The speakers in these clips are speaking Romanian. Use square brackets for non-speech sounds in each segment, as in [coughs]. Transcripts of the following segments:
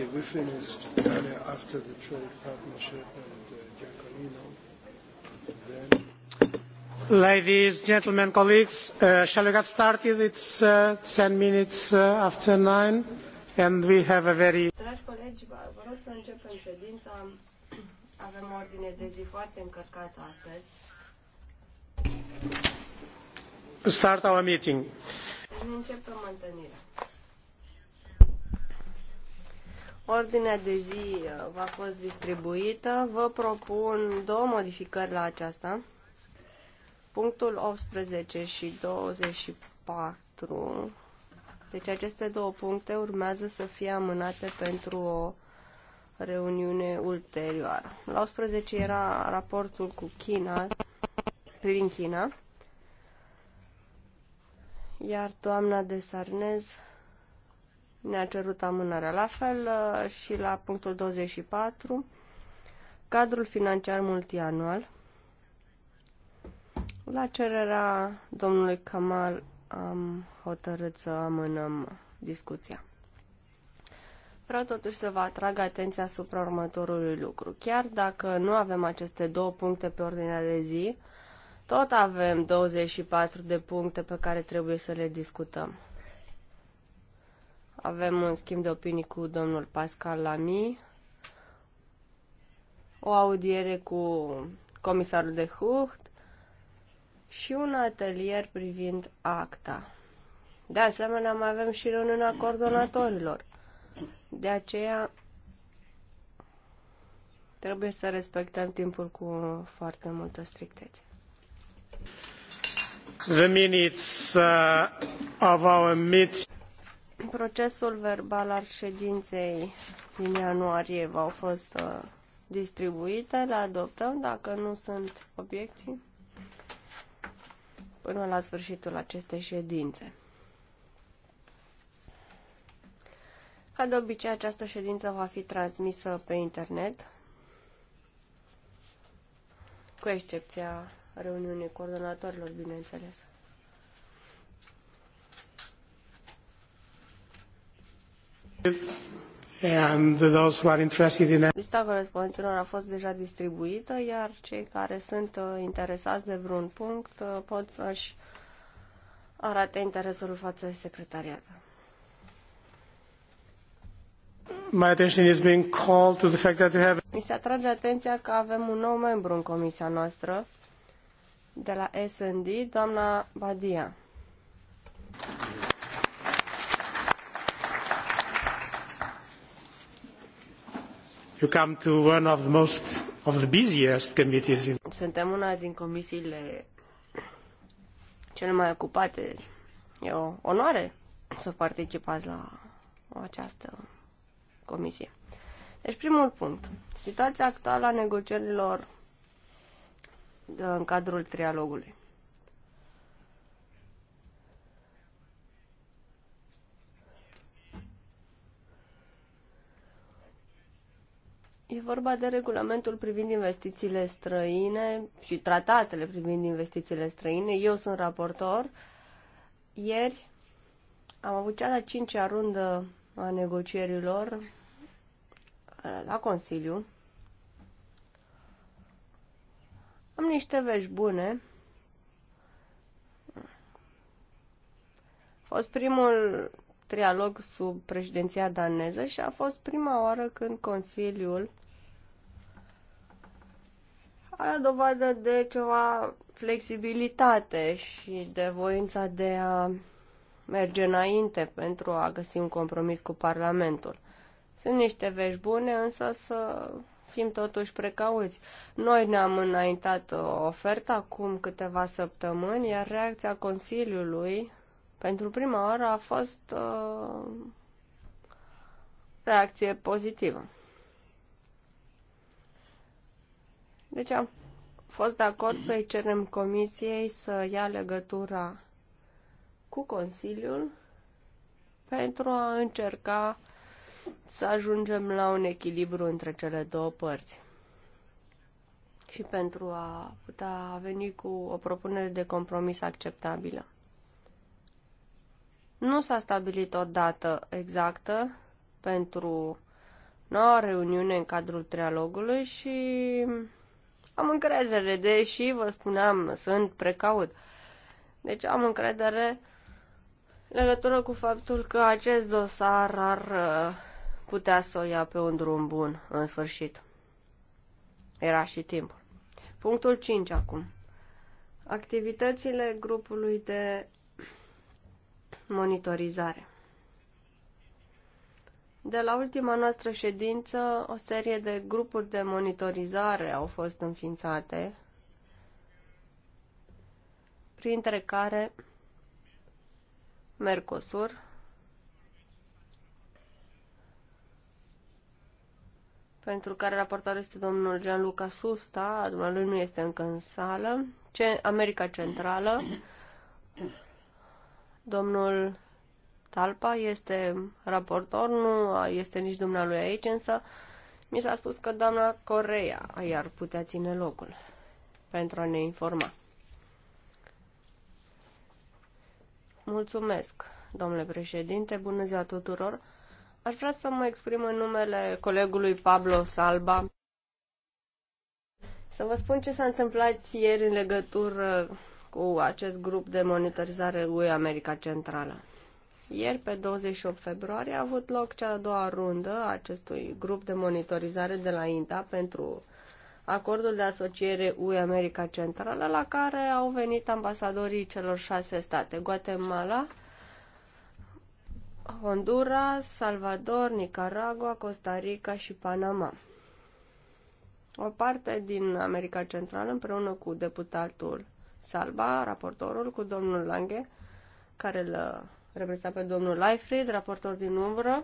Okay, we finished earlier after the trade partnership and uh, Giacolino. Then... Ladies, gentlemen, colleagues, uh, shall we get started? It's uh, 10 minutes uh, after 9 and we have a very... Dragi colegi, vă rog să începem ședința. Avem o ordine de zi foarte încărcată astăzi. Start our meeting. Ne începem întâlnirea. Ordinea de zi uh, v-a fost distribuită. Vă propun două modificări la aceasta. Punctul 18 și 24. Deci aceste două puncte urmează să fie amânate pentru o reuniune ulterioară. La 18 era raportul cu China, prin China, iar doamna de Sarnez ne-a cerut amânarea. La fel uh, și la punctul 24, cadrul financiar multianual. La cererea domnului Kamal am hotărât să amânăm discuția. Vreau totuși să vă atrag atenția asupra următorului lucru. Chiar dacă nu avem aceste două puncte pe ordinea de zi, tot avem 24 de puncte pe care trebuie să le discutăm. Avem un schimb de opinii cu domnul Pascal Lamy, o audiere cu comisarul de Hucht și un atelier privind acta. De asemenea, mai avem și reuniunea coordonatorilor. De aceea, trebuie să respectăm timpul cu foarte multă strictețe. The minutes uh, of our meeting. Procesul verbal al ședinței din ianuarie v-au fost uh, distribuite, le adoptăm dacă nu sunt obiecții până la sfârșitul acestei ședințe. Ca de obicei, această ședință va fi transmisă pe internet, cu excepția reuniunii coordonatorilor, bineînțeles. Lista corespondenților a fost deja distribuită, iar cei care sunt uh, interesați de vreun punct uh, pot să-și arate interesul față de secretariat. My attention is being called to the fact that we have... Mi se atrage atenția că avem un nou membru în comisia noastră de la S&D, doamna Badia. Suntem una din comisiile cele mai ocupate. E o onoare să participați la această comisie. Deci, primul punct. Situația actuală a negocierilor în cadrul trialogului. E vorba de regulamentul privind investițiile străine și tratatele privind investițiile străine. Eu sunt raportor. Ieri am avut cea de-a cincea rundă a negocierilor uh, la Consiliu. Am niște vești bune. A fost primul trialog sub președinția daneză și a fost prima oară când Consiliul are dovadă de ceva flexibilitate și de voința de a merge înainte pentru a găsi un compromis cu Parlamentul. Sunt niște vești bune, însă să fim totuși precauți. Noi ne-am înaintat oferta acum câteva săptămâni, iar reacția Consiliului pentru prima oară a fost uh, reacție pozitivă. Deci am fost de acord să-i cerem comisiei să ia legătura cu Consiliul pentru a încerca să ajungem la un echilibru între cele două părți și pentru a putea veni cu o propunere de compromis acceptabilă. Nu s-a stabilit o dată exactă pentru noua reuniune în cadrul trialogului și am încredere, deși vă spuneam, sunt precaut. Deci am încredere legătură cu faptul că acest dosar ar uh, putea să o ia pe un drum bun în sfârșit. Era și timpul. Punctul 5 acum. Activitățile grupului de monitorizare. De la ultima noastră ședință, o serie de grupuri de monitorizare au fost înființate, printre care Mercosur, pentru care raportorul este domnul Gianluca Susta, dumnealui nu este încă în sală, America Centrală, domnul Talpa este raportor, nu este nici dumnealui aici, însă mi s-a spus că doamna Corea i-ar putea ține locul pentru a ne informa. Mulțumesc, domnule președinte, bună ziua tuturor. Aș vrea să mă exprim în numele colegului Pablo Salba. Să vă spun ce s-a întâmplat ieri în legătură cu acest grup de monitorizare UE America Centrală. Ieri, pe 28 februarie, a avut loc cea a doua rundă a acestui grup de monitorizare de la INTA pentru acordul de asociere UE-America Centrală, la care au venit ambasadorii celor șase state, Guatemala, Honduras, Salvador, Nicaragua, Costa Rica și Panama. O parte din America Centrală, împreună cu deputatul Salba, raportorul, cu domnul Lange, care îl reprezentat pe domnul Leifried, raportor din umbră,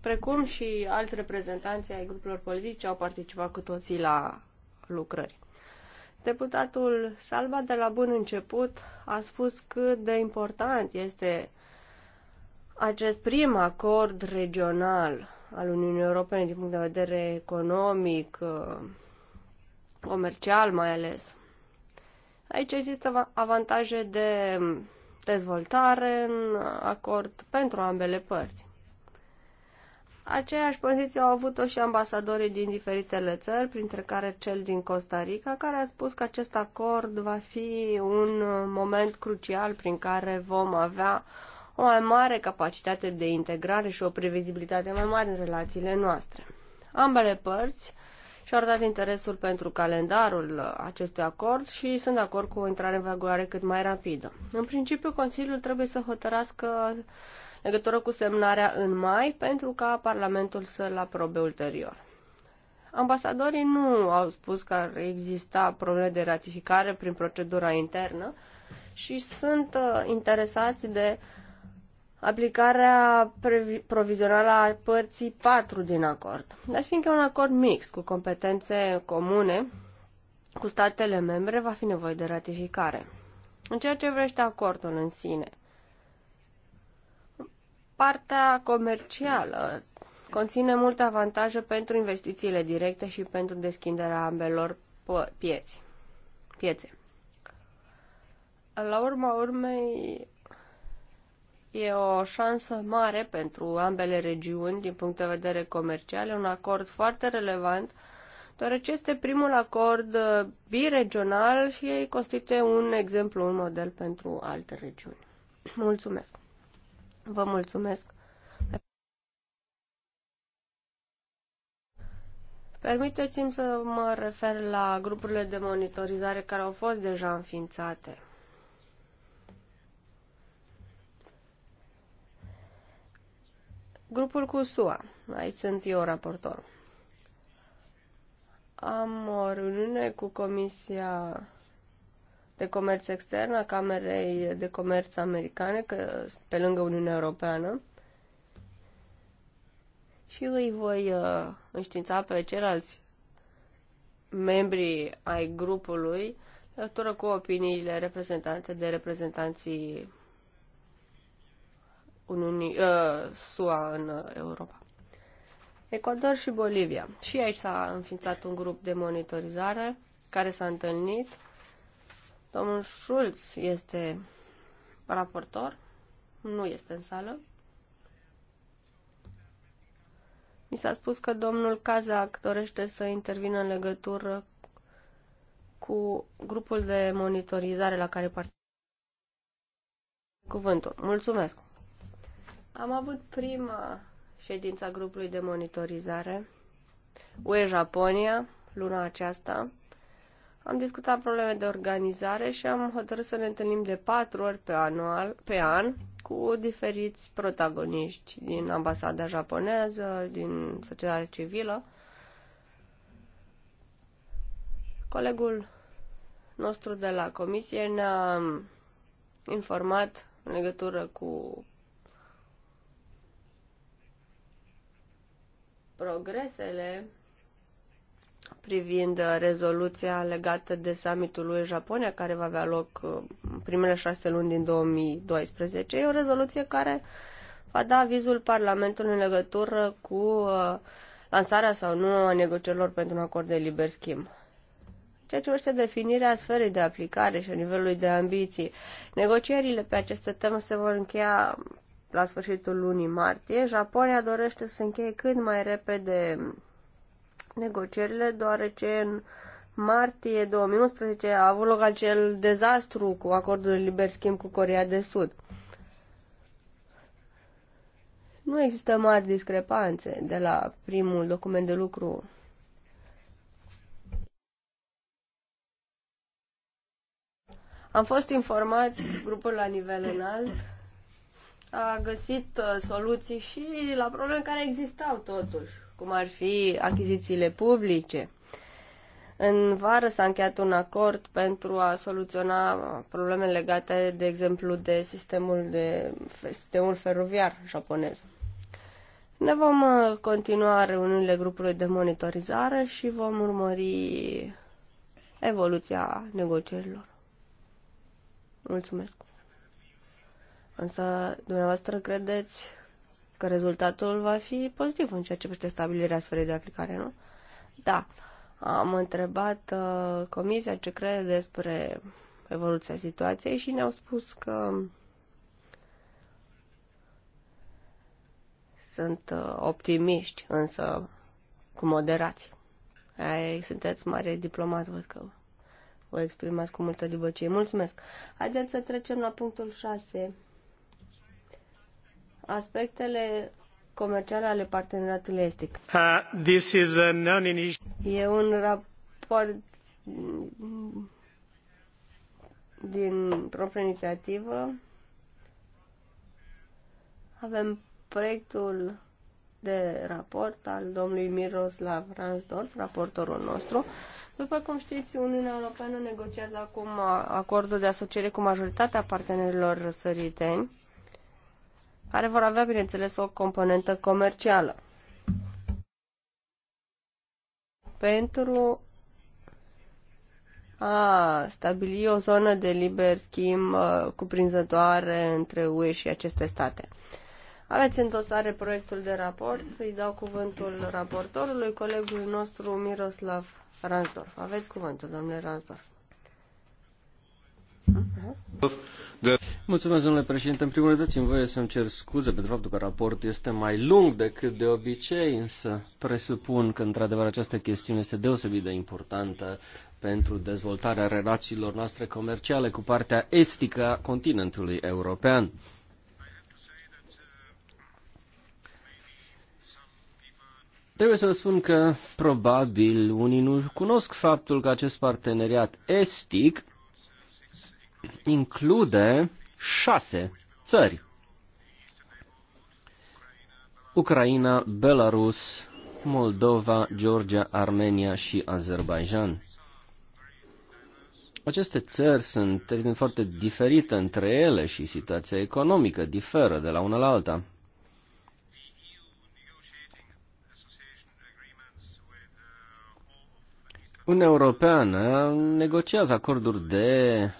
precum și alți reprezentanți ai grupurilor politice au participat cu toții la lucrări. Deputatul Salva de la bun început a spus cât de important este acest prim acord regional al Uniunii Europene din punct de vedere economic, comercial mai ales. Aici există avantaje de dezvoltare, în acord pentru ambele părți. Aceeași poziție au avut-o și ambasadorii din diferitele țări, printre care cel din Costa Rica, care a spus că acest acord va fi un moment crucial prin care vom avea o mai mare capacitate de integrare și o previzibilitate mai mare în relațiile noastre. Ambele părți și-au dat interesul pentru calendarul acestui acord și sunt de acord cu o intrare în vigoare cât mai rapidă. În principiu, Consiliul trebuie să hotărască legătură cu semnarea în mai pentru ca Parlamentul să-l aprobe ulterior. Ambasadorii nu au spus că ar exista probleme de ratificare prin procedura internă și sunt uh, interesați de aplicarea provizională a părții 4 din acord. Deci fiindcă un acord mix cu competențe comune cu statele membre, va fi nevoie de ratificare. În ceea ce vrește acordul în sine, partea comercială conține multe avantaje pentru investițiile directe și pentru deschiderea ambelor pieți, piețe. La urma urmei, E o șansă mare pentru ambele regiuni din punct de vedere comercial, un acord foarte relevant, deoarece este primul acord uh, biregional și ei constituie un exemplu, un model pentru alte regiuni. [clears throat] Mulțumesc! Vă mulțumesc! Permiteți-mi să mă refer la grupurile de monitorizare care au fost deja înființate. Grupul cu SUA. Aici sunt eu raportor. Am o reuniune cu Comisia de Comerț Extern a Camerei de Comerț Americane, că, pe lângă Uniunea Europeană. Și îi voi uh, înștiința pe ceilalți membrii ai grupului legătură cu opiniile reprezentante de reprezentanții Uniunii, uh, SUA în Europa. Ecuador și Bolivia. Și aici s-a înființat un grup de monitorizare care s-a întâlnit. Domnul Schulz este raportor, nu este în sală. Mi s-a spus că domnul Kazak dorește să intervină în legătură cu grupul de monitorizare la care participă. Cuvântul. Mulțumesc! Am avut prima a grupului de monitorizare UE-Japonia luna aceasta. Am discutat probleme de organizare și am hotărât să ne întâlnim de patru ori pe, anual, pe an cu diferiți protagoniști din ambasada japoneză, din societatea civilă. Colegul nostru de la comisie ne-a informat în legătură cu progresele privind uh, rezoluția legată de summitul lui Japonia, care va avea loc uh, în primele șase luni din 2012. E o rezoluție care va da vizul Parlamentului în legătură cu uh, lansarea sau nu a negocierilor pentru un acord de liber schimb. Ceea ce este definirea sferei de aplicare și a nivelului de ambiții. Negocierile pe aceste teme se vor încheia la sfârșitul lunii martie. Japonia dorește să încheie cât mai repede negocierile, deoarece în martie 2011 a avut loc acel dezastru cu acordul de liber schimb cu Corea de Sud. Nu există mari discrepanțe de la primul document de lucru Am fost informați, grupul la nivel înalt, a găsit uh, soluții și la probleme care existau totuși, cum ar fi achizițiile publice. În vară s-a încheiat un acord pentru a soluționa probleme legate, de exemplu, de sistemul, de, sistemul feroviar japonez. Ne vom uh, continua reuniunile grupului de monitorizare și vom urmări evoluția negocierilor. Mulțumesc! Însă, dumneavoastră credeți că rezultatul va fi pozitiv în ceea ce privește stabilirea sferei de aplicare, nu? Da. Am întrebat uh, comisia ce crede despre evoluția situației și ne-au spus că sunt uh, optimiști, însă cu moderație. Ai, sunteți mare diplomat, văd că vă exprimați cu multă dibăcie. Mulțumesc! Haideți să trecem la punctul 6 aspectele comerciale ale parteneriatului estic. Uh, this is a non e un raport din proprie inițiativă. Avem proiectul de raport al domnului Miroslav Ransdorf, raportorul nostru. După cum știți, Uniunea Europeană negociază acum acordul de asociere cu majoritatea partenerilor săriteni care vor avea, bineînțeles, o componentă comercială. Pentru a stabili o zonă de liber schimb uh, cuprinzătoare între UE și aceste state. Aveți în dosare proiectul de raport, îi dau cuvântul raportorului, colegul nostru Miroslav Ransdorf. Aveți cuvântul, domnule Ransdorf domnule președinte. În primul rând, dați-mi voie să-mi cer scuze pentru faptul că raportul este mai lung decât de obicei, însă presupun că, într-adevăr, această chestiune este deosebit de importantă pentru dezvoltarea relațiilor noastre comerciale cu partea estică a continentului european. Trebuie să vă spun că probabil unii nu cunosc faptul că acest parteneriat estic include șase țări. Ucraina, Belarus, Moldova, Georgia, Armenia și Azerbaijan. Aceste țări sunt evident foarte diferite între ele și situația economică diferă de la una la alta. Uniunea Europeană negociază acorduri de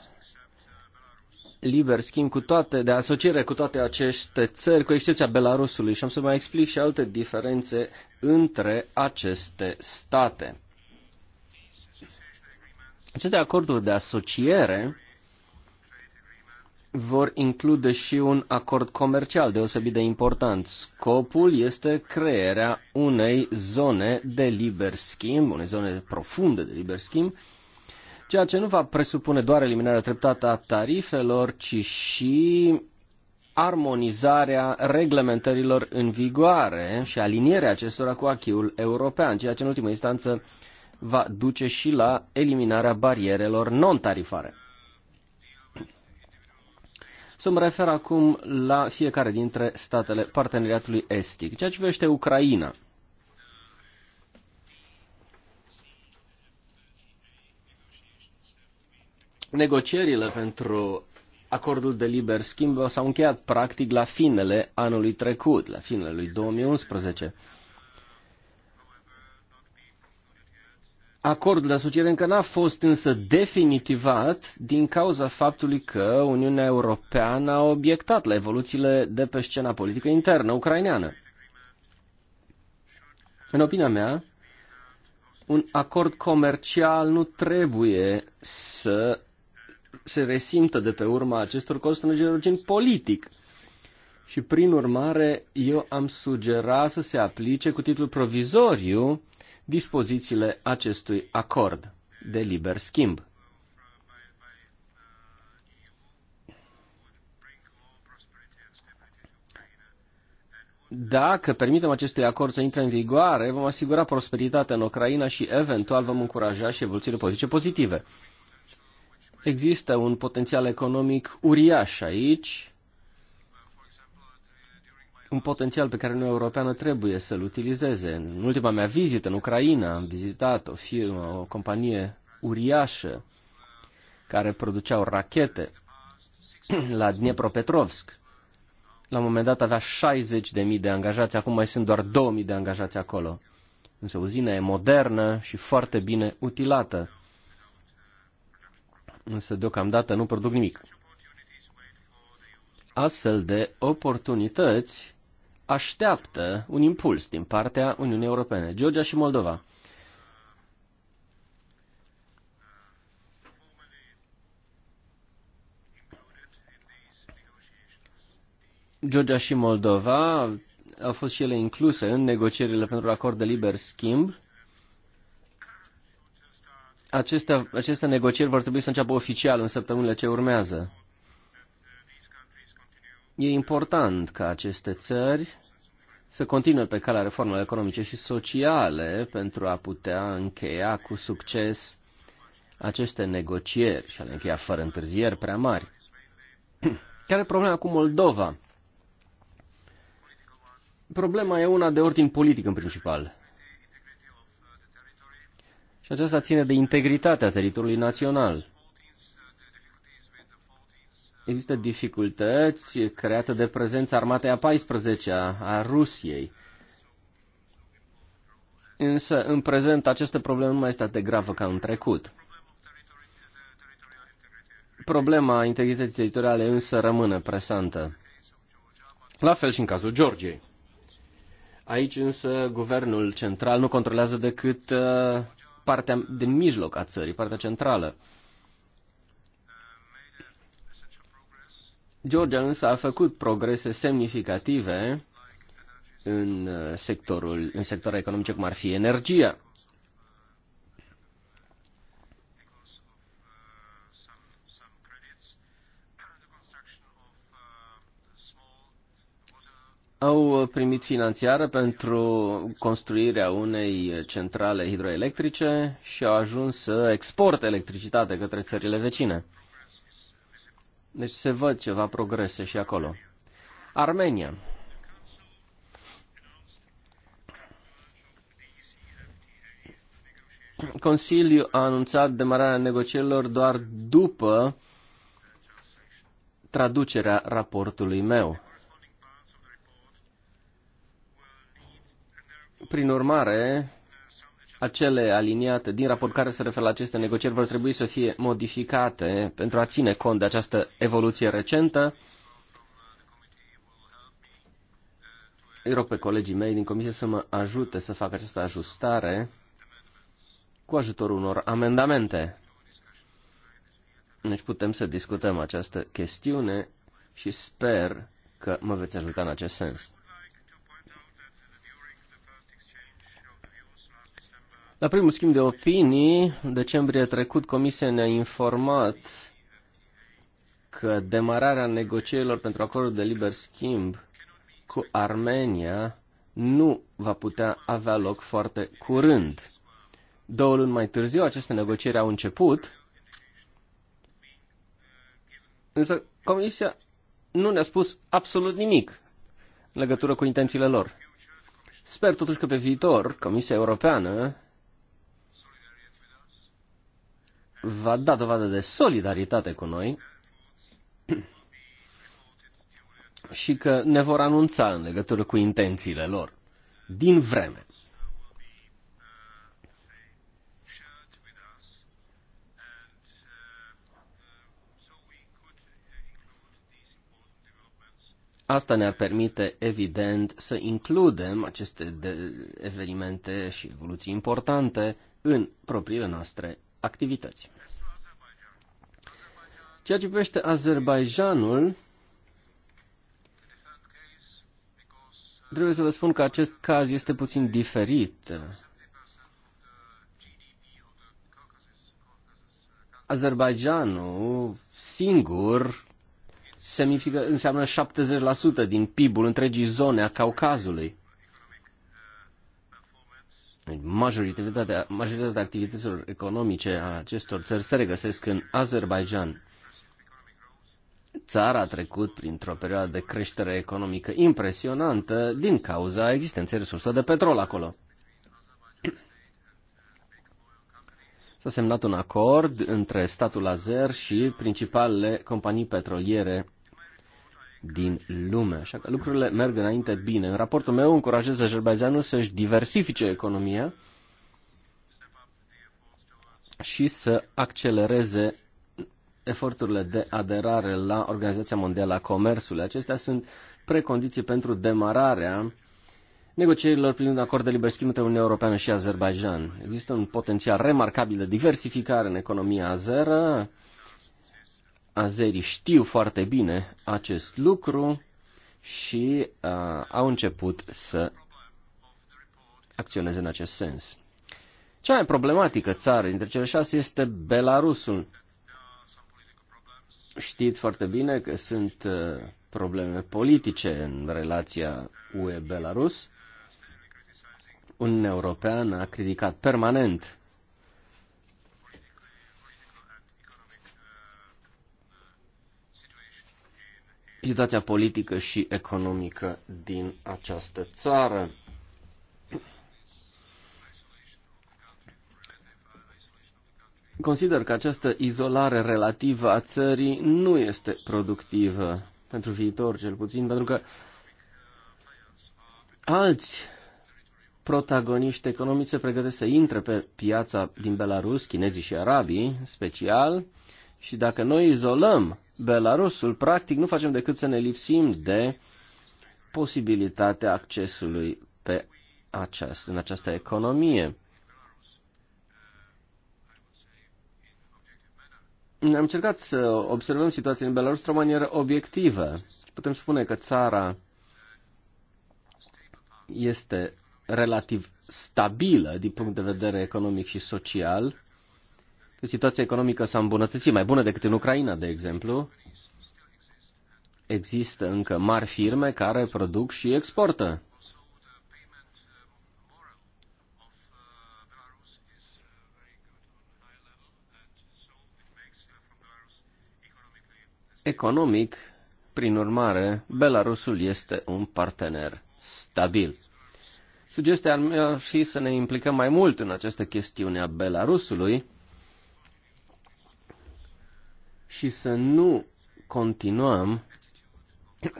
liber schimb cu toate, de asociere cu toate aceste țări, cu excepția Belarusului. Și am să mai explic și alte diferențe între aceste state. Aceste acorduri de asociere vor include și un acord comercial deosebit de important. Scopul este crearea unei zone de liber schimb, unei zone profunde de liber schimb, ceea ce nu va presupune doar eliminarea treptată a tarifelor, ci și armonizarea reglementărilor în vigoare și alinierea acestora cu achiul european, ceea ce în ultimă instanță va duce și la eliminarea barierelor non-tarifare. Să mă refer acum la fiecare dintre statele parteneriatului estic. Ceea ce privește Ucraina, Negocierile pentru acordul de liber schimb s-au încheiat practic la finele anului trecut, la finele lui 2011. Acordul de asociere încă n-a fost însă definitivat din cauza faptului că Uniunea Europeană a obiectat la evoluțiile de pe scena politică internă ucraineană. În opinia mea, un acord comercial nu trebuie să se resimtă de pe urma acestor constrângeri de origine politic. Și prin urmare, eu am sugerat să se aplice cu titlul provizoriu dispozițiile acestui acord de liber schimb. Dacă permitem acestui acord să intre în vigoare, vom asigura prosperitatea în Ucraina și eventual vom încuraja și evoluțiile politice pozitive. Există un potențial economic uriaș aici, un potențial pe care Uniunea Europeană trebuie să-l utilizeze. În ultima mea vizită în Ucraina am vizitat o firmă, o companie uriașă care produceau rachete [clears throat] la Dniepropetrovsk. La un moment dat avea 60.000 de angajați, acum mai sunt doar 2.000 de angajați acolo. Însă uzina e modernă și foarte bine utilată însă deocamdată nu produc nimic. Astfel de oportunități așteaptă un impuls din partea Uniunii Europene, Georgia și Moldova. Georgia și Moldova au fost și ele incluse în negocierile pentru acord de liber schimb aceste, aceste negocieri vor trebui să înceapă oficial în săptămânile ce urmează. E important ca aceste țări să continue pe calea reformelor economice și sociale pentru a putea încheia cu succes aceste negocieri și a le încheia fără întârzieri prea mari. [clears throat] Care e problema cu Moldova? Problema e una de ordin politic în principal aceasta ține de integritatea teritoriului național. Există dificultăți create de prezența armatei a 14-a, a Rusiei. Însă, în prezent, această problemă nu mai este atât de gravă ca în trecut. Problema integrității teritoriale însă rămâne presantă. La fel și în cazul Georgiei. Aici însă guvernul central nu controlează decât uh, partea din mijloc a țării, partea centrală. Georgia însă a făcut progrese semnificative în, uh, sectorul, în sectorul economice cum ar fi energia. au primit finanțiară pentru construirea unei centrale hidroelectrice și au ajuns să exporte electricitate către țările vecine. Deci se văd ceva progrese și acolo. Armenia. Consiliul a anunțat demararea negocierilor doar după traducerea raportului meu. Prin urmare, acele aliniate din raport care se referă la aceste negocieri vor trebui să fie modificate pentru a ține cont de această evoluție recentă. Îi rog pe colegii mei din comisie să mă ajute să fac această ajustare cu ajutorul unor amendamente. Deci putem să discutăm această chestiune și sper că mă veți ajuta în acest sens. La primul schimb de opinii, în decembrie trecut, Comisia ne-a informat că demararea negocierilor pentru acordul de liber schimb cu Armenia nu va putea avea loc foarte curând. Două luni mai târziu, aceste negocieri au început, însă Comisia nu ne-a spus absolut nimic în legătură cu intențiile lor. Sper totuși că pe viitor Comisia Europeană va da dovadă de solidaritate cu noi și că ne vor anunța în legătură cu intențiile lor din vreme. Asta ne-ar permite, evident, să includem aceste evenimente și evoluții importante în propriile noastre activități. Ceea ce privește Azerbaijanul, trebuie să vă spun că acest caz este puțin diferit. Azerbaijanul singur semnifică, înseamnă 70% din PIB-ul întregii zone a Caucazului. Majoritatea, majoritatea activităților economice a acestor țări se regăsesc în Azerbaijan. Țara a trecut printr-o perioadă de creștere economică impresionantă din cauza existenței resurselor de petrol acolo. S-a semnat un acord între statul Azer și principalele companii petroliere din lume. Așa că lucrurile merg înainte bine. În raportul meu încurajez Azerbaijanul să-și diversifice economia și să accelereze eforturile de aderare la Organizația Mondială a Comerțului. Acestea sunt precondiții pentru demararea negocierilor privind acord de liber schimb între Uniunea Europeană și Azerbaijan. Există un potențial remarcabil de diversificare în economia azeră, azerii știu foarte bine acest lucru și uh, au început să acționeze în acest sens. Cea mai problematică țară dintre cele șase este Belarusul. Știți foarte bine că sunt uh, probleme politice în relația UE-Belarus. Un european a criticat permanent situația politică și economică din această țară. Consider că această izolare relativă a țării nu este productivă pentru viitor, cel puțin, pentru că alți protagoniști economici se pregătesc să intre pe piața din Belarus, chinezii și arabii, special, și dacă noi izolăm Belarusul, practic nu facem decât să ne lipsim de posibilitatea accesului pe această, în această economie. Ne Am încercat să observăm situația în Belarus într-o manieră obiectivă. Putem spune că țara este relativ stabilă din punct de vedere economic și social, că situația economică s-a îmbunătățit, mai bună decât în Ucraina, de exemplu. Există încă mari firme care produc și exportă. Economic, prin urmare, Belarusul este un partener stabil. Sugestia ar fi să ne implicăm mai mult în această chestiune a Belarusului, și să nu continuăm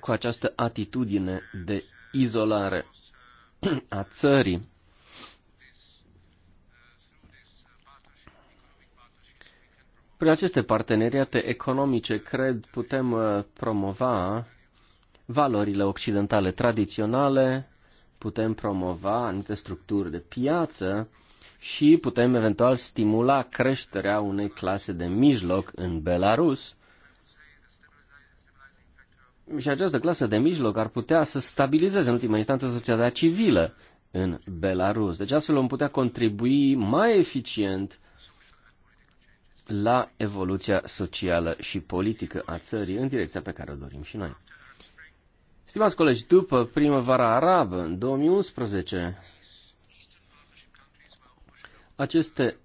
cu această atitudine de izolare a țării. Prin aceste parteneriate economice, cred, putem uh, promova valorile occidentale tradiționale, putem promova anumite structuri de piață și putem eventual stimula creșterea unei clase de mijloc în Belarus. Și această clasă de mijloc ar putea să stabilizeze în ultima instanță societatea civilă în Belarus. Deci astfel vom putea contribui mai eficient la evoluția socială și politică a țării în direcția pe care o dorim și noi. Stimați colegi, după primăvara arabă, în 2011, aceste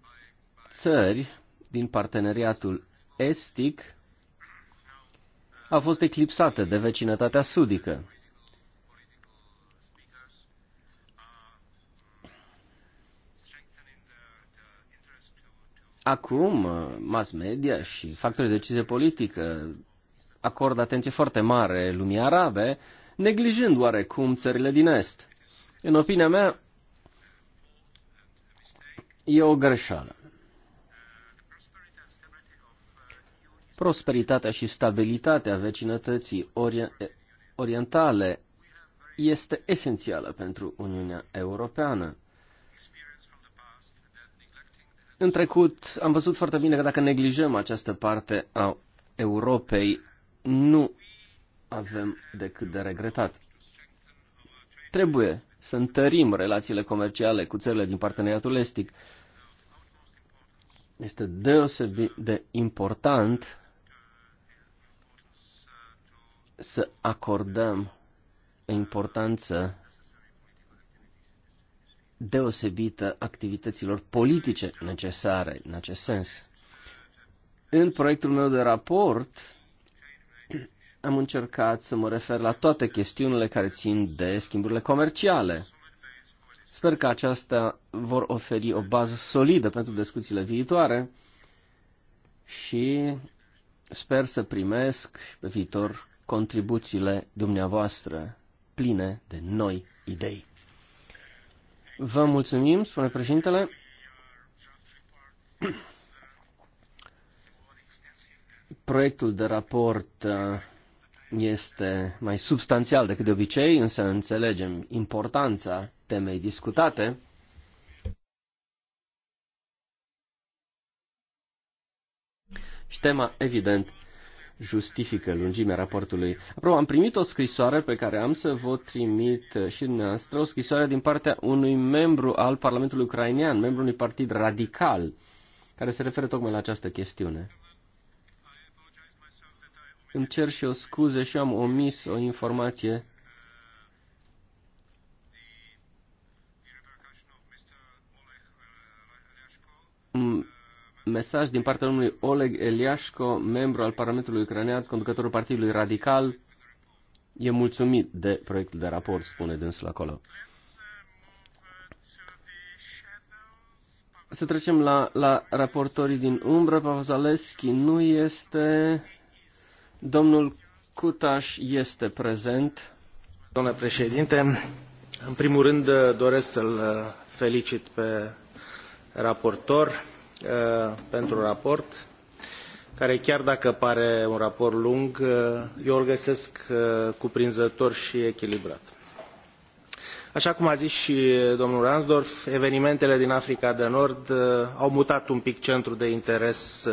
țări din parteneriatul estic au fost eclipsate de vecinătatea sudică. Acum, mass media și factorii de decizie politică acordă atenție foarte mare lumii arabe, neglijând oarecum țările din Est. În opinia mea, e o greșeală. Prosperitatea și stabilitatea vecinătății ori orientale este esențială pentru Uniunea Europeană. În trecut am văzut foarte bine că dacă neglijăm această parte a Europei, nu avem decât de regretat. Trebuie să întărim relațiile comerciale cu țările din parteneriatul estic este deosebit de important să acordăm importanță deosebită activităților politice necesare în acest sens. În proiectul meu de raport am încercat să mă refer la toate chestiunile care țin de schimburile comerciale. Sper că aceasta vor oferi o bază solidă pentru discuțiile viitoare și sper să primesc pe viitor contribuțiile dumneavoastră pline de noi idei. Vă mulțumim, spune președintele. Proiectul de raport uh, este mai substanțial decât de obicei, însă înțelegem importanța temei discutate. Și tema, evident, justifică lungimea raportului. Apropo, am primit o scrisoare pe care am să vă trimit și dumneavoastră, o scrisoare din partea unui membru al Parlamentului Ucrainean, membru unui partid radical, care se referă tocmai la această chestiune. Îmi cer și o scuze și am omis o informație Un mesaj din partea domnului Oleg Eliashko, membru al Parlamentului Ucrainean, conducătorul Partidului Radical, e mulțumit de proiectul de raport, spune dânsul acolo. Să trecem la, la raportorii din umbră. Pavazaleschi nu este. Domnul Cutaș este prezent. Domnule președinte, în primul rând uh, doresc să-l uh, felicit pe raportor uh, pentru raport, care chiar dacă pare un raport lung, uh, eu îl găsesc uh, cuprinzător și echilibrat. Așa cum a zis și domnul Ransdorf, evenimentele din Africa de Nord au mutat un pic centrul de interes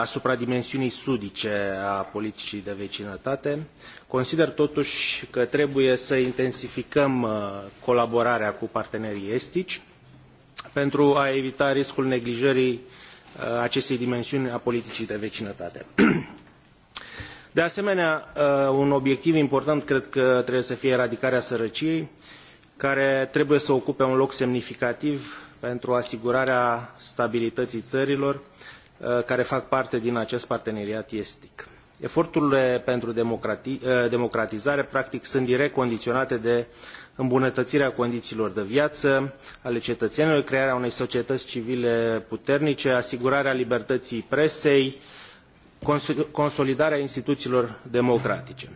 asupra dimensiunii sudice a politicii de vecinătate. Consider totuși că trebuie să intensificăm colaborarea cu partenerii estici pentru a evita riscul neglijării uh, acestei dimensiuni a politicii de vecinătate. [clears throat] De asemenea, uh, un obiectiv important cred că trebuie să fie eradicarea sărăciei, care trebuie să ocupe un loc semnificativ pentru asigurarea stabilității țărilor uh, care fac parte din acest parteneriat estic. Eforturile pentru democratizare, practic, sunt direct condiționate de îmbunătățirea condițiilor de viață ale cetățenilor, crearea unei societăți civile puternice, asigurarea libertății presei, consolidarea instituțiilor democratice.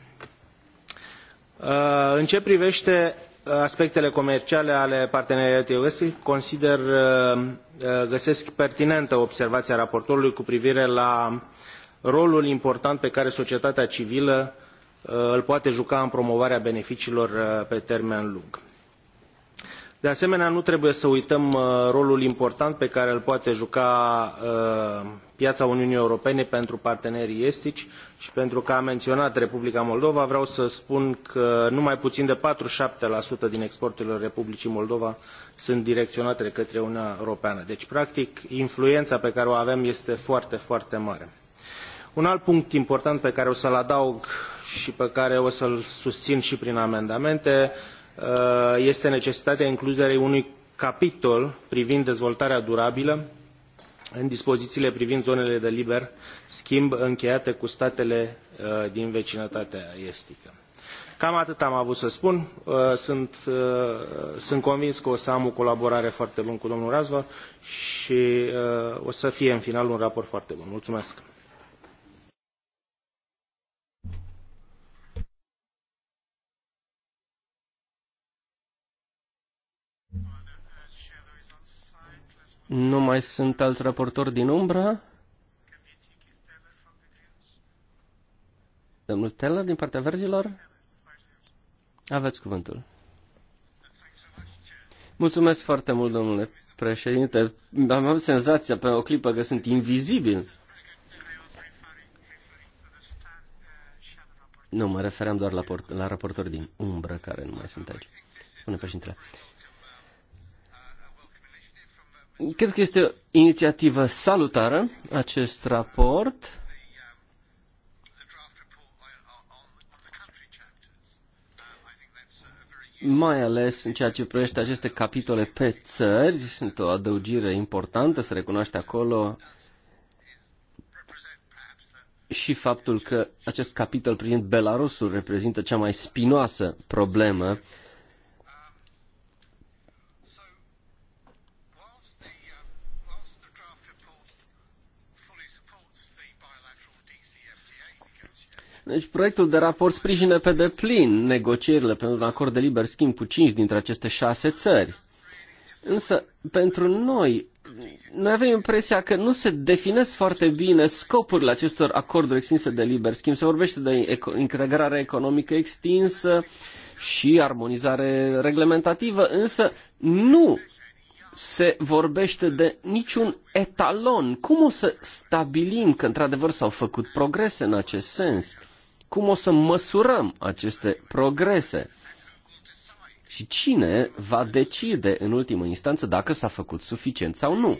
Uh, în ce privește uh, aspectele comerciale ale parteneriatului estic, consider, uh, găsesc pertinentă observația raportorului cu privire la rolul important pe care societatea civilă Uh, îl poate juca în promovarea beneficiilor uh, pe termen lung. De asemenea, nu trebuie să uităm uh, rolul important pe care îl poate juca piața Uniunii Europene pentru partenerii estici și pentru că a menționat Republica Moldova, vreau să spun că numai puțin de 47% din exporturile Republicii Moldova sunt direcționate către Uniunea Europeană. Deci, practic, influența pe care o avem este foarte, foarte mare. Un alt punct important pe care o să-l adaug și pe care o să-l susțin și prin amendamente uh, este necesitatea includerii unui capitol privind dezvoltarea durabilă în dispozițiile privind zonele de liber schimb încheiate cu statele uh, din vecinătatea estică. Cam atât am avut să spun. Uh, sunt, sunt convins că o să am o colaborare foarte bună cu domnul Razva și o să fie în final un raport foarte bun. Mulțumesc! Nu mai sunt alți raportori din umbră. Domnul Teller, din partea verzilor, aveți cuvântul. Mulțumesc foarte mult, domnule președinte. Am avut senzația pe o clipă că sunt invizibil. Nu, mă refeream doar la, port- la raportori din umbră care nu mai sunt aici. Bună președintele. Cred că este o inițiativă salutară acest raport. mai ales în ceea ce privește aceste capitole pe țări, sunt o adăugire importantă, să recunoaște acolo și faptul că acest capitol privind Belarusul reprezintă cea mai spinoasă problemă Deci proiectul de raport sprijină pe deplin negocierile pentru un acord de liber schimb cu cinci dintre aceste șase țări. Însă, pentru noi, noi avem impresia că nu se definesc foarte bine scopurile acestor acorduri extinse de liber schimb. Se vorbește de integrare economică extinsă și armonizare reglementativă, însă nu se vorbește de niciun etalon. Cum o să stabilim că într-adevăr s-au făcut progrese în acest sens? cum o să măsurăm aceste progrese și cine va decide în ultimă instanță dacă s-a făcut suficient sau nu.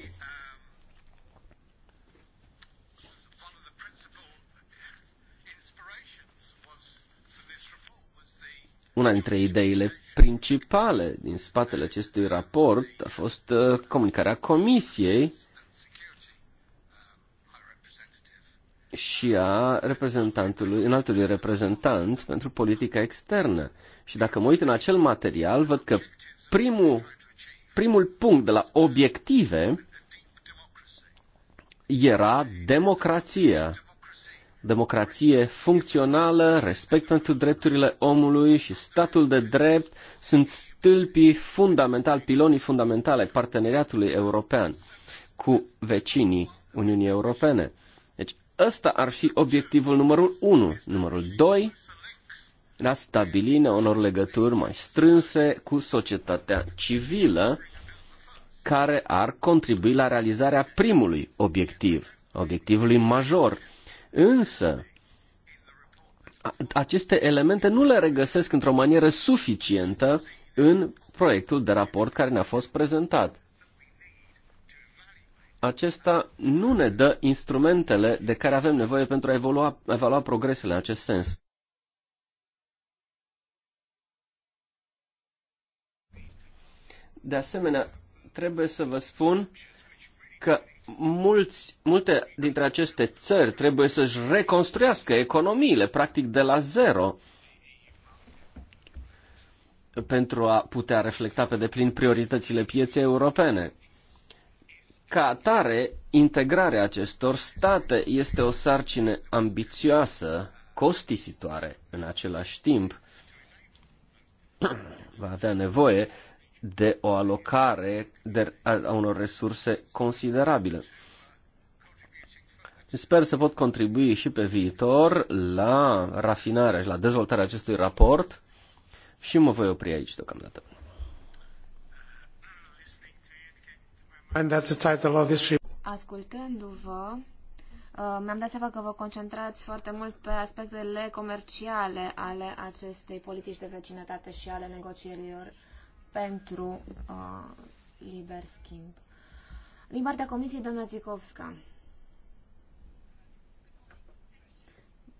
Una dintre ideile principale din spatele acestui raport a fost uh, comunicarea Comisiei și a reprezentantului, înaltului reprezentant pentru politica externă. Și dacă mă uit în acel material, văd că primul, primul punct de la obiective era democrația. Democrație funcțională, respect pentru drepturile omului și statul de drept sunt stâlpii fundamentali, pilonii fundamentale parteneriatului european cu vecinii Uniunii Europene. Ăsta ar fi obiectivul numărul 1. Numărul 2, la stabilirea unor legături mai strânse cu societatea civilă care ar contribui la realizarea primului obiectiv, obiectivului major. Însă, aceste elemente nu le regăsesc într-o manieră suficientă în proiectul de raport care ne-a fost prezentat acesta nu ne dă instrumentele de care avem nevoie pentru a evolua, evalua progresele în acest sens. De asemenea, trebuie să vă spun că mulți, multe dintre aceste țări trebuie să-și reconstruiască economiile, practic de la zero, pentru a putea reflecta pe deplin prioritățile pieței europene. Ca atare, integrarea acestor state este o sarcină ambițioasă, costisitoare în același timp. [clears throat] Va avea nevoie de o alocare de, a unor resurse considerabile. Sper să pot contribui și pe viitor la rafinarea și la dezvoltarea acestui raport și mă voi opri aici deocamdată. Ascultându-vă, uh, mi-am dat seama că vă concentrați foarte mult pe aspectele comerciale ale acestei politici de vecinătate și ale negocierilor pentru uh, liber schimb. Din partea Comisiei, doamna Zikovska.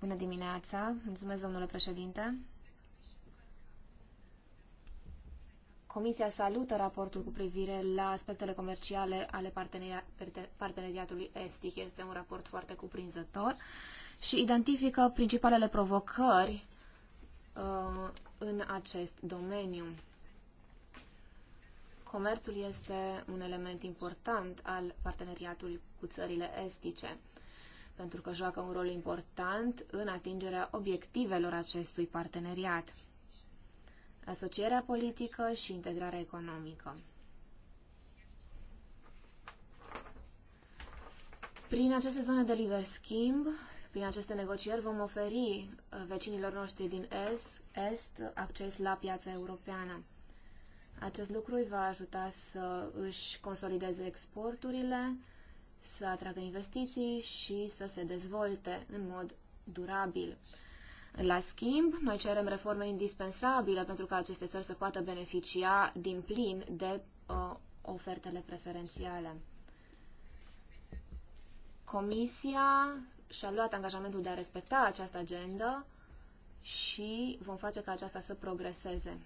Bună dimineața! Mulțumesc, domnule președinte! Comisia salută raportul cu privire la aspectele comerciale ale parteneriatului estic. Este un raport foarte cuprinzător și identifică principalele provocări uh, în acest domeniu. Comerțul este un element important al parteneriatului cu țările estice, pentru că joacă un rol important în atingerea obiectivelor acestui parteneriat asocierea politică și integrarea economică. Prin aceste zone de liber schimb, prin aceste negocieri, vom oferi uh, vecinilor noștri din Est, Est acces la piața europeană. Acest lucru îi va ajuta să își consolideze exporturile, să atragă investiții și să se dezvolte în mod durabil. La schimb, noi cerem reforme indispensabile pentru ca aceste țări să poată beneficia din plin de uh, ofertele preferențiale. Comisia și-a luat angajamentul de a respecta această agendă și vom face ca aceasta să progreseze.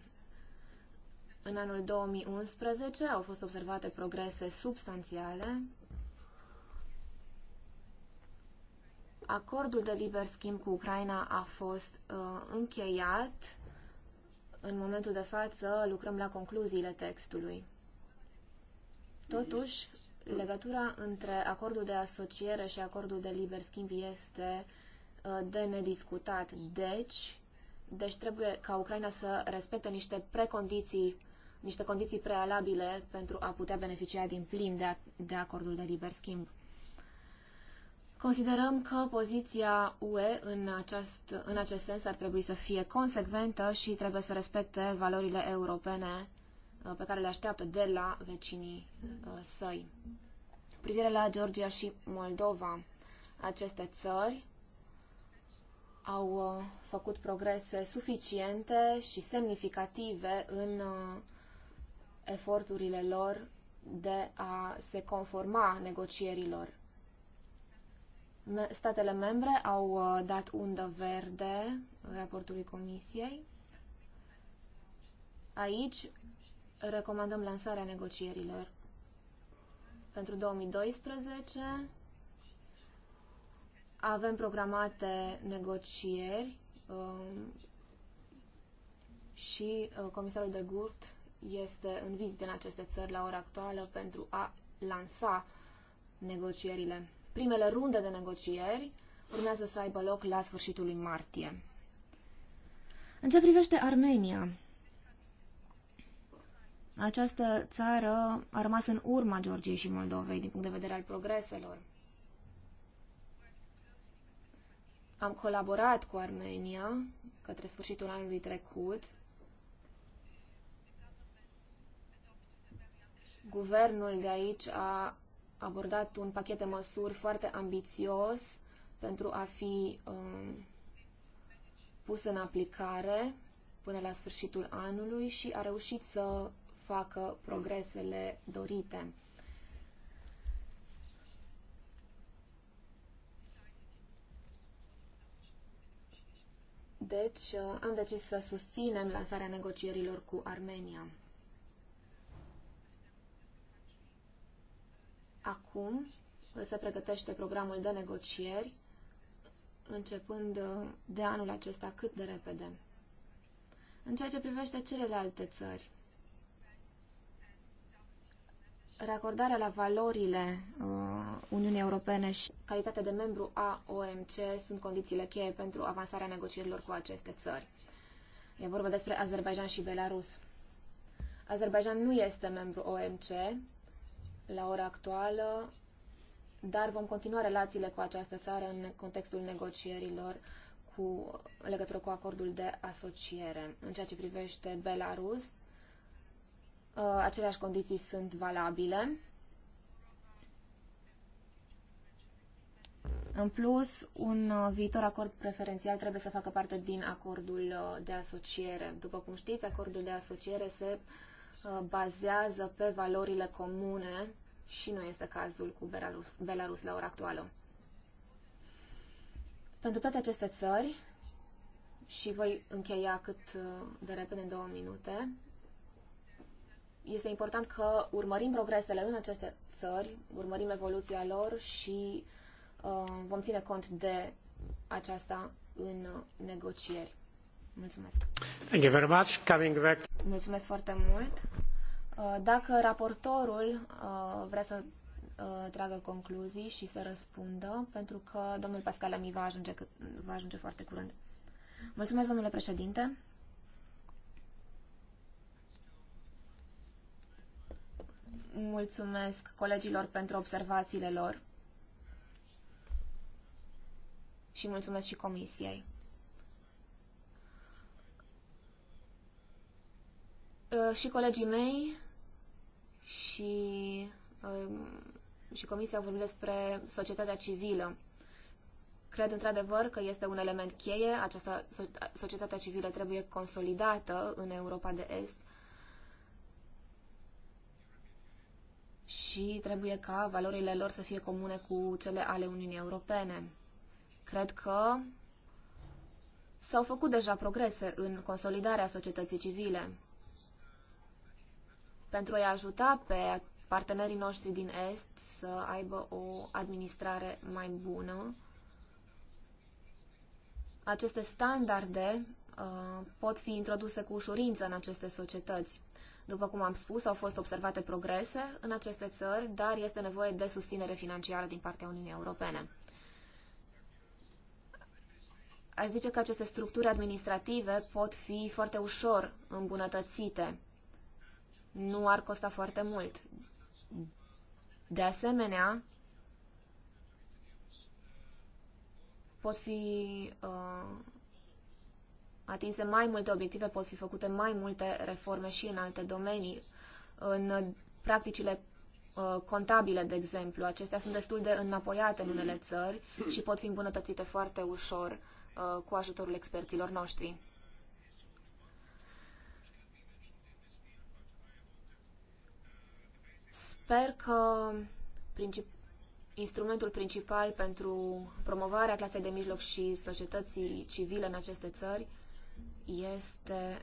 În anul 2011 au fost observate progrese substanțiale Acordul de liber schimb cu Ucraina a fost uh, încheiat. În momentul de față lucrăm la concluziile textului. Totuși, legătura între acordul de asociere și acordul de liber schimb este uh, de nediscutat. Deci, deci trebuie ca Ucraina să respecte niște precondiții, niște condiții prealabile pentru a putea beneficia din plin de, a, de acordul de liber schimb. Considerăm că poziția UE în acest, în acest sens ar trebui să fie consecventă și trebuie să respecte valorile europene uh, pe care le așteaptă de la vecinii uh, săi. Privire la Georgia și Moldova, aceste țări au uh, făcut progrese suficiente și semnificative în eforturile lor de a se conforma negocierilor Statele membre au uh, dat undă verde raportului Comisiei. Aici recomandăm lansarea negocierilor pentru 2012. Avem programate negocieri um, și uh, comisarul de Gurt este în vizită în aceste țări la ora actuală pentru a lansa negocierile. Primele runde de negocieri urmează să aibă loc la sfârșitul lui martie. În ce privește Armenia, această țară a rămas în urma Georgiei și Moldovei din punct de vedere al progreselor. Am colaborat cu Armenia către sfârșitul anului trecut. Guvernul de aici a abordat un pachet de măsuri foarte ambițios pentru a fi um, pus în aplicare până la sfârșitul anului și a reușit să facă progresele dorite. Deci, uh, am decis să susținem lansarea negocierilor cu Armenia. Acum se pregătește programul de negocieri, începând de anul acesta cât de repede. În ceea ce privește celelalte țări, racordarea la valorile uh, Uniunii Europene și calitatea de membru a OMC sunt condițiile cheie pentru avansarea negocierilor cu aceste țări. E vorba despre Azerbaijan și Belarus. Azerbaijan nu este membru OMC, la ora actuală, dar vom continua relațiile cu această țară în contextul negocierilor cu legătură cu acordul de asociere. În ceea ce privește Belarus, uh, aceleași condiții sunt valabile. În plus, un uh, viitor acord preferențial trebuie să facă parte din acordul uh, de asociere. După cum știți, acordul de asociere se bazează pe valorile comune și nu este cazul cu Belarus, Belarus la ora actuală. Pentru toate aceste țări, și voi încheia cât uh, de repede în două minute, este important că urmărim progresele în aceste țări, urmărim evoluția lor și uh, vom ține cont de aceasta în negocieri. Mulțumesc. Thank you very much. Coming back. Mulțumesc foarte mult. Uh, dacă raportorul uh, vrea să uh, tragă concluzii și să răspundă, pentru că domnul Pascal Ami va ajunge, va ajunge foarte curând. Mulțumesc, domnule președinte. Mulțumesc colegilor pentru observațiile lor și mulțumesc și comisiei. Și colegii mei și, um, și Comisia a vorbit despre societatea civilă. Cred într-adevăr că este un element cheie, această societatea civilă trebuie consolidată în Europa de Est și trebuie ca valorile lor să fie comune cu cele ale Uniunii Europene. Cred că s-au făcut deja progrese în consolidarea societății civile pentru a-i ajuta pe partenerii noștri din Est să aibă o administrare mai bună. Aceste standarde uh, pot fi introduse cu ușurință în aceste societăți. După cum am spus, au fost observate progrese în aceste țări, dar este nevoie de susținere financiară din partea Uniunii Europene. Aș zice că aceste structuri administrative pot fi foarte ușor îmbunătățite nu ar costa foarte mult. De asemenea, pot fi uh, atinse mai multe obiective, pot fi făcute mai multe reforme și în alte domenii. În practicile uh, contabile, de exemplu, acestea sunt destul de înapoiate în unele țări și pot fi îmbunătățite foarte ușor uh, cu ajutorul experților noștri. Sper că princip- instrumentul principal pentru promovarea clasei de mijloc și societății civile în aceste țări este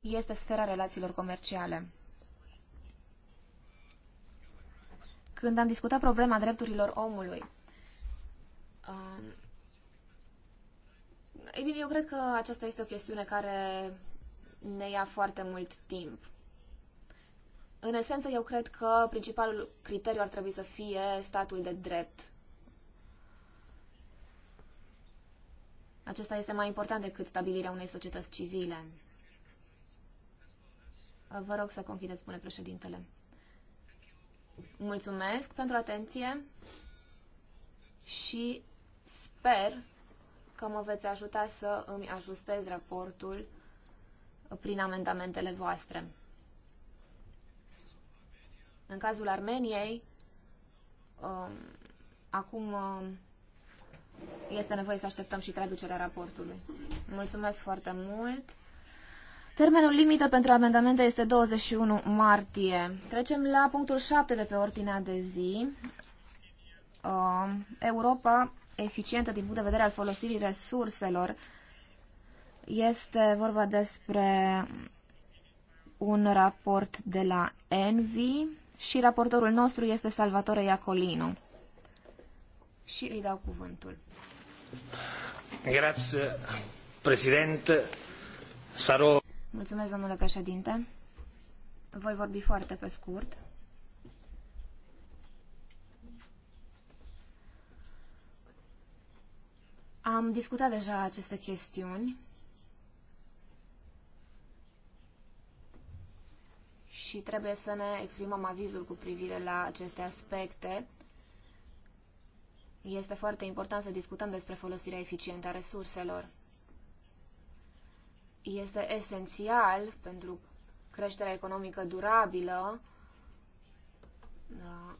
este sfera relațiilor comerciale. Când am discutat problema drepturilor omului, uh, ei bine, eu cred că aceasta este o chestiune care ne ia foarte mult timp. În esență, eu cred că principalul criteriu ar trebui să fie statul de drept. Acesta este mai important decât stabilirea unei societăți civile. Vă rog să conchideți, spune președintele. Mulțumesc pentru atenție și sper că mă veți ajuta să îmi ajustez raportul prin amendamentele voastre. În cazul Armeniei, um, acum um, este nevoie să așteptăm și traducerea raportului. Mulțumesc foarte mult! Termenul limită pentru amendamente este 21 martie. Trecem la punctul 7 de pe ordinea de zi. Um, Europa eficientă din punct de vedere al folosirii resurselor este vorba despre un raport de la Envy și raportorul nostru este Salvatore Iacolino. Și îi dau cuvântul. Grazie, president. Saro... Mulțumesc, domnule președinte. Voi vorbi foarte pe scurt. Am discutat deja aceste chestiuni și trebuie să ne exprimăm avizul cu privire la aceste aspecte. Este foarte important să discutăm despre folosirea eficientă a resurselor. Este esențial pentru creșterea economică durabilă da,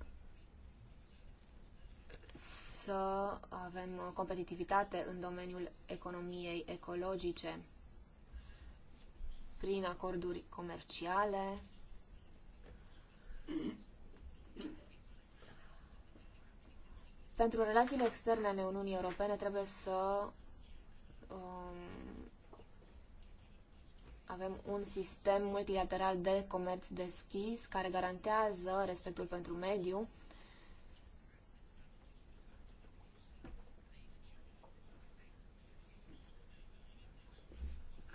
să avem competitivitate în domeniul economiei ecologice prin acorduri comerciale pentru relațiile externe ale Uniunii Europene trebuie să um, avem un sistem multilateral de comerț deschis care garantează respectul pentru mediu.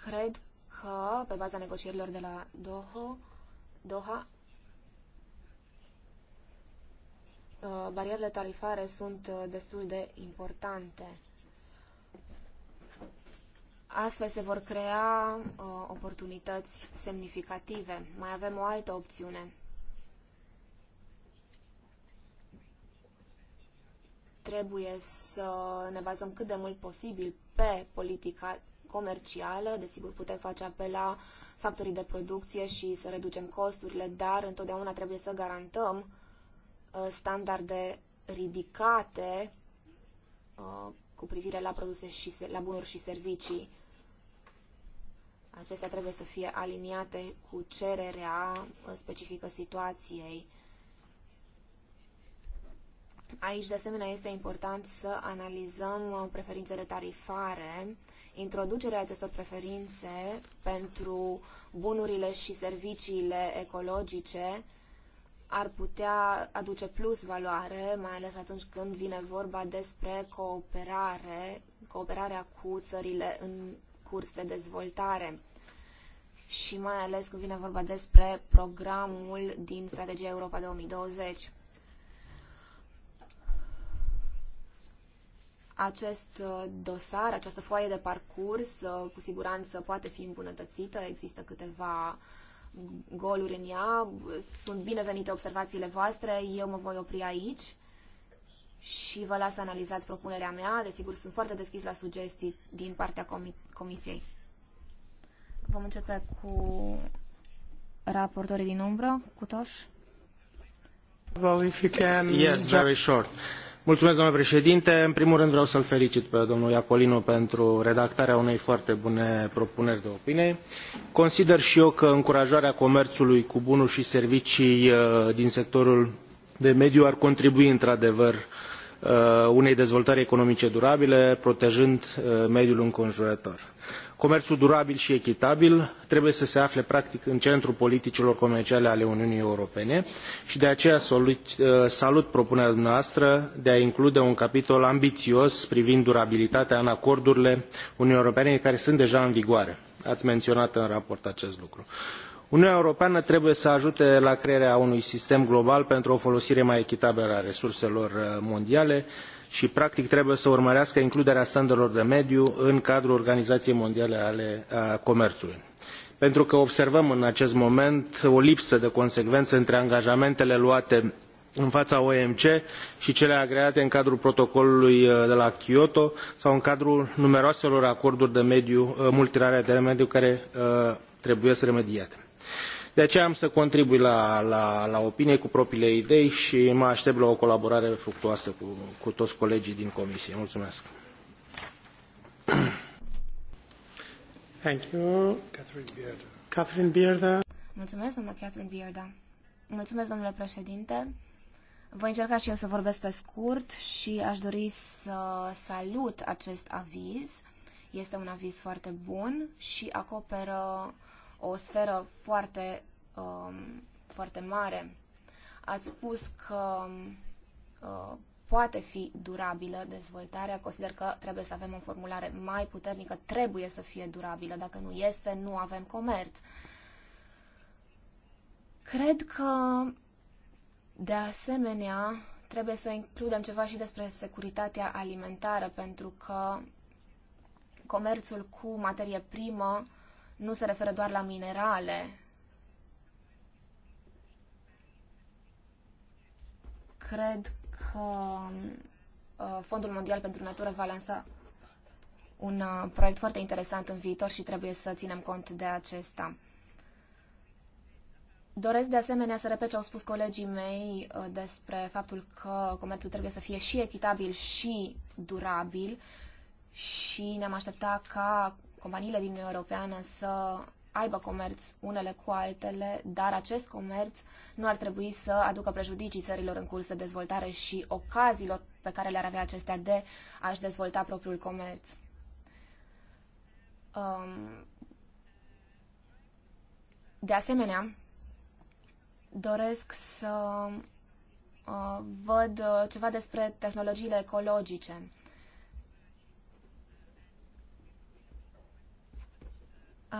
Cred că, pe baza negocierilor de la Doha, Doha Uh, barierele tarifare sunt uh, destul de importante. Astfel se vor crea uh, oportunități semnificative. Mai avem o altă opțiune. Trebuie să ne bazăm cât de mult posibil pe politica comercială. Desigur, putem face apel la factorii de producție și să reducem costurile, dar întotdeauna trebuie să garantăm Uh, standarde ridicate uh, cu privire la produse și la bunuri și servicii. Acestea trebuie să fie aliniate cu cererea uh, specifică situației. Aici, de asemenea, este important să analizăm preferințele tarifare, introducerea acestor preferințe pentru bunurile și serviciile ecologice, ar putea aduce plus valoare, mai ales atunci când vine vorba despre cooperare, cooperarea cu țările în curs de dezvoltare și mai ales când vine vorba despre programul din Strategia Europa 2020. Acest uh, dosar, această foaie de parcurs, uh, cu siguranță poate fi îmbunătățită, există câteva uh, goluri în ea. Sunt binevenite observațiile voastre, eu mă voi opri aici și vă las să analizați propunerea mea. Desigur, sunt foarte deschis la sugestii din partea comi comisiei. Vom începe cu raportorii din umbră, cu Toș. Well, if you can... Yes, very short domnule președinte în primul rând vreau să îl felicit pe domnul iacolino pentru redactarea unei foarte bune propuneri de opinie. consider și eu că încurajarea comerțului cu bunuri și servicii uh, din sectorul de mediu ar contribui într adevăr uh, unei dezvoltări economice durabile protejând uh, mediul înconjurător. Comerțul durabil și echitabil trebuie să se afle practic în centrul politicilor comerciale ale Uniunii Europene și de aceea salut uh, propunerea dumneavoastră de a include un capitol ambiios privind durabilitatea în acordurile Uniunii Europene care sunt deja în vigoare. Ați menționat în raport acest lucru uniunea europeană trebuie să ajute la crearea unui sistem global pentru o folosire mai echitabilă a resurselor uh, mondiale i practic trebuie să urmărească includerea standardelor de mediu în cadrul organizaiei mondiale a uh, comerului pentru că observăm în acest moment o lipsă de consecvenă între angajamentele luate în faa omc i cele agreate în cadrul protocolului uh, de la kyoto sau în cadrul numeroaselor acorduri de mediu multilaterale de mediu care trebuie remediate. De aceea am să contribui la, la, la opinie cu propriile idei și mă aștept la o colaborare fructuoasă cu, cu toți colegii din comisie. Mulțumesc! Thank you. Catherine Bierda. Catherine Bierda. Mulțumesc, doamna Catherine Bierda. Mulțumesc, domnule președinte. Voi încerca și eu să vorbesc pe scurt și aș dori să salut acest aviz. Este un aviz foarte bun și acoperă o sferă foarte um, foarte mare. Ați spus că uh, poate fi durabilă dezvoltarea. Consider că trebuie să avem o formulare mai puternică, trebuie să fie durabilă. Dacă nu este, nu avem comerț. Cred că, de asemenea, trebuie să includem ceva și despre securitatea alimentară, pentru că comerțul cu materie primă nu se referă doar la minerale, cred că uh, Fondul Mondial pentru Natură va lansa un uh, proiect foarte interesant în viitor și trebuie să ținem cont de acesta. Doresc de asemenea să repet ce au spus colegii mei uh, despre faptul că comerțul trebuie să fie și echitabil și durabil și ne-am aștepta ca companiile din Uniunea Europeană să aibă comerț unele cu altele, dar acest comerț nu ar trebui să aducă prejudicii țărilor în curs de dezvoltare și ocaziilor pe care le-ar avea acestea de a-și dezvolta propriul comerț. Um, de asemenea, doresc să uh, văd uh, ceva despre tehnologiile ecologice.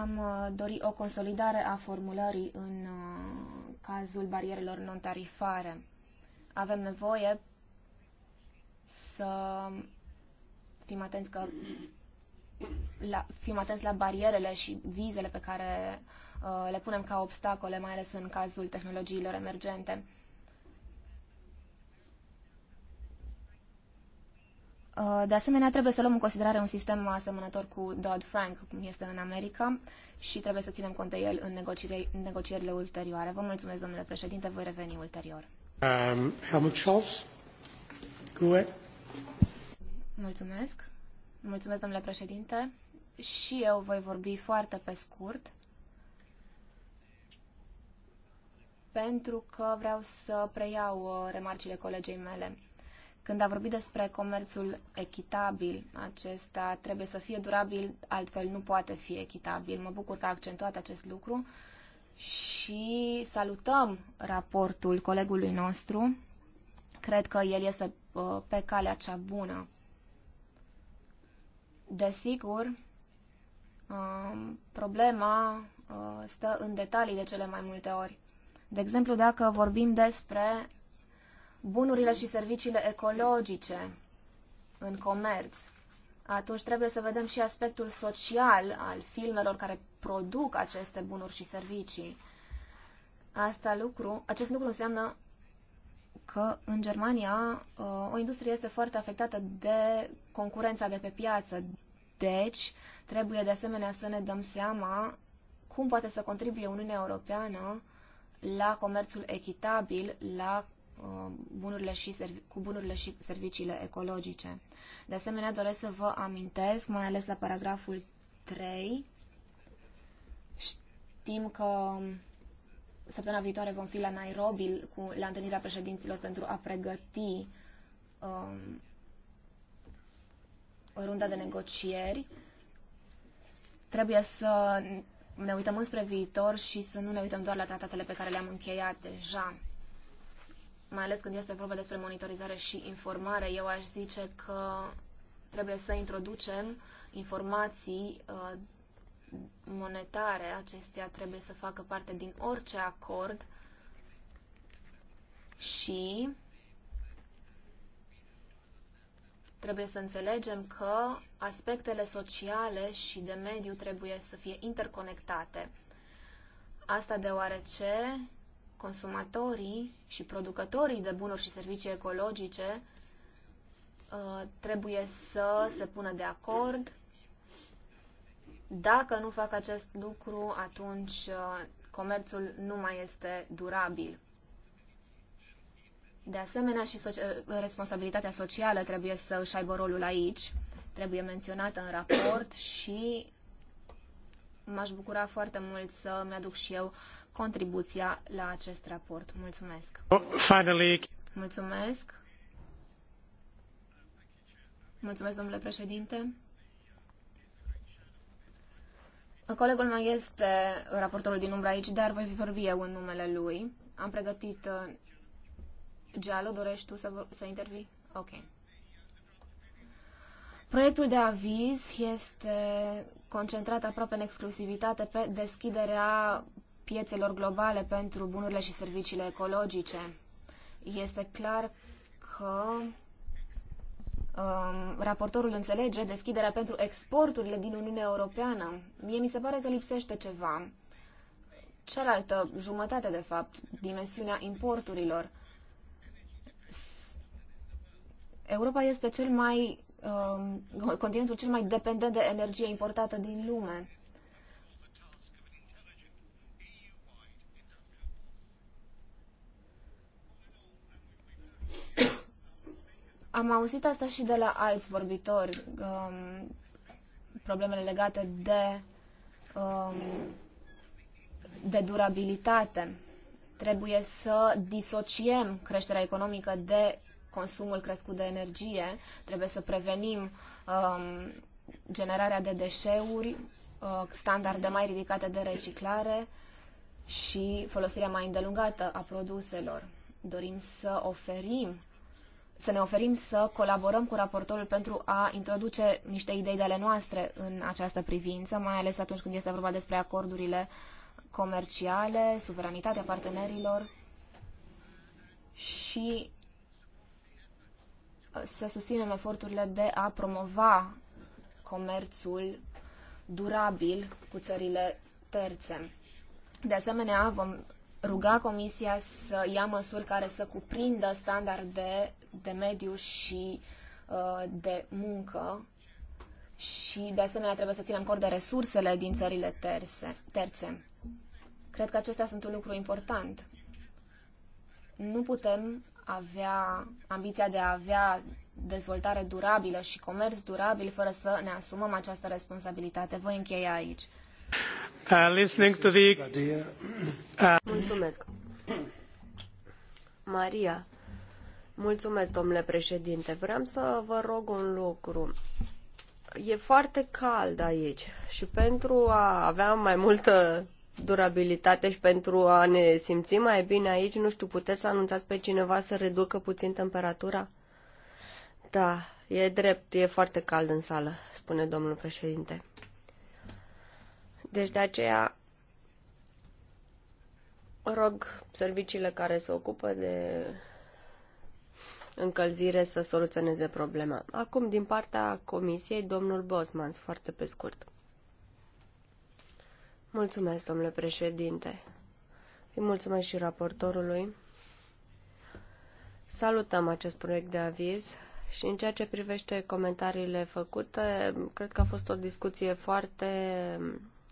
am uh, dorit o consolidare a formulării în uh, cazul barierelor non-tarifare. Avem nevoie să fim atenți că la, fim atenți la barierele și vizele pe care uh, le punem ca obstacole, mai ales în cazul tehnologiilor emergente. Uh, de asemenea, trebuie să luăm în considerare un sistem asemănător cu Dodd-Frank, cum este în America, și trebuie să ținem cont de el în negocierile, în negocierile ulterioare. Vă mulțumesc, domnule președinte, voi reveni ulterior. Um, Helmut Scholz, Mulțumesc. Mulțumesc, domnule președinte. Și eu voi vorbi foarte pe scurt, pentru că vreau să preiau uh, remarcile colegei mele. Când a vorbit despre comerțul echitabil, acesta trebuie să fie durabil, altfel nu poate fi echitabil. Mă bucur că a accentuat acest lucru și salutăm raportul colegului nostru. Cred că el este uh, pe calea cea bună. Desigur, um, problema uh, stă în detalii de cele mai multe ori. De exemplu, dacă vorbim despre bunurile și serviciile ecologice în comerț, atunci trebuie să vedem și aspectul social al filmelor care produc aceste bunuri și servicii. Asta lucru, acest lucru înseamnă că în Germania uh, o industrie este foarte afectată de concurența de pe piață. Deci, trebuie de asemenea să ne dăm seama cum poate să contribuie Uniunea Europeană la comerțul echitabil, la Uh, bunurile și cu bunurile și serviciile ecologice. De asemenea, doresc să vă amintesc, mai ales la paragraful 3, știm că săptămâna viitoare vom fi la Nairobi cu, la întâlnirea președinților pentru a pregăti um, runda de negocieri. Trebuie să ne uităm înspre viitor și să nu ne uităm doar la tratatele pe care le-am încheiat deja mai ales când este vorba despre monitorizare și informare, eu aș zice că trebuie să introducem informații uh, monetare, acestea trebuie să facă parte din orice acord și trebuie să înțelegem că aspectele sociale și de mediu trebuie să fie interconectate. Asta deoarece consumatorii și producătorii de bunuri și servicii ecologice uh, trebuie să se pună de acord. Dacă nu fac acest lucru, atunci uh, comerțul nu mai este durabil. De asemenea, și socia- uh, responsabilitatea socială trebuie să își aibă rolul aici. Trebuie menționată în raport și m-aș bucura foarte mult să mi-aduc și eu contribuția la acest raport. Mulțumesc! Finally. Mulțumesc! Mulțumesc, domnule președinte! Colegul meu este raportorul din umbră aici, dar voi vorbi eu în numele lui. Am pregătit... Uh, Gealo, dorești tu să, să intervii? Ok. Proiectul de aviz este concentrat aproape în exclusivitate pe deschiderea piețelor globale pentru bunurile și serviciile ecologice. Este clar că um, raportorul înțelege deschiderea pentru exporturile din Uniunea Europeană. Mie mi se pare că lipsește ceva. Cealaltă jumătate, de fapt, dimensiunea importurilor. Europa este cel mai Um, continentul cel mai dependent de energie importată din lume. [coughs] Am auzit asta și de la alți vorbitori, um, problemele legate de, um, de durabilitate. Trebuie să disociem creșterea economică de consumul crescut de energie, trebuie să prevenim um, generarea de deșeuri, uh, standarde mai ridicate de reciclare și folosirea mai îndelungată a produselor. Dorim să oferim să ne oferim să colaborăm cu raportorul pentru a introduce niște idei de ale noastre în această privință, mai ales atunci când este vorba despre acordurile comerciale, suveranitatea partenerilor și să susținem eforturile de a promova comerțul durabil cu țările terțe. De asemenea, vom ruga Comisia să ia măsuri care să cuprindă standarde de mediu și uh, de muncă și, de asemenea, trebuie să ținem cont de resursele din țările terse, terțe. Cred că acestea sunt un lucru important. Nu putem avea ambiția de a avea dezvoltare durabilă și comerț durabil fără să ne asumăm această responsabilitate. Voi încheia aici. Uh, listening to the... Uh... Mulțumesc. Maria, mulțumesc, domnule președinte. Vreau să vă rog un lucru. E foarte cald aici și pentru a avea mai multă durabilitate și pentru a ne simți mai bine aici, nu știu, puteți să anunțați pe cineva să reducă puțin temperatura? Da, e drept, e foarte cald în sală, spune domnul președinte. Deci de aceea rog serviciile care se ocupă de încălzire să soluționeze problema. Acum, din partea comisiei, domnul Bosmans, foarte pe scurt. Mulțumesc, domnule președinte. Îi mulțumesc și raportorului. Salutăm acest proiect de aviz și în ceea ce privește comentariile făcute, cred că a fost o discuție foarte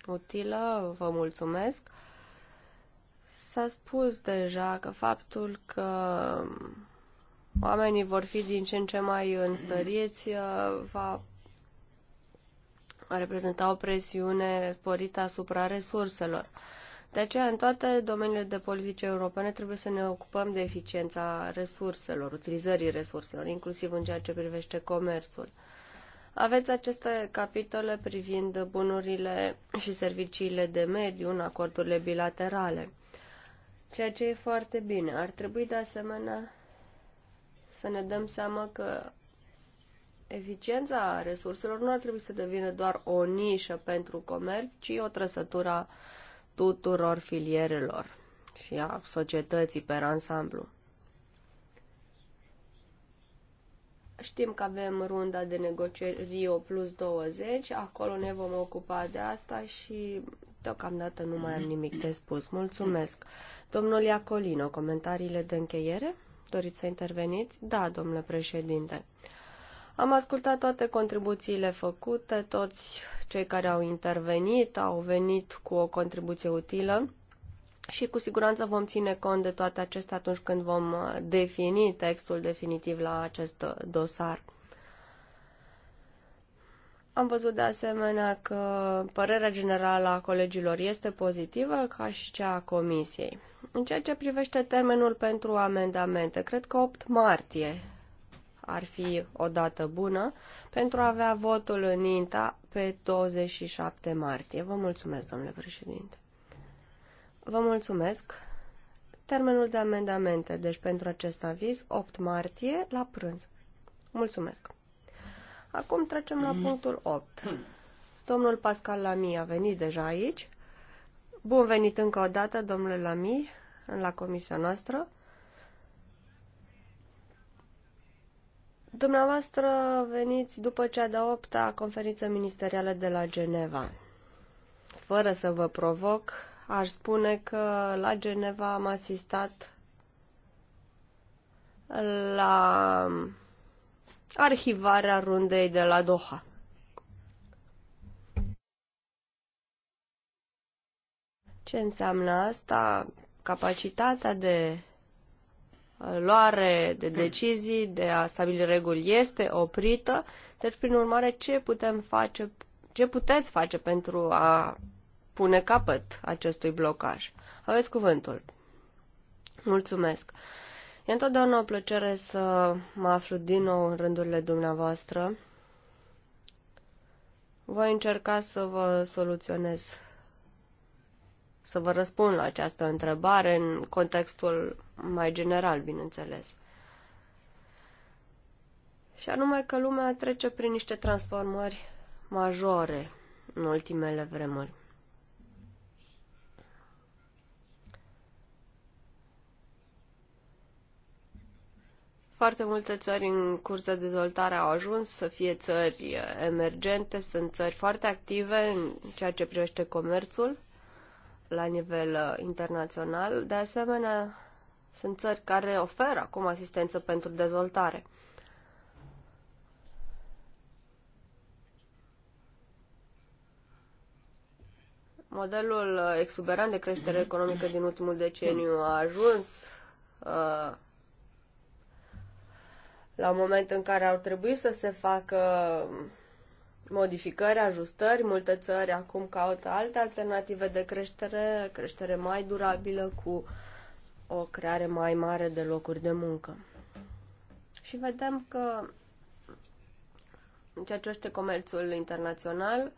utilă, vă mulțumesc. S-a spus deja că faptul că oamenii vor fi din ce în ce mai înstăriți uh, va a reprezenta o presiune sporită asupra resurselor. De aceea, în toate domeniile de politice europene, trebuie să ne ocupăm de eficiența resurselor, utilizării resurselor, inclusiv în ceea ce privește comerțul. Aveți aceste capitole privind bunurile și serviciile de mediu în acordurile bilaterale, ceea ce e foarte bine. Ar trebui, de asemenea, să ne dăm seama că eficiența resurselor nu ar trebui să devină doar o nișă pentru comerț, ci o trăsătură a tuturor filierelor și a societății pe ansamblu. Știm că avem runda de negocieri Rio plus 20, acolo ne vom ocupa de asta și deocamdată nu mai am mhm. nimic de spus. Mulțumesc. Domnul Iacolino, comentariile de încheiere? Doriți să interveniți? Da, domnule președinte. Am ascultat toate contribuțiile făcute, toți cei care au intervenit au venit cu o contribuție utilă și cu siguranță vom ține cont de toate acestea atunci când vom uh, defini textul definitiv la acest uh, dosar. Am văzut de asemenea că părerea generală a colegilor este pozitivă, ca și cea a comisiei. În ceea ce privește termenul pentru amendamente, cred că 8 martie ar fi o dată bună pentru a avea votul în INTA pe 27 martie. Vă mulțumesc, domnule președinte. Vă mulțumesc. Termenul de amendamente, deci pentru acest aviz, 8 martie la prânz. Mulțumesc. Acum trecem la punctul 8. Domnul Pascal Lamy a venit deja aici. Bun venit încă o dată, domnule Lamy, la comisia noastră. Dumneavoastră veniți după cea de-a opta conferință ministerială de la Geneva. Fără să vă provoc, aș spune că la Geneva am asistat la arhivarea rundei de la Doha. Ce înseamnă asta? Capacitatea de luare de decizii, de a stabili reguli este oprită. Deci, prin urmare, ce putem face, ce puteți face pentru a pune capăt acestui blocaj? Aveți cuvântul. Mulțumesc. E întotdeauna o plăcere să mă aflu din nou în rândurile dumneavoastră. Voi încerca să vă soluționez să vă răspund la această întrebare în contextul mai general, bineînțeles. Și anume că lumea trece prin niște transformări majore în ultimele vremuri. Foarte multe țări în curs de dezvoltare au ajuns să fie țări emergente, sunt țări foarte active în ceea ce privește comerțul la nivel uh, internațional. De asemenea, sunt țări care oferă acum asistență pentru dezvoltare. Modelul uh, exuberant de creștere economică din ultimul deceniu a ajuns uh, la un moment în care ar trebui să se facă modificări, ajustări. Multe țări acum caută alte alternative de creștere, creștere mai durabilă cu o creare mai mare de locuri de muncă. Și vedem că în ceea ce este comerțul internațional,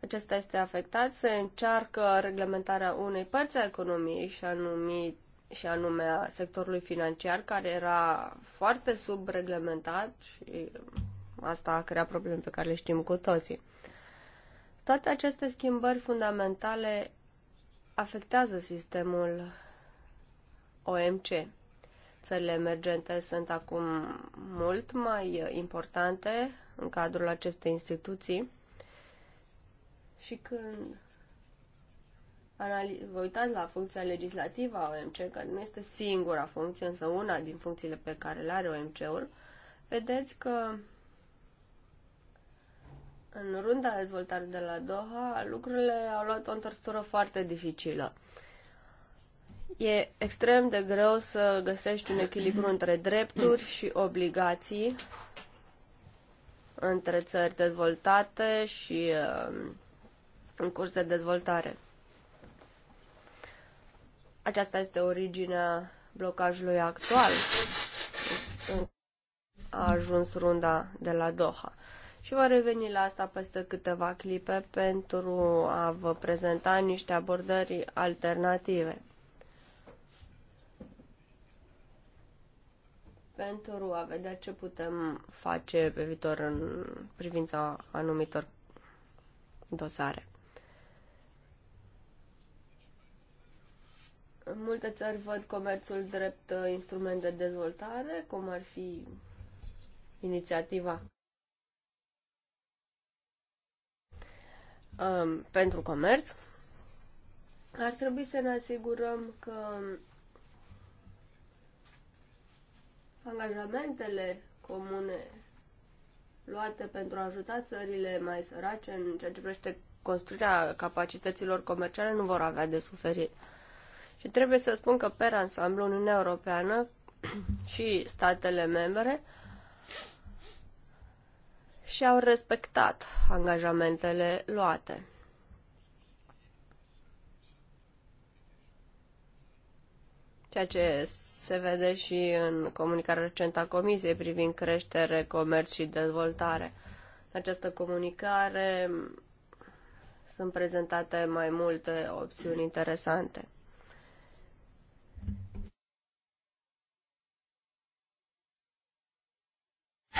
acesta este afectat, se încearcă reglementarea unei părți a economiei și anumit și anume a sectorului financiar, care era foarte subreglementat și Asta a creat probleme pe care le știm cu toții. Toate aceste schimbări fundamentale afectează sistemul OMC. Țările emergente sunt acum mult mai importante în cadrul acestei instituții și când vă uitați la funcția legislativă a OMC, că nu este singura funcție, însă una din funcțiile pe care le are OMC-ul, vedeți că în runda dezvoltare de la Doha, lucrurile au luat o întorsură foarte dificilă. E extrem de greu să găsești un echilibru între drepturi și obligații între țări dezvoltate și uh, în curs de dezvoltare. Aceasta este originea blocajului actual. A ajuns runda de la Doha și voi reveni la asta peste câteva clipe pentru a vă prezenta niște abordări alternative. pentru a vedea ce putem face pe viitor în privința anumitor dosare. În multe țări văd comerțul drept uh, instrument de dezvoltare, cum ar fi inițiativa um, pentru comerț, ar trebui să ne asigurăm că angajamentele comune luate pentru a ajuta țările mai sărace în ceea ce privește construirea capacităților comerciale nu vor avea de suferit. Și trebuie să spun că, pe ansamblu, Uniunea Europeană [clears throat] și statele membre și-au respectat angajamentele luate. Ceea ce se vede și în comunicarea recentă a Comisiei privind creștere, comerț și dezvoltare. În această comunicare sunt prezentate mai multe opțiuni interesante.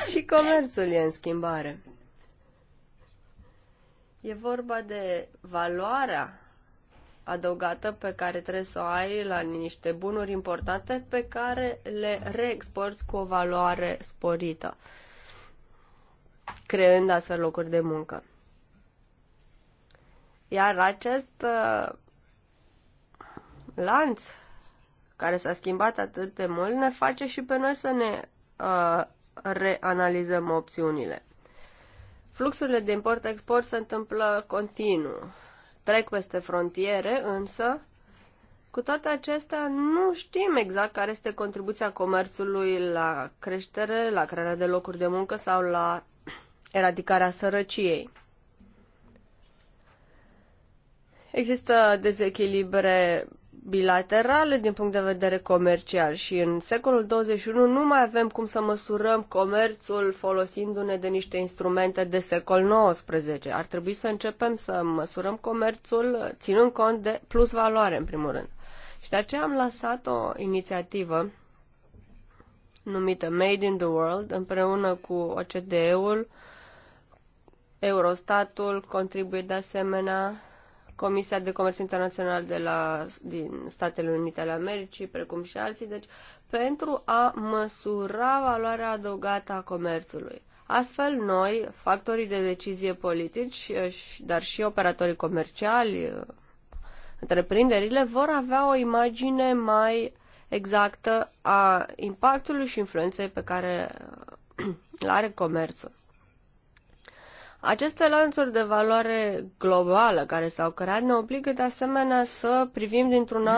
Și comerțul e în schimbare. E vorba de valoarea adăugată pe care trebuie să o ai la niște bunuri importante pe care le reexporți cu o valoare sporită, creând astfel locuri de muncă. Iar acest uh, lanț care s-a schimbat atât de mult ne face și pe noi să ne uh, reanalizăm opțiunile. Fluxurile de import-export se întâmplă continuu, trec peste frontiere, însă cu toate acestea, nu știm exact care este contribuția comerțului la creștere, la crearea de locuri de muncă sau la [clears throat] eradicarea sărăciei. Există dezechilibre bilaterale din punct de vedere comercial și în secolul 21 nu mai avem cum să măsurăm comerțul folosindu-ne de niște instrumente de secol 19. Ar trebui să începem să măsurăm comerțul ținând cont de plus valoare în primul rând. Și de aceea am lansat o inițiativă numită Made in the World împreună cu OCDE-ul, Eurostatul contribuie de asemenea Comisia de Comerț Internațional de la, din Statele Unite ale Americii, precum și alții, deci pentru a măsura valoarea adăugată a comerțului. Astfel, noi, factorii de decizie politici, dar și operatorii comerciali, întreprinderile, vor avea o imagine mai exactă a impactului și influenței pe care [clears throat] îl are comerțul. Aceste lanțuri de valoare globală care s-au creat ne obligă de asemenea să privim dintr-un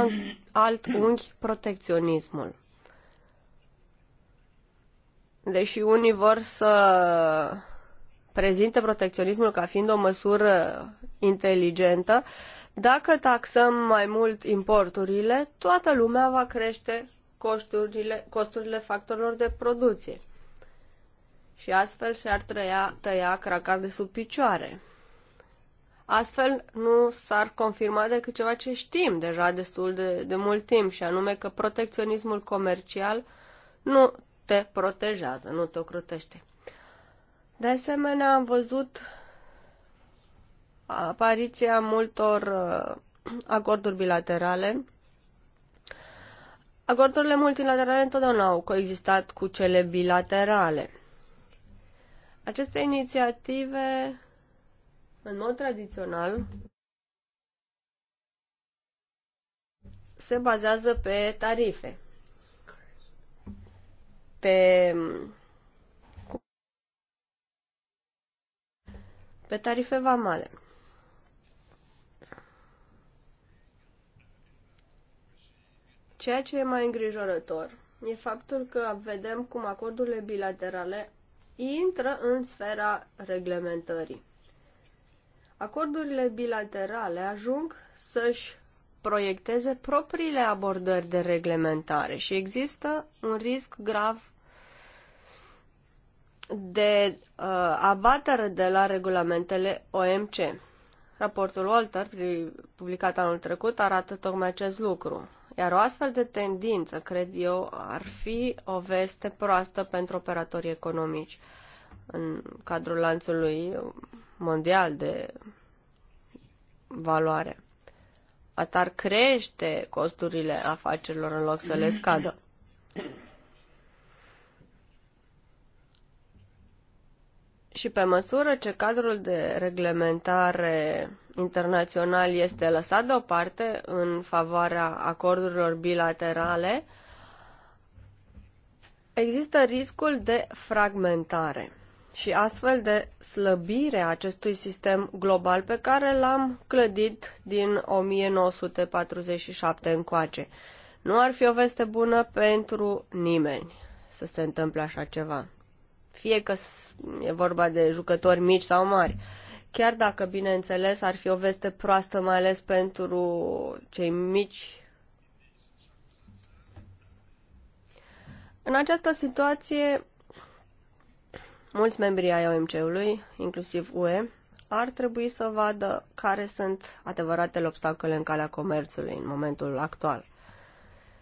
alt unghi protecționismul. Deși unii vor să prezinte protecționismul ca fiind o măsură inteligentă, dacă taxăm mai mult importurile, toată lumea va crește costurile, costurile factorilor de producție și astfel și-ar tăia, tăia craca de sub picioare. Astfel nu s-ar confirma decât ceva ce știm deja destul de, de mult timp și anume că protecționismul comercial nu te protejează, nu te ocrutește. De asemenea, am văzut apariția multor uh, acorduri bilaterale. Acordurile multilaterale întotdeauna au coexistat cu cele bilaterale. Aceste inițiative, în mod tradițional, se bazează pe tarife, pe, pe tarife vamale. Ceea ce e mai îngrijorător e faptul că vedem cum acordurile bilaterale intră în sfera reglementării. Acordurile bilaterale ajung să-și proiecteze propriile abordări de reglementare și există un risc grav de uh, abatere de la regulamentele OMC. Raportul Walter, publicat anul trecut, arată tocmai acest lucru. Iar o astfel de tendință, cred eu, ar fi o veste proastă pentru operatorii economici în cadrul lanțului mondial de valoare. Asta ar crește costurile afacerilor în loc să le scadă. Și pe măsură ce cadrul de reglementare internațional este lăsat deoparte în favoarea acordurilor bilaterale, există riscul de fragmentare și astfel de slăbire a acestui sistem global pe care l-am clădit din 1947 încoace. Nu ar fi o veste bună pentru nimeni să se întâmple așa ceva. Fie că e vorba de jucători mici sau mari. Uh, Chiar dacă, bineînțeles, ar fi o veste proastă, mai ales pentru cei mici. În această situație, mulți membri ai OMC-ului, inclusiv UE, ar trebui să vadă care sunt adevăratele obstacole în calea comerțului în momentul actual.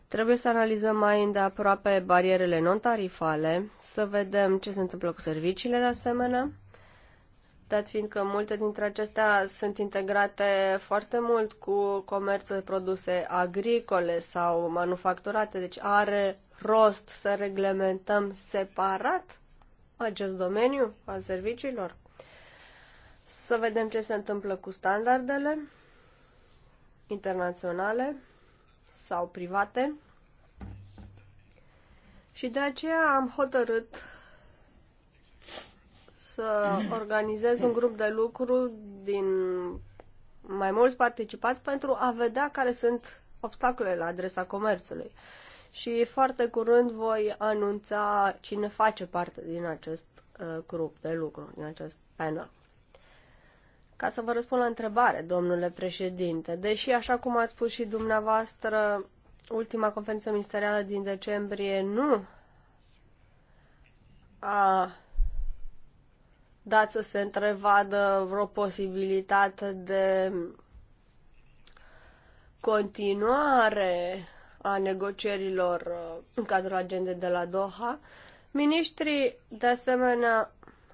Trebuie să analizăm mai îndeaproape barierele non-tarifale, să vedem ce se întâmplă cu serviciile de asemenea dat fiindcă multe dintre acestea sunt integrate foarte mult cu comerțul de produse agricole sau manufacturate, deci are rost să reglementăm separat acest domeniu al serviciilor? Să vedem ce se întâmplă cu standardele internaționale sau private. Și de aceea am hotărât să organizez un grup de lucru din mai mulți participați pentru a vedea care sunt obstacolele la adresa comerțului. Și foarte curând voi anunța cine face parte din acest uh, grup de lucru, din acest panel. Ca să vă răspund la întrebare, domnule președinte, deși, așa cum ați spus și dumneavoastră, ultima conferință ministerială din decembrie nu a dat să se întrevadă vreo posibilitate de continuare a negocierilor uh, în cadrul agendei de la Doha. Ministrii, de asemenea,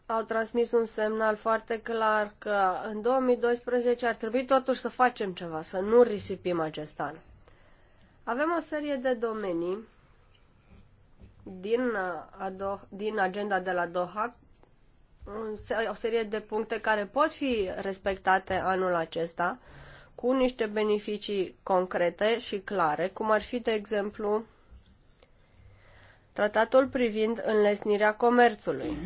au transmis un semnal foarte clar că în 2012 ar trebui totuși să facem ceva, să nu risipim acest an. Avem o serie de domenii din, uh, din agenda de la Doha o serie de puncte care pot fi respectate anul acesta cu niște beneficii concrete și clare, cum ar fi, de exemplu, tratatul privind înlesnirea comerțului.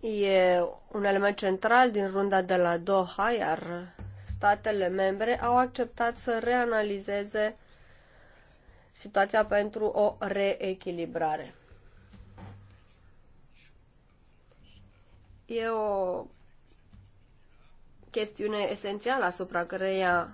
E un element central din runda de la Doha, iar statele membre au acceptat să reanalizeze situația pentru o reechilibrare. E o chestiune esențială asupra căreia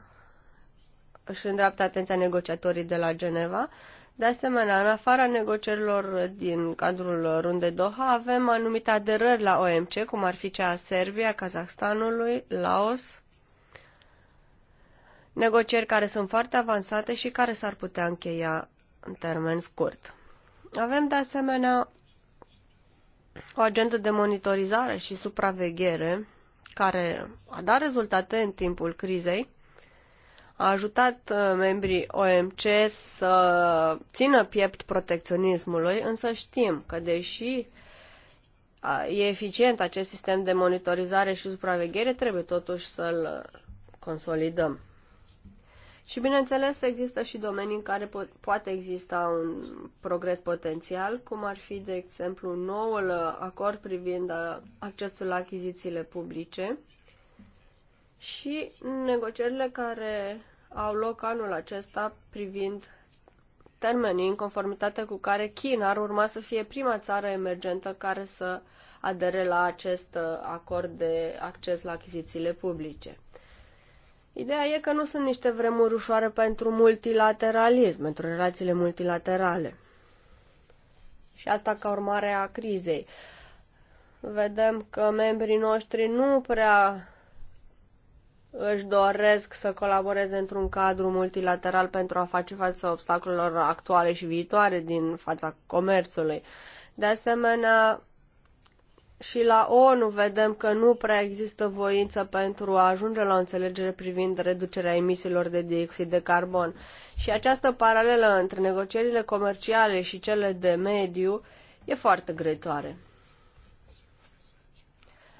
își îndreaptă atenția negociatorii de la Geneva. De asemenea, în afara negocierilor din cadrul rundei Doha, avem anumite aderări la OMC, cum ar fi cea a Serbia, Kazahstanului, Laos, negocieri care sunt foarte avansate și care s-ar putea încheia în termen scurt. Avem de asemenea o agentă de monitorizare și supraveghere care a dat rezultate în timpul crizei, a ajutat uh, membrii OMC să țină piept protecționismului, însă știm că deși uh, e eficient acest sistem de monitorizare și supraveghere, trebuie totuși să-l consolidăm. Și bineînțeles există și domenii în care po- poate exista un progres potențial, cum ar fi, de exemplu, noul acord privind uh, accesul la achizițiile publice și negocierile care au loc anul acesta privind termenii în conformitate cu care China ar urma să fie prima țară emergentă care să adere la acest uh, acord de acces la achizițiile publice. Ideea e că nu sunt niște vremuri ușoare pentru multilateralism, pentru relațiile multilaterale. Și asta ca urmare a crizei. Vedem că membrii noștri nu prea își doresc să colaboreze într-un cadru multilateral pentru a face față obstacolelor actuale și viitoare din fața comerțului. De asemenea, și la ONU vedem că nu prea există voință pentru a ajunge la o înțelegere privind reducerea emisiilor de dioxid de carbon. Și această paralelă între negocierile comerciale și cele de mediu e foarte greitoare.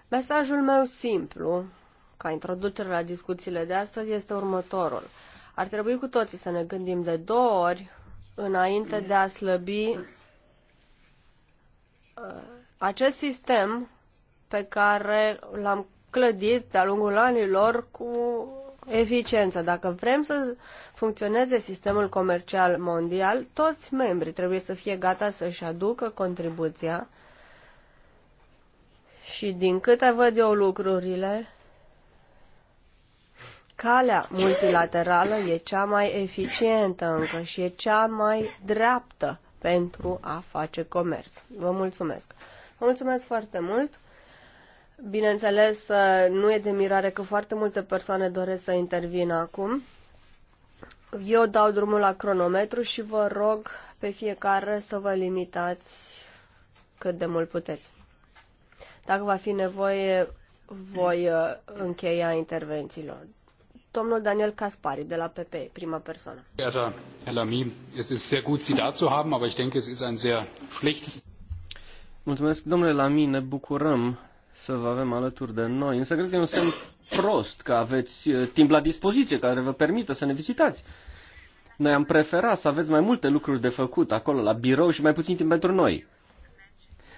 Mesajul meu simplu, ca introducere la discuțiile de astăzi, este următorul. Ar trebui cu toții să ne gândim de două ori înainte de a slăbi uh, acest sistem pe care l-am clădit de-a lungul anilor cu eficiență. Dacă vrem să funcționeze sistemul comercial mondial, toți membrii trebuie să fie gata să-și aducă contribuția și din câte văd eu lucrurile, calea multilaterală e cea mai eficientă încă și e cea mai dreaptă pentru a face comerț. Vă mulțumesc! Mulțumesc foarte mult! Bineînțeles, nu e de mirare că foarte multe persoane doresc să intervină acum. Eu dau drumul la cronometru și vă rog pe fiecare să vă limitați cât de mult puteți. Dacă va fi nevoie, voi uh, încheia intervențiilor. Domnul Daniel Caspari de la PP, prima persoană. Herr Lamy, es ist sehr gut, Sie da zu haben, aber ich denke, es ist ein sehr schlechtes Mulțumesc, domnule la mine bucurăm să vă avem alături de noi, însă cred că nu sunt prost că aveți uh, timp la dispoziție care vă permită să ne vizitați. Noi am preferat să aveți mai multe lucruri de făcut acolo la birou și mai puțin timp pentru noi.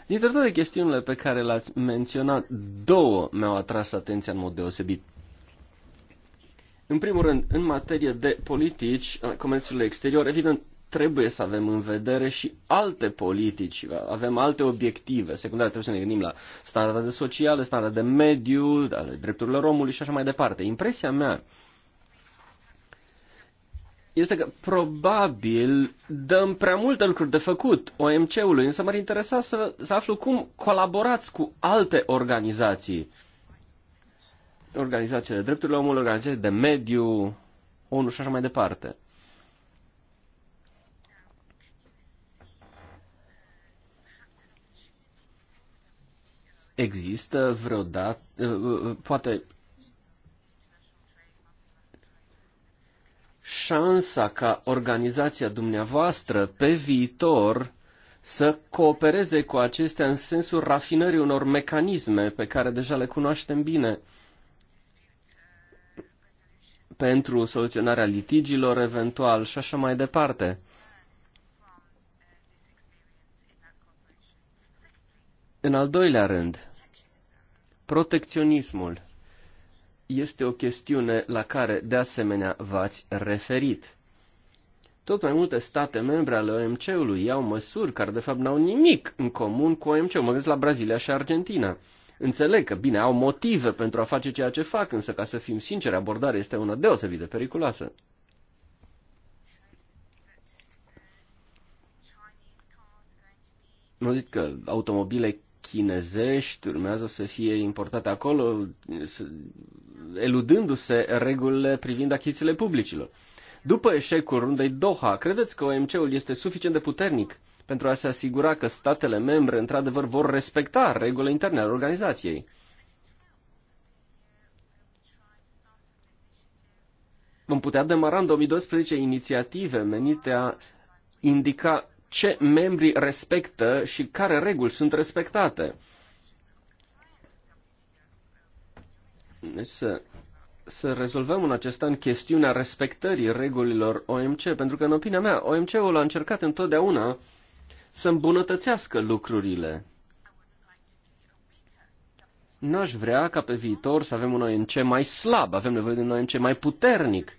Dintre toate chestiunile pe care le-ați menționat, două mi-au atras atenția în mod deosebit. În primul rând, în materie de politici, comerțul exterior, evident, trebuie să avem în vedere și alte politici, avem alte obiective secundare, trebuie să ne gândim la standarde sociale, standarde de mediu, ale drepturilor omului și așa mai departe. Impresia mea este că probabil dăm prea multe lucruri de făcut OMC-ului, însă m-ar interesa să, să aflu cum colaborați cu alte organizații, organizațiile de drepturile omului, organizațiile de mediu, ONU și așa mai departe. Există vreodată, uh, uh, uh, poate șansa ca organizația dumneavoastră pe viitor să coopereze cu acestea în sensul rafinării unor mecanisme pe care deja le cunoaștem bine pentru soluționarea litigilor eventual și așa mai departe. În al doilea rând, protecționismul este o chestiune la care de asemenea v-ați referit. Tot mai multe state membre ale OMC-ului iau măsuri care de fapt n-au nimic în comun cu OMC-ul. Mă gândesc la Brazilia și Argentina. Înțeleg că, bine, au motive pentru a face ceea ce fac, însă, ca să fim sinceri, abordarea este una deosebit de periculoasă. Am zis că automobile chinezești urmează să fie importate acolo, eludându-se regulile privind achizițiile publicilor. După eșecul rundei Doha, credeți că OMC-ul este suficient de puternic pentru a se asigura că statele membre într-adevăr vor respecta regulile interne ale organizației? Vom putea demara în 2012 inițiative menite a indica ce membrii respectă și care reguli sunt respectate. Deci să, să rezolvăm în acest an chestiunea respectării regulilor OMC, pentru că, în opinia mea, OMC-ul a încercat întotdeauna să îmbunătățească lucrurile. N-aș vrea ca pe viitor să avem un OMC mai slab, avem nevoie de un OMC mai puternic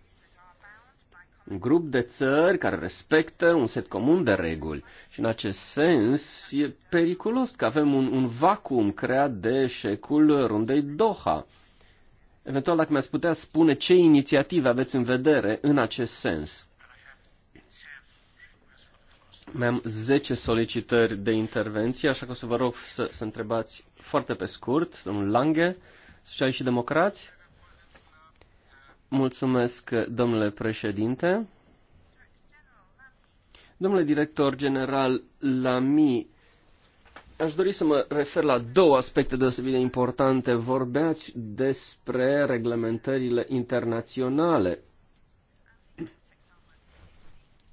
un grup de țări care respectă un set comun de reguli. Și în acest sens e periculos că avem un, un vacuum creat de eșecul rundei Doha. Eventual, dacă mi-ați putea spune ce inițiative aveți în vedere în acest sens. Mai am 10 solicitări de intervenție, așa că o să vă rog să, să întrebați foarte pe scurt, domnul Lange, Socialiști și Democrați. Mulțumesc, domnule președinte. Domnule director general Lamy, aș dori să mă refer la două aspecte deosebit de importante. Vorbeați despre reglementările internaționale.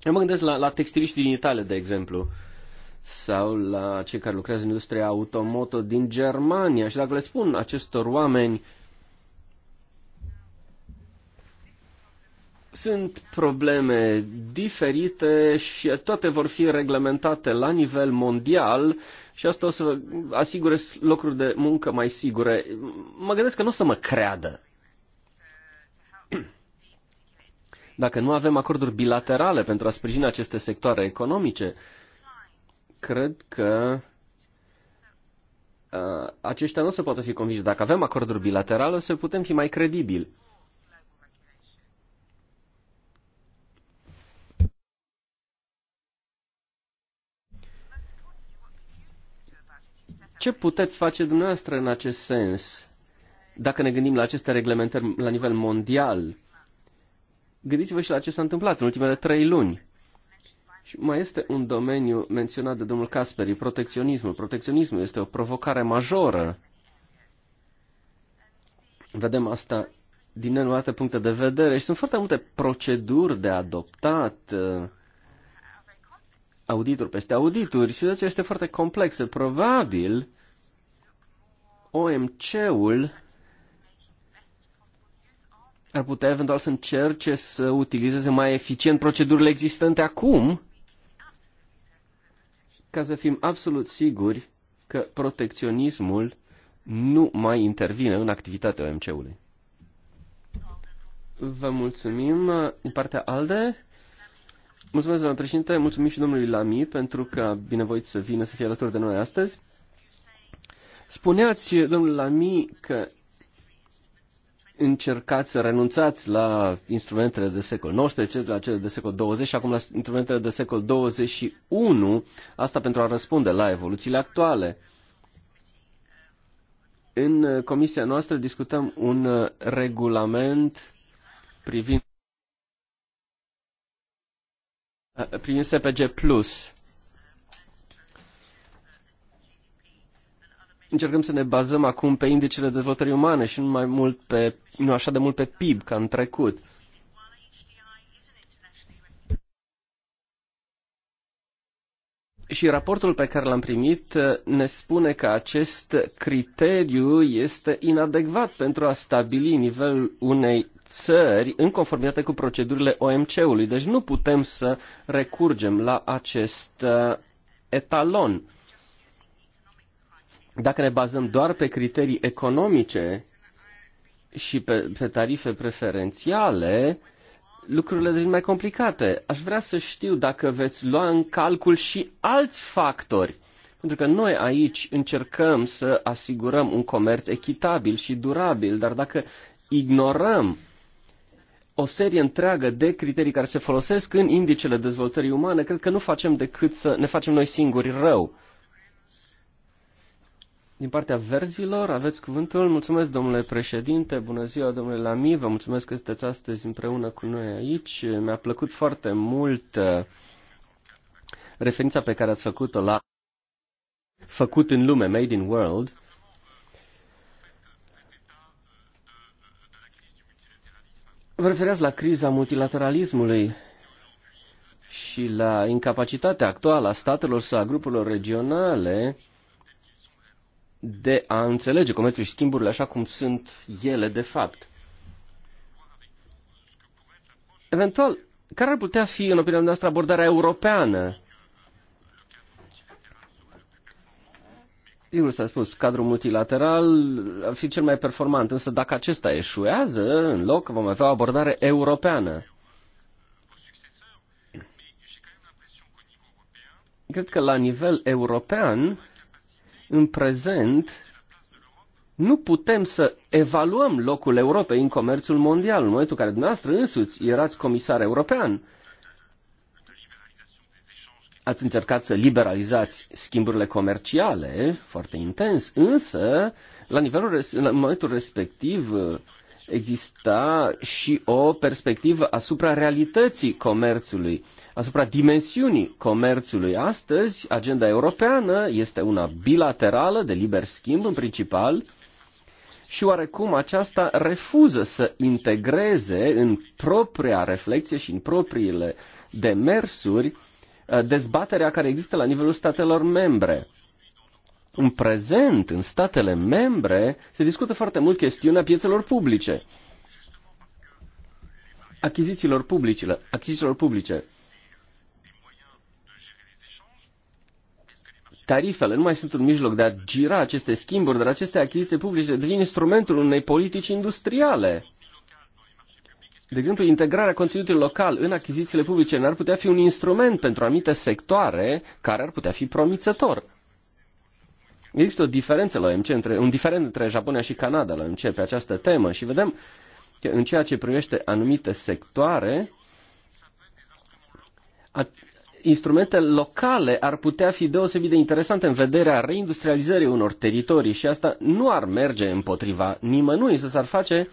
Eu mă gândesc la, la textiliștii din Italia, de exemplu, sau la cei care lucrează în industria automoto din Germania și dacă le spun acestor oameni uh, Sunt probleme diferite și toate vor fi reglementate la nivel mondial și asta o să asigure locuri de muncă mai sigure. Mă gândesc că nu o să mă creadă. Dacă nu avem acorduri bilaterale pentru a sprijini aceste sectoare economice, cred că uh, aceștia nu se poate fi convinși. Dacă avem acorduri bilaterale, o să putem fi mai credibili. Ce puteți face dumneavoastră în acest sens? Dacă ne gândim la aceste reglementări la nivel mondial, gândiți-vă și la ce s-a întâmplat în ultimele trei luni. Și mai este un domeniu menționat de domnul Casperi, protecționismul. Protecționismul este o provocare majoră. Vedem asta din nenumărate puncte de vedere și sunt foarte multe proceduri de adoptat uh, audituri peste audituri, situația este foarte complexă. Probabil OMC-ul ar putea eventual să încerce să utilizeze mai eficient procedurile existente acum ca să fim absolut siguri că protecționismul nu mai intervine în activitatea OMC-ului. Vă mulțumim. Din partea ALDE, Mulțumesc, domnule președinte, mulțumim și domnului Lami pentru că a binevoit să vină să fie alături de noi astăzi. Spuneați, domnul Lami, că încercați să renunțați la instrumentele de secol XIX, la cele de secol XX și acum la instrumentele de secol XXI, asta pentru a răspunde la evoluțiile actuale. În comisia noastră discutăm un regulament privind Uh, prin SPG+. Încercăm să ne bazăm acum pe indicele dezvoltării umane și nu mai mult pe, nu așa de mult pe PIB ca în trecut. Și raportul pe care l-am primit uh, ne spune că acest criteriu este inadecvat pentru a stabili nivelul unei țări în conformitate cu procedurile OMC-ului. Deci nu putem să recurgem la acest uh, etalon. Dacă ne bazăm doar pe criterii economice și pe, pe tarife preferențiale, lucrurile devin mai complicate. Aș vrea să știu dacă veți lua în calcul și alți factori. Pentru că noi aici încercăm să asigurăm un comerț echitabil și durabil, dar dacă ignorăm o serie întreagă de criterii care se folosesc în indicele dezvoltării umane, cred că nu facem decât să ne facem noi singuri rău. Din partea verzilor, aveți cuvântul. Mulțumesc, domnule președinte, bună ziua, domnule Lami, vă mulțumesc că sunteți astăzi împreună cu noi aici. Mi-a plăcut foarte mult uh, referința pe care ați făcut-o la făcut în lume, made in world. Vă refereați la criza multilateralismului și la incapacitatea actuală a statelor sau a grupurilor regionale de a înțelege comerțul și schimburile așa cum sunt ele de fapt. Eventual, care ar putea fi, în opinia noastră, abordarea europeană? Sigur, s-a spus, cadrul multilateral ar fi cel mai performant, însă dacă acesta eșuează, în loc vom avea o abordare europeană. Cred că la nivel european, în prezent, nu putem să evaluăm locul Europei în comerțul mondial, în momentul în care dumneavoastră însuți erați comisar european. Ați încercat să liberalizați schimburile comerciale foarte intens, însă, la nivelul, în momentul respectiv, exista și o perspectivă asupra realității comerțului, asupra dimensiunii comerțului. Astăzi, agenda europeană este una bilaterală de liber schimb în principal și oarecum aceasta refuză să integreze în propria reflexie și în propriile demersuri uh, dezbaterea care există la nivelul statelor membre în prezent, în statele membre, se discută foarte mult chestiunea piețelor publice, achizițiilor publice, achizițiilor publice. Tarifele nu mai sunt un mijloc de a gira aceste schimburi, dar aceste achiziții publice devin instrumentul unei politici industriale. De exemplu, integrarea conținutului local în achizițiile publice n-ar putea fi un instrument pentru anumite sectoare care ar putea fi promițător. Există o diferență la OMC, între, un diferent între Japonia și Canada la OMC pe această temă și vedem că în ceea ce privește anumite sectoare, a, instrumente locale ar putea fi deosebit de interesante în vederea reindustrializării unor teritorii și asta nu ar merge împotriva nimănui, să s-ar face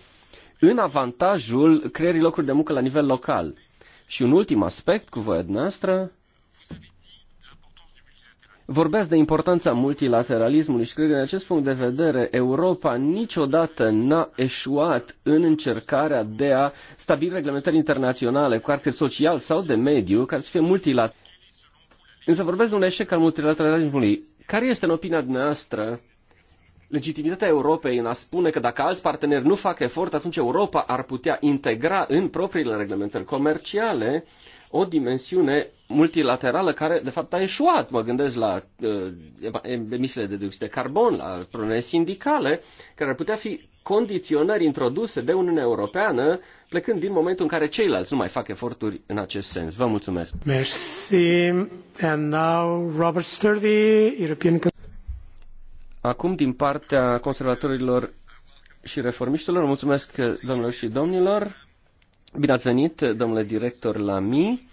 în avantajul creierii locuri de muncă la nivel local. Și un ultim aspect, cu voia noastră, Vorbeați de importanța multilateralismului și cred că, din acest punct de vedere, Europa niciodată n-a eșuat în încercarea de a stabili reglementări internaționale cu caracter social sau de mediu care să fie multilateral. Însă vorbesc de un eșec al multilateralismului. Care este, în opinia dumneavoastră, legitimitatea Europei în a spune că dacă alți parteneri nu fac efort, atunci Europa ar putea integra în propriile reglementări comerciale uh, o dimensiune multilaterală care, de fapt, a eșuat. Mă gândesc la uh, emisiile de dioxid de carbon, la probleme sindicale, care ar putea fi condiționări introduse de Uniunea Europeană, plecând din momentul în care ceilalți nu mai fac eforturi în acest sens. Vă mulțumesc. Merci. And now Robert Sturdy, European... Acum, din partea conservatorilor și reformiștilor, mulțumesc, domnilor și domnilor. Bine ați venit, domnule director mi.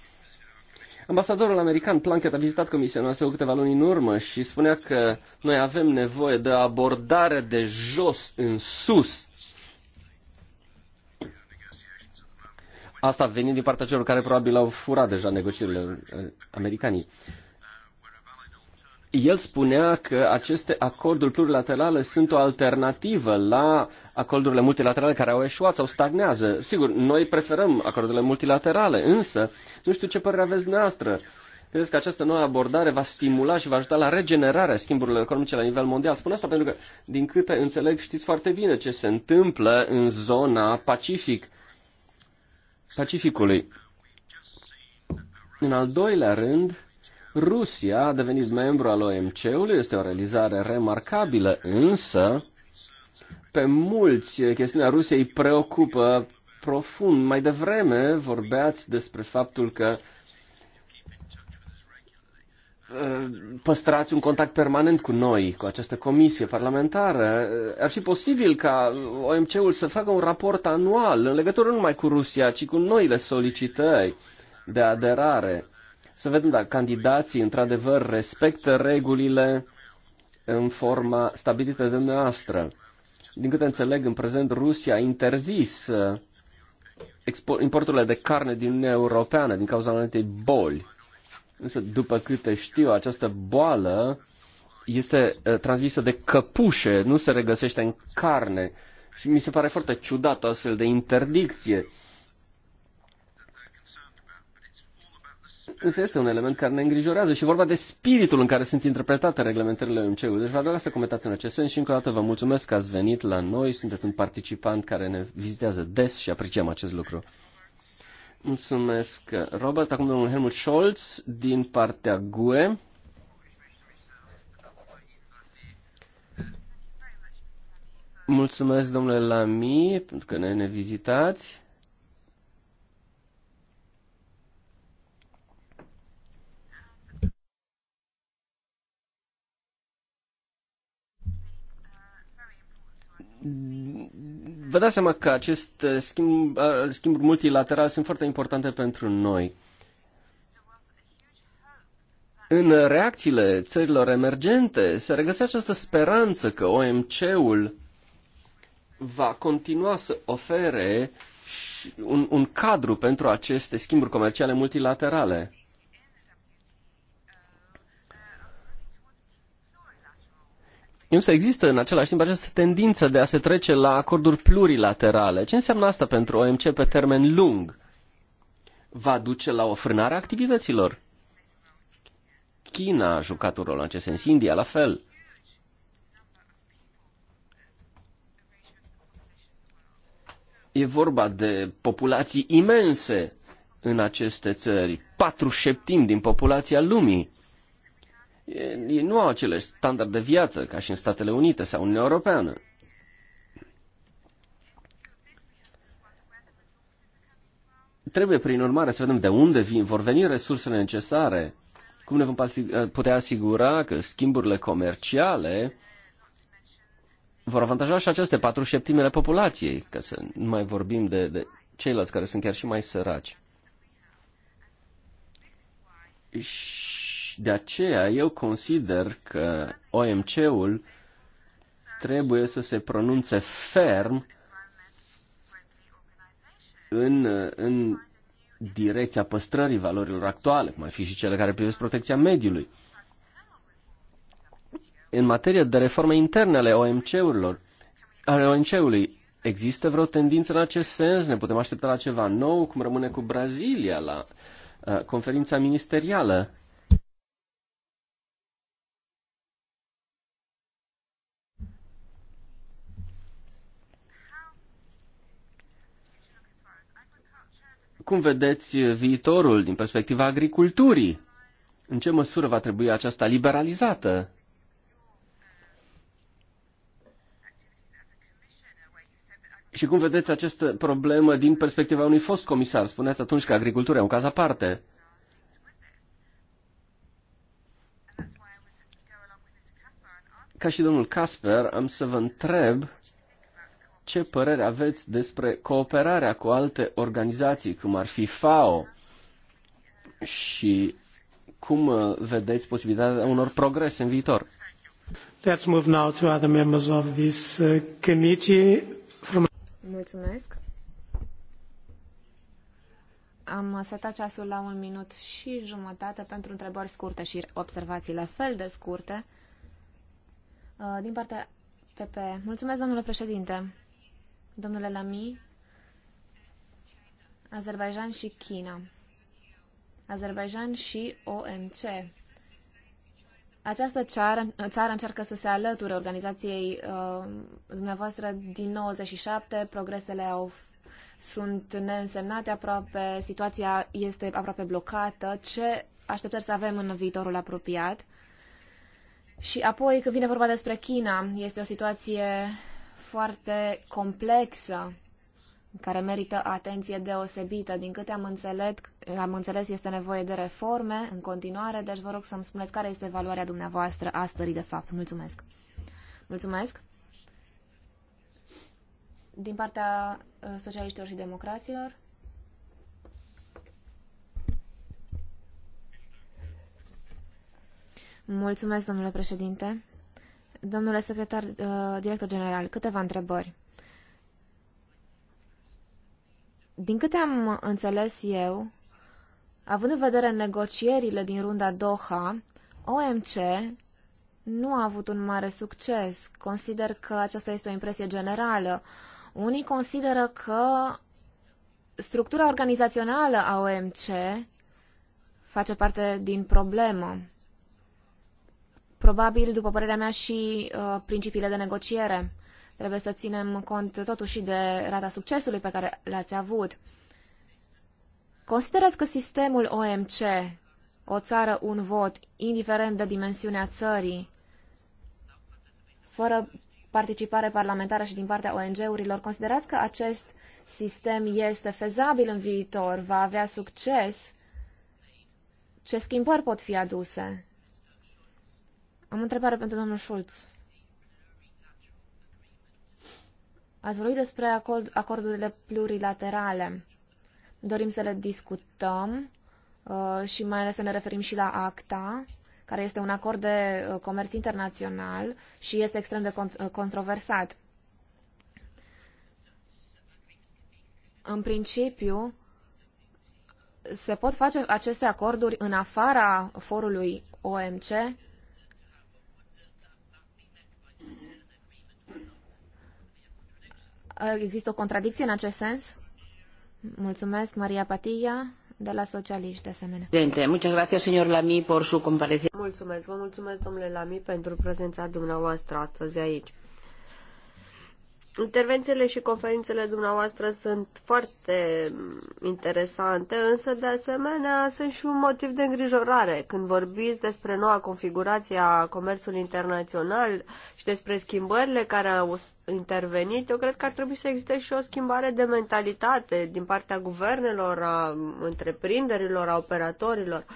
Ambasadorul american Planket a vizitat comisia noastră câteva luni în urmă și spunea că noi avem nevoie de abordare de jos în sus. Asta venind din partea celor care probabil au furat deja negocierile uh, americanii el spunea că aceste acorduri plurilaterale sunt o alternativă la acordurile multilaterale care au eșuat sau stagnează. Sigur, noi preferăm acordurile multilaterale, însă nu știu ce părere aveți dumneavoastră. Credeți că această nouă abordare va stimula și va ajuta la regenerarea schimburilor economice la nivel mondial? Spun asta pentru că, din câte înțeleg, știți foarte bine ce se întâmplă în zona Pacific, Pacificului. În al doilea rând, Rusia a devenit membru al OMC-ului, este o realizare remarcabilă, însă pe mulți chestiunea Rusiei preocupă profund. Mai devreme vorbeați despre faptul că uh, păstrați un contact permanent cu noi, cu această comisie parlamentară. Uh, ar fi posibil ca OMC-ul să facă un raport anual în legătură nu numai cu Rusia, ci cu noile solicitări de aderare să vedem dacă candidații într-adevăr respectă regulile în forma stabilită de noastră. Din câte înțeleg, în prezent Rusia a interzis uh, importurile de carne din Uniunea Europeană din cauza unei boli. Însă, după câte știu, această boală este uh, transmisă de căpușe, nu se regăsește în carne. Și mi se pare foarte ciudat o astfel de interdicție. Însă este un element care ne îngrijorează și vorba de spiritul în care sunt interpretate reglementările OMC-ului. Deci vă rog să comentați în acest sens și încă o dată vă mulțumesc că ați venit la noi, sunteți un participant care ne vizitează des și apreciem acest lucru. Mulțumesc, Robert. Acum domnul Helmut Scholz din partea GUE. Mulțumesc, domnule Lami, pentru că ne, ne vizitați. vă dați seama că acest uh, schimb, uh, schimburi multilateral sunt foarte importante pentru noi. În reacțiile țărilor emergente se regăsea această speranță că OMC-ul va continua să ofere un, un cadru pentru aceste schimburi comerciale multilaterale. Însă există în același timp această tendință de a se trece la acorduri plurilaterale. Ce înseamnă asta pentru OMC pe termen lung? Va duce la o frânare a activităților. China a jucat un rol în acest sens, India la fel. E vorba de populații imense în aceste țări, patru șeptimi din populația lumii. Ei nu au aceleași standard de viață ca și în Statele Unite sau Uniunea Europeană. Trebuie, prin urmare, să vedem de unde vin, vor veni resursele necesare, cum ne vom eh, putea asigura că schimburile comerciale vor avantaja și aceste patru șeptimele populației, ca să nu mai vorbim de, de ceilalți care sunt chiar și mai săraci. Și de aceea eu consider că OMC-ul trebuie să se pronunțe ferm în, în direcția păstrării valorilor actuale, cum ar fi și cele care privesc protecția mediului. În materie de reforme interne ale OMC-urilor, ale OMC-ului, există vreo tendință în acest sens? Ne putem aștepta la ceva nou, cum rămâne cu Brazilia la uh, conferința ministerială Cum vedeți uh, viitorul din perspectiva agriculturii? În ce măsură va trebui aceasta liberalizată? Și cum vedeți această problemă din perspectiva unui fost comisar? Spuneți atunci că agricultura e un caz aparte. Ca și domnul Casper, am să vă întreb ce părere aveți despre cooperarea cu alte organizații, cum ar fi FAO, și cum uh, vedeți posibilitatea unor progrese în viitor? Let's move now to other members of this uh, committee. From... Mulțumesc. Am setat ceasul la un minut și jumătate pentru întrebări scurte și observații la fel de scurte. Uh, din partea PP. Mulțumesc, domnule președinte. Domnule Lamy, Azerbaijan și China. Azerbaijan și OMC. Această țară, țară încearcă să se alăture organizației uh, dumneavoastră din 97. Progresele au, sunt neînsemnate aproape, situația este aproape blocată. Ce așteptări să avem în viitorul apropiat? Și apoi, când vine vorba despre China, este o situație foarte complexă care merită atenție deosebită. Din câte am înțeles, am înțeles este nevoie de reforme în continuare, deci vă rog să-mi spuneți care este valoarea dumneavoastră a stării de fapt. Mulțumesc! Mulțumesc! Din partea uh, socialiștilor și democraților. Mulțumesc, domnule președinte. Domnule secretar, uh, director general, câteva întrebări. Din câte am înțeles eu, având în vedere negocierile din runda Doha, OMC nu a avut un mare succes. Consider că aceasta este o impresie generală. Unii consideră că structura organizațională a OMC face parte din problemă probabil, după părerea mea, și uh, principiile de negociere. Trebuie să ținem cont totuși de rata succesului pe care l-ați avut. Considerați că sistemul OMC, o țară, un vot, indiferent de dimensiunea țării, fără participare parlamentară și din partea ONG-urilor, considerați că acest sistem este fezabil în viitor, va avea succes? Ce schimbări pot fi aduse? Am o întrebare pentru domnul Schulz. Ați vorbit despre acord, acordurile plurilaterale. Dorim să le discutăm uh, și mai ales să ne referim și la ACTA, care este un acord de uh, comerț internațional și este extrem de cont- uh, controversat. În principiu, se pot face aceste acorduri în afara forului OMC, Există o contradicție în acest sens? Mulțumesc, Maria Patilla, de la Socialiști, de asemenea. Muchas gracias, señor Lamy, por su comparecencia. Mulțumesc, vă mulțumesc, domnule Lamy, pentru prezența dumneavoastră astăzi aici. Intervențiile și conferințele dumneavoastră sunt foarte interesante, însă de asemenea sunt și un motiv de îngrijorare când vorbiți despre noua configurație a comerțului internațional și despre schimbările care au intervenit. Eu cred că ar trebui să existe și o schimbare de mentalitate din partea guvernelor, a întreprinderilor, a operatorilor. Uh,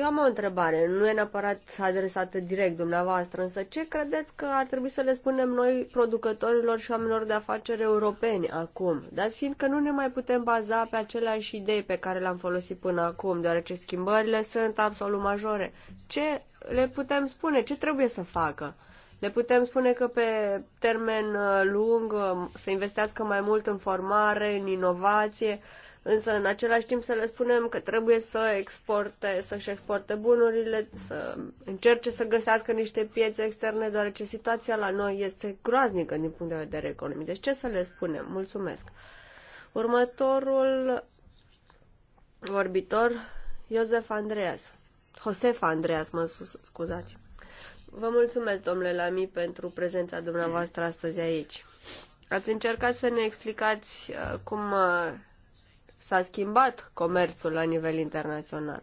eu am o întrebare, nu e neapărat adresată direct dumneavoastră, însă ce credeți că ar trebui să le spunem noi producătorilor și oamenilor de afaceri europeni acum? Dați fiind că nu ne mai putem baza pe aceleași idei pe care le-am folosit până acum, deoarece schimbările sunt absolut majore. Ce le putem spune? Ce trebuie să facă? Le putem spune că pe termen uh, lung um, să investească mai mult în formare, în inovație, însă în același timp să le spunem că trebuie să exporte, să-și exporte bunurile, să încerce să găsească niște piețe externe, deoarece situația la noi este groaznică din punct de vedere economic. Deci ce să le spunem? Mulțumesc! Următorul vorbitor, Iosef Andreas. Josef Andreas, mă scuzați. Vă mulțumesc, domnule Lami, pentru prezența dumneavoastră astăzi aici. Ați încercat să ne explicați uh, cum uh, s-a schimbat comerțul la nivel internațional.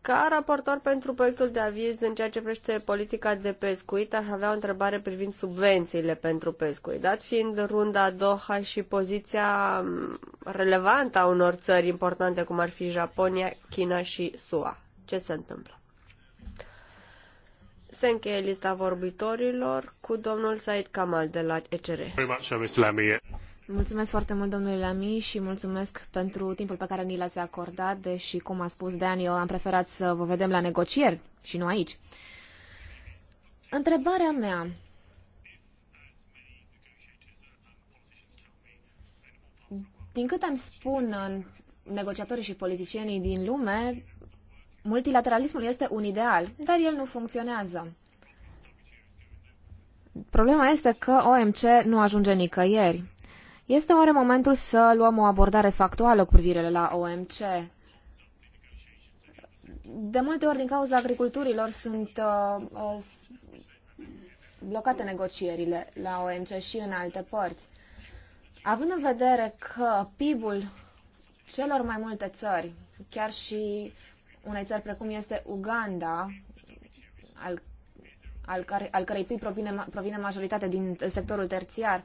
Ca raportor pentru proiectul de aviz în ceea ce privește politica de pescuit, aș avea o întrebare privind subvențiile pentru pescuit. Dat fiind runda Doha și poziția mm, relevantă a unor țări importante, cum ar fi Japonia, China și SUA. Ce se întâmplă? Se încheie lista vorbitorilor cu domnul Said Kamal de la ECR. Mulțumesc foarte mult, domnule Lamy, și mulțumesc pentru timpul pe care ni l-ați acordat, deși, cum a spus Dan, eu am preferat să vă vedem la negocieri și nu aici. Întrebarea mea. Din cât am spun negociatorii și politicienii din lume, multilateralismul este un ideal, dar el nu funcționează. Problema este că OMC nu ajunge nicăieri. Este oare momentul să luăm o abordare factuală cu privire la OMC? De multe ori, din cauza agriculturilor, sunt uh, uh, blocate negocierile la OMC și în alte părți. Având în vedere că PIB-ul celor mai multe țări, chiar și unei țări precum este Uganda, al, al, care, al cărei PIB provine, provine majoritate din sectorul terțiar, uh,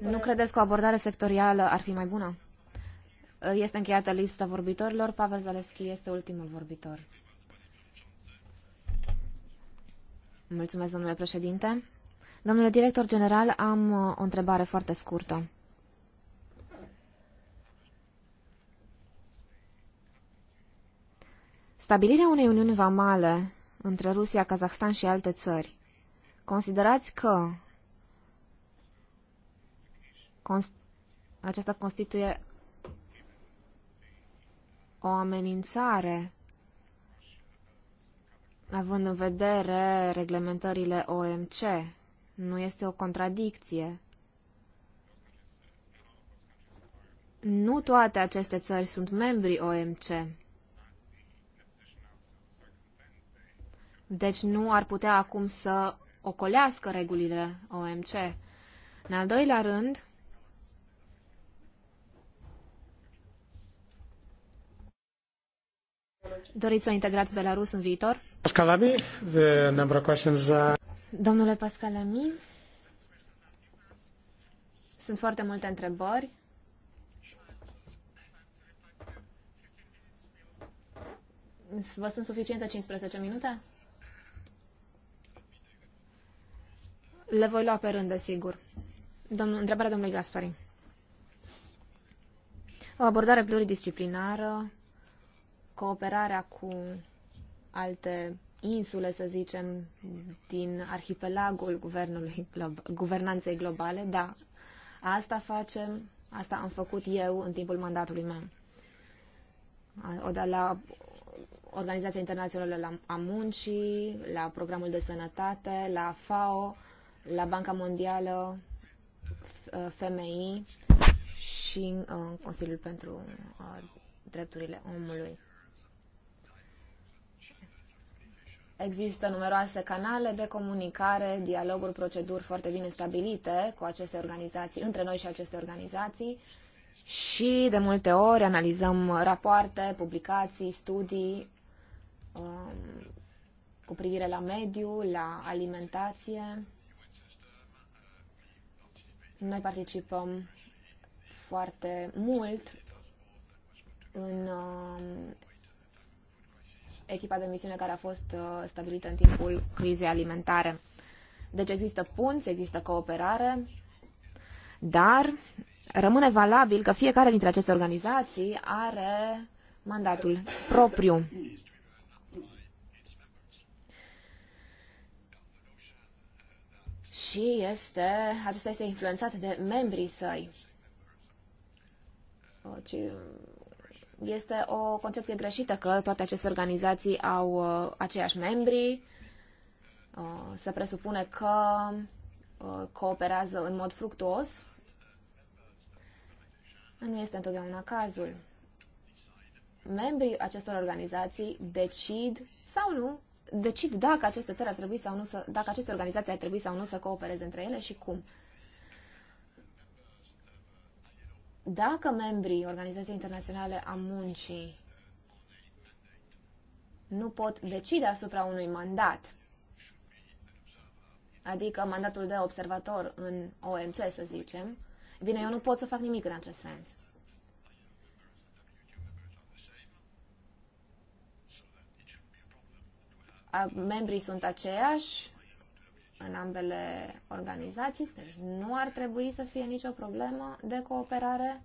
Nu credeți că o abordare sectorială ar fi mai bună? Este încheiată lista vorbitorilor. Pavel Zaleschi este ultimul vorbitor. Mulțumesc, domnule președinte. Domnule director general, am uh, o întrebare foarte scurtă. Stabilirea unei uniuni vamale între Rusia, Kazahstan și alte țări. Considerați că const, aceasta constituie o amenințare având în vedere reglementările OMC. Nu este o contradicție. Nu toate aceste țări sunt membri OMC. Deci nu ar putea acum să ocolească regulile OMC. În al doilea rând, Doriți să integrați Belarus în viitor? Pascalami, the number of questions. Domnule Pascalami, sunt foarte multe întrebări. Vă sunt suficiente 15 minute? Le voi lua pe rând, desigur. Domnul, întrebarea domnului Gaspari. O abordare pluridisciplinară cooperarea cu alte insule, să zicem, din arhipelagul guvernului globa, guvernanței globale, da, asta facem, asta am făcut eu în timpul mandatului meu. Da, la Organizația Internațională a Muncii, la Programul de Sănătate, la FAO, la Banca Mondială, FMI și în uh, Consiliul pentru uh, Drepturile Omului. Există numeroase canale de comunicare, dialoguri, proceduri foarte bine stabilite cu aceste organizații, între noi și aceste organizații și de multe ori analizăm rapoarte, publicații, studii um, cu privire la mediu, la alimentație. Noi participăm foarte mult în um, echipa de misiune care a fost uh, stabilită în timpul crizei alimentare. Deci există punți, există cooperare, dar rămâne valabil că fiecare dintre aceste organizații are mandatul propriu. Și este, acesta este influențat de membrii săi. Uh, este o concepție greșită că toate aceste organizații au uh, aceiași membri. Uh, se presupune că uh, cooperează în mod fructuos. Nu este întotdeauna cazul. Membrii acestor organizații decid sau nu, decid dacă aceste țări ar trebui sau nu să, dacă aceste organizații ar trebui sau nu să coopereze între ele și cum. Uh, Dacă membrii Organizației Internaționale a Muncii nu pot decide asupra unui mandat, adică mandatul de observator în OMC, să zicem, bine, eu nu pot să fac nimic în acest sens. membrii sunt aceiași, în ambele organizații, deci nu ar trebui să fie nicio problemă de cooperare.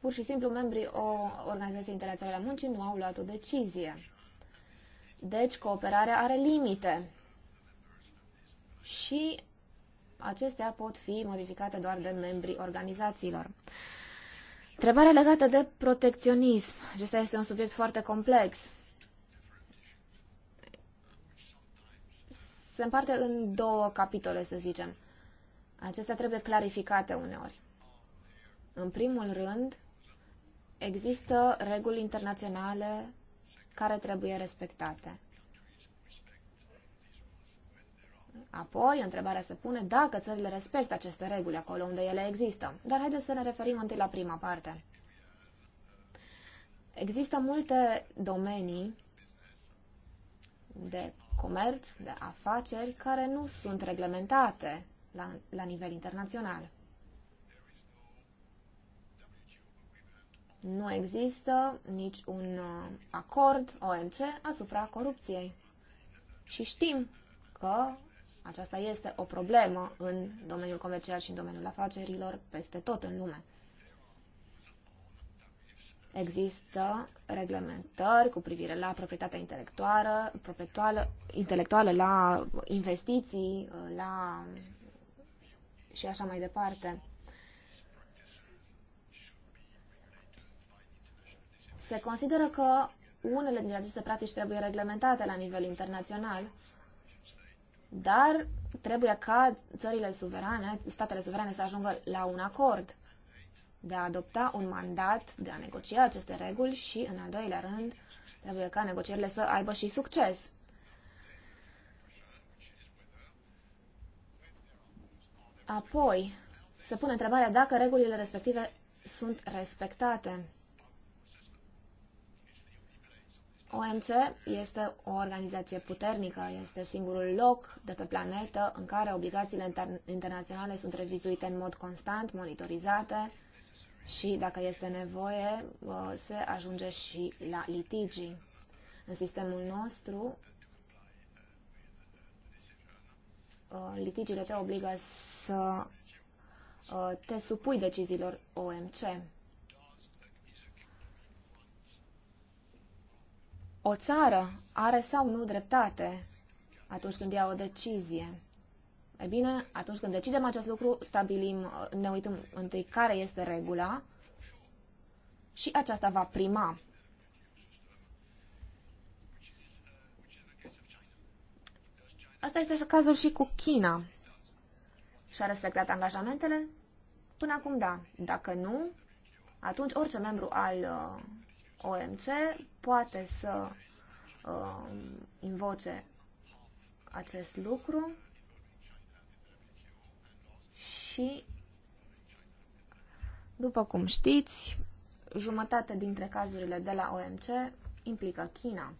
Pur și simplu membrii o Organizației Internaționale a Muncii nu au luat o decizie. Deci cooperarea are limite și acestea pot fi modificate doar de membrii organizațiilor. Întrebarea legată de protecționism. Acesta este un subiect foarte complex. Se împarte în două capitole, să zicem. Acestea trebuie clarificate uneori. În primul rând, există reguli internaționale care trebuie respectate. Apoi, întrebarea se pune dacă țările respectă aceste reguli acolo unde ele există. Dar haideți să ne referim întâi la prima parte. Există multe domenii de comerț, de afaceri, care nu sunt reglementate la, la nivel internațional. Nu există nici un uh, acord OMC asupra corupției. Și știm că aceasta este o problemă în domeniul comercial și în domeniul afacerilor peste tot în lume. Există reglementări cu privire la proprietatea intelectuală, proprietuală, intelectuală la investiții, la și așa mai departe. Se consideră că unele din aceste practici trebuie reglementate la nivel internațional dar trebuie ca țările suverane, statele suverane să ajungă la un acord de a adopta un mandat, de a negocia aceste reguli și, în al doilea rând, trebuie ca negocierile să aibă și succes. Apoi, se pune întrebarea dacă regulile respective sunt respectate. OMC este o organizație puternică, este singurul loc de pe planetă în care obligațiile inter- internaționale sunt revizuite în mod constant, monitorizate și, dacă este nevoie, uh, se ajunge și la litigii. În sistemul nostru, uh, litigiile te obligă să uh, te supui deciziilor OMC. o țară are sau nu dreptate atunci când ia o decizie. E bine, atunci când decidem acest lucru, stabilim, ne uităm întâi care este regula și aceasta va prima. Asta este cazul și cu China. Și-a respectat angajamentele? Până acum da. Dacă nu, atunci orice membru al uh, OMC poate să uh, invoce acest lucru și, după cum știți, jumătate dintre cazurile de la OMC implică China.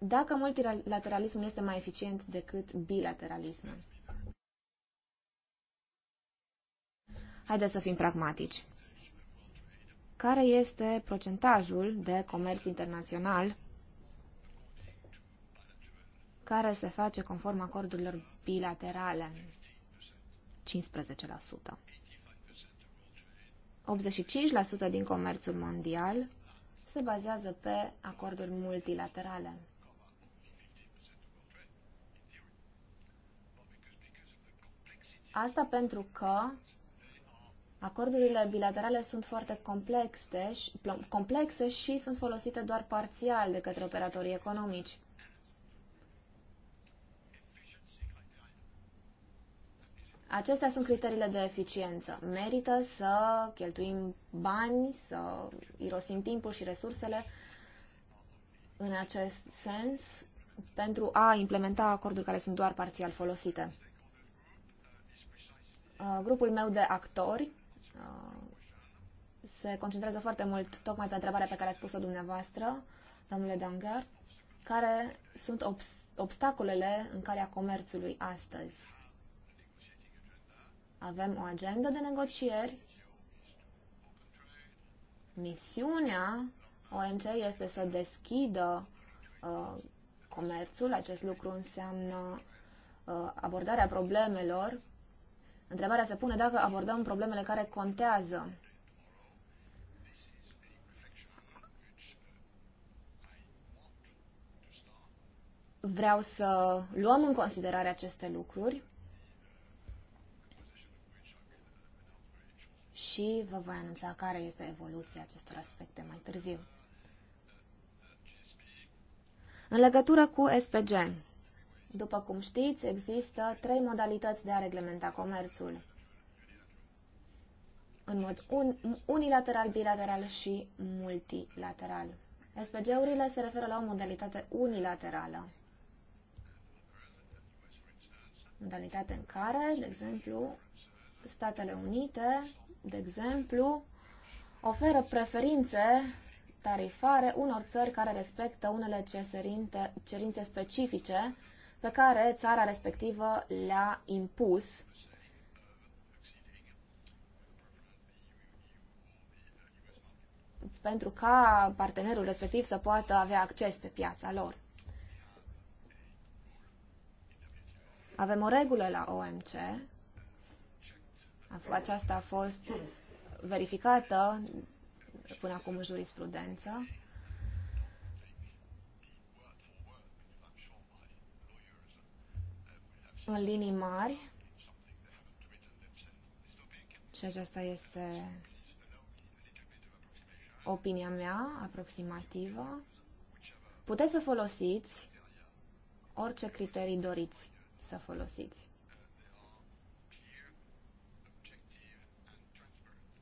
Dacă multilateralismul este mai eficient decât bilateralismul. Haideți să fim pragmatici. Care este procentajul de comerț internațional care se face conform acordurilor bilaterale? 15%. 85% din comerțul mondial se bazează pe acorduri multilaterale. Asta pentru că Acordurile bilaterale sunt foarte complexe și, complexe și sunt folosite doar parțial de către operatorii economici. Acestea sunt criteriile de eficiență. Merită să cheltuim bani, să irosim timpul și resursele în acest sens pentru a implementa acorduri care sunt doar parțial folosite. Uh, grupul meu de actori se concentrează foarte mult tocmai pe întrebarea pe care a spus-o dumneavoastră, domnule Dangar, care sunt obs- obstacolele în calea comerțului astăzi. Avem o agendă de negocieri. Misiunea OMC este să deschidă uh, comerțul. Acest lucru înseamnă uh, abordarea problemelor Întrebarea se pune dacă abordăm problemele care contează. Vreau să luăm în considerare aceste lucruri și vă voi anunța care este evoluția acestor aspecte mai târziu. În legătură cu SPG, după cum știți, există trei modalități de a reglementa comerțul. În mod un, unilateral, bilateral și multilateral. SPG-urile se referă la o modalitate unilaterală. Modalitate în care, de exemplu, Statele Unite, de exemplu, oferă preferințe tarifare unor țări care respectă unele cerințe specifice pe care țara respectivă le-a impus pentru ca partenerul respectiv să poată avea acces pe piața lor. Avem o regulă la OMC. Aceasta a fost verificată până acum în jurisprudență în linii mari și aceasta este opinia mea aproximativă. Puteți să folosiți orice criterii doriți să folosiți.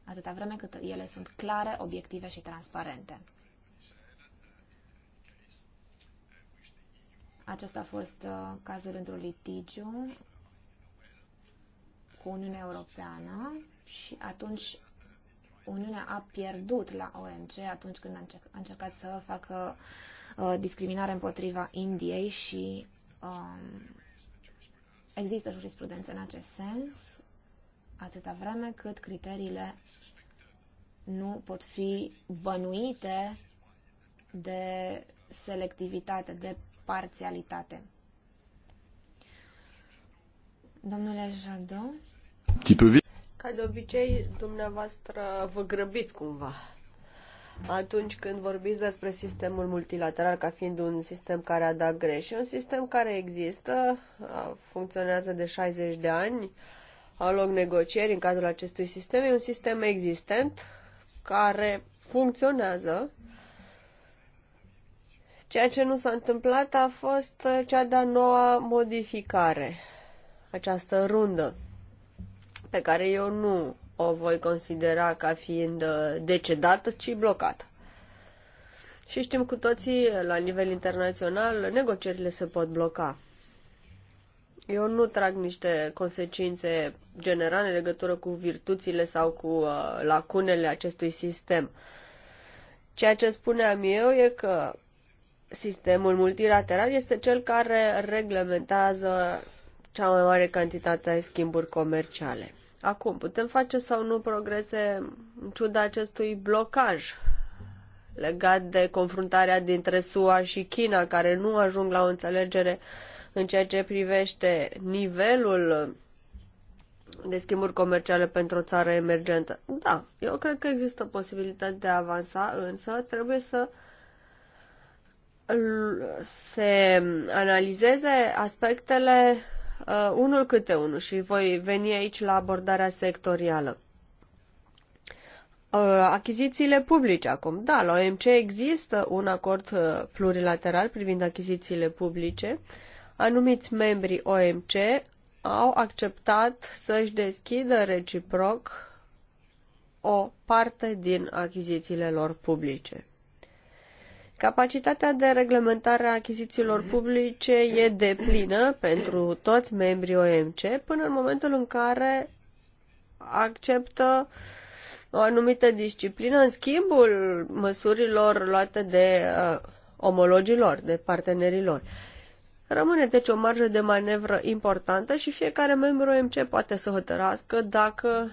Atâta vreme cât ele sunt clare, obiective și transparente. Acesta a fost uh, cazul într-un litigiu cu Uniunea Europeană și atunci Uniunea a pierdut la OMC atunci când a, încerc- a încercat să facă uh, discriminare împotriva Indiei și um, există jurisprudență în acest sens atâta vreme cât criteriile nu pot fi bănuite de selectivitate, de parțialitate. Domnule Jadot? Ca de obicei, dumneavoastră vă grăbiți cumva atunci când vorbiți despre sistemul multilateral ca fiind un sistem care a dat greș. un sistem care există, funcționează de 60 de ani, au loc negocieri în cadrul acestui sistem. E un sistem existent care funcționează Ceea ce nu s-a întâmplat a fost uh, cea de-a noua modificare, această rundă, pe care eu nu o voi considera ca fiind uh, decedată, ci blocată. Și știm cu toții, la nivel internațional, negocierile se pot bloca. Eu nu trag niște consecințe generale în legătură cu virtuțile sau cu uh, lacunele acestui sistem. Ceea ce spuneam eu e că sistemul multilateral este cel care reglementează cea mai mare cantitate de schimburi comerciale. Acum, putem face sau nu progrese în ciuda acestui blocaj legat de confruntarea dintre SUA și China, care nu ajung la o înțelegere în ceea ce privește nivelul de schimburi comerciale pentru o țară emergentă. Da, eu cred că există posibilități de a avansa, însă trebuie să uh, se analizeze aspectele uh, unul câte unul și voi veni aici la abordarea sectorială. Uh, achizițiile publice acum. Da, la OMC există un acord uh, plurilateral privind achizițiile publice. Anumiți membri OMC au acceptat să-și deschidă reciproc o parte din achizițiile lor publice. Capacitatea de reglementare a achizițiilor publice e deplină pentru toți membrii OMC până în momentul în care acceptă o anumită disciplină în schimbul măsurilor luate de uh, omologilor, de partenerilor. Rămâne deci o marjă de manevră importantă și fiecare membru OMC poate să hotărască dacă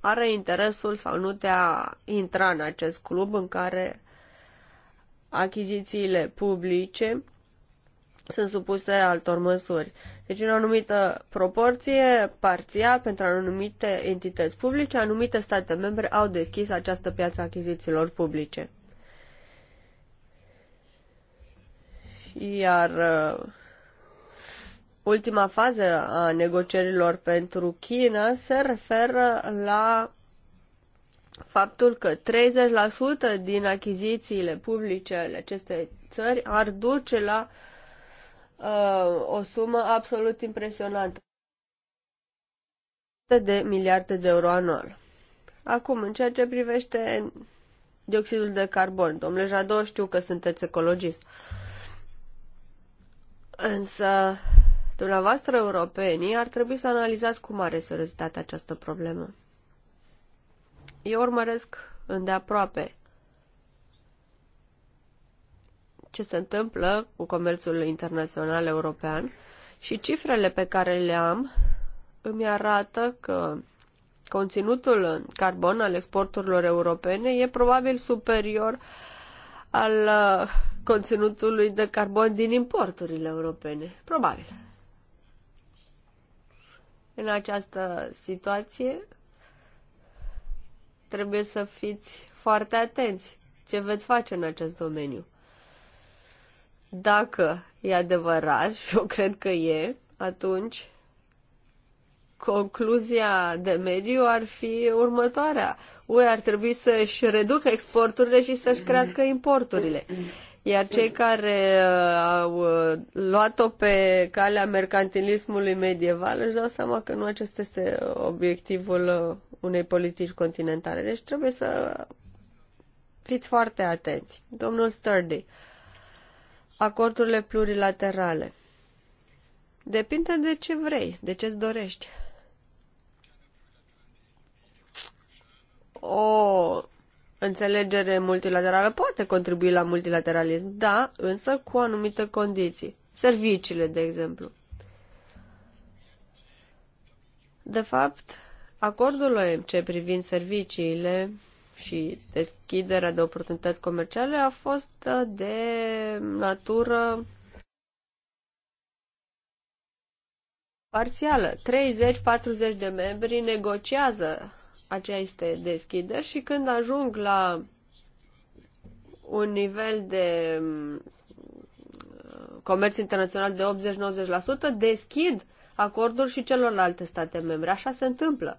are interesul sau nu de a intra în acest club în care achizițiile publice sunt supuse altor măsuri. Deci, în o anumită proporție, parțial, pentru anumite entități publice, anumite state membre au deschis această piață a achizițiilor publice. Iar uh, ultima fază a negocierilor pentru China se referă la faptul că 30% din achizițiile publice ale acestei țări ar duce la uh, o sumă absolut impresionantă de miliarde de euro anual. Acum, în ceea ce privește dioxidul de carbon, domnule Jadot, știu că sunteți ecologist, însă dumneavoastră europenii ar trebui să analizați cu mare seriozitate această problemă. Eu urmăresc îndeaproape ce se întâmplă cu comerțul internațional european și cifrele pe care le am îmi arată că conținutul în carbon al exporturilor europene e probabil superior al uh, conținutului de carbon din importurile europene. Probabil. În această situație, trebuie să fiți foarte atenți ce veți face în acest domeniu. Dacă e adevărat, și [laughs] eu cred că e, atunci concluzia de mediu ar fi următoarea. UE ar trebui să-și reducă exporturile și să-și crească importurile. Iar cei care uh, au uh, luat-o pe calea mercantilismului medieval își dau seama că nu acesta este obiectivul uh, unei politici continentale. Deci trebuie să fiți foarte atenți. Domnul Sturdy, acordurile plurilaterale. Depinde de ce vrei, de ce-ți dorești. O înțelegere multilaterală poate contribui la multilateralism, da, însă cu anumite condiții. Serviciile, de exemplu. De fapt, Acordul OMC privind serviciile și deschiderea de oportunități comerciale a fost uh, de natură parțială. 30-40 de membri negociază aceste deschideri și când ajung la un nivel de mm, uh, comerț internațional de 80-90%, deschid acorduri și celorlalte state membre. Așa se întâmplă,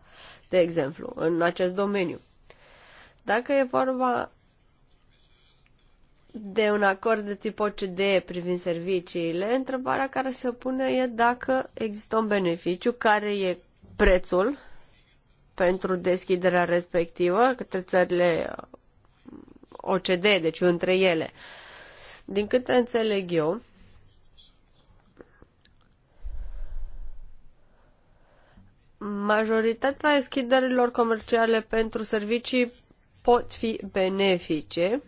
de exemplu, în acest domeniu. Dacă e vorba de un acord de tip OCDE privind serviciile, întrebarea care se pune e dacă există un beneficiu, care e prețul pentru deschiderea respectivă către țările OCDE, deci între ele. Din câte înțeleg eu, majoritatea deschiderilor comerciale pentru servicii pot fi benefice,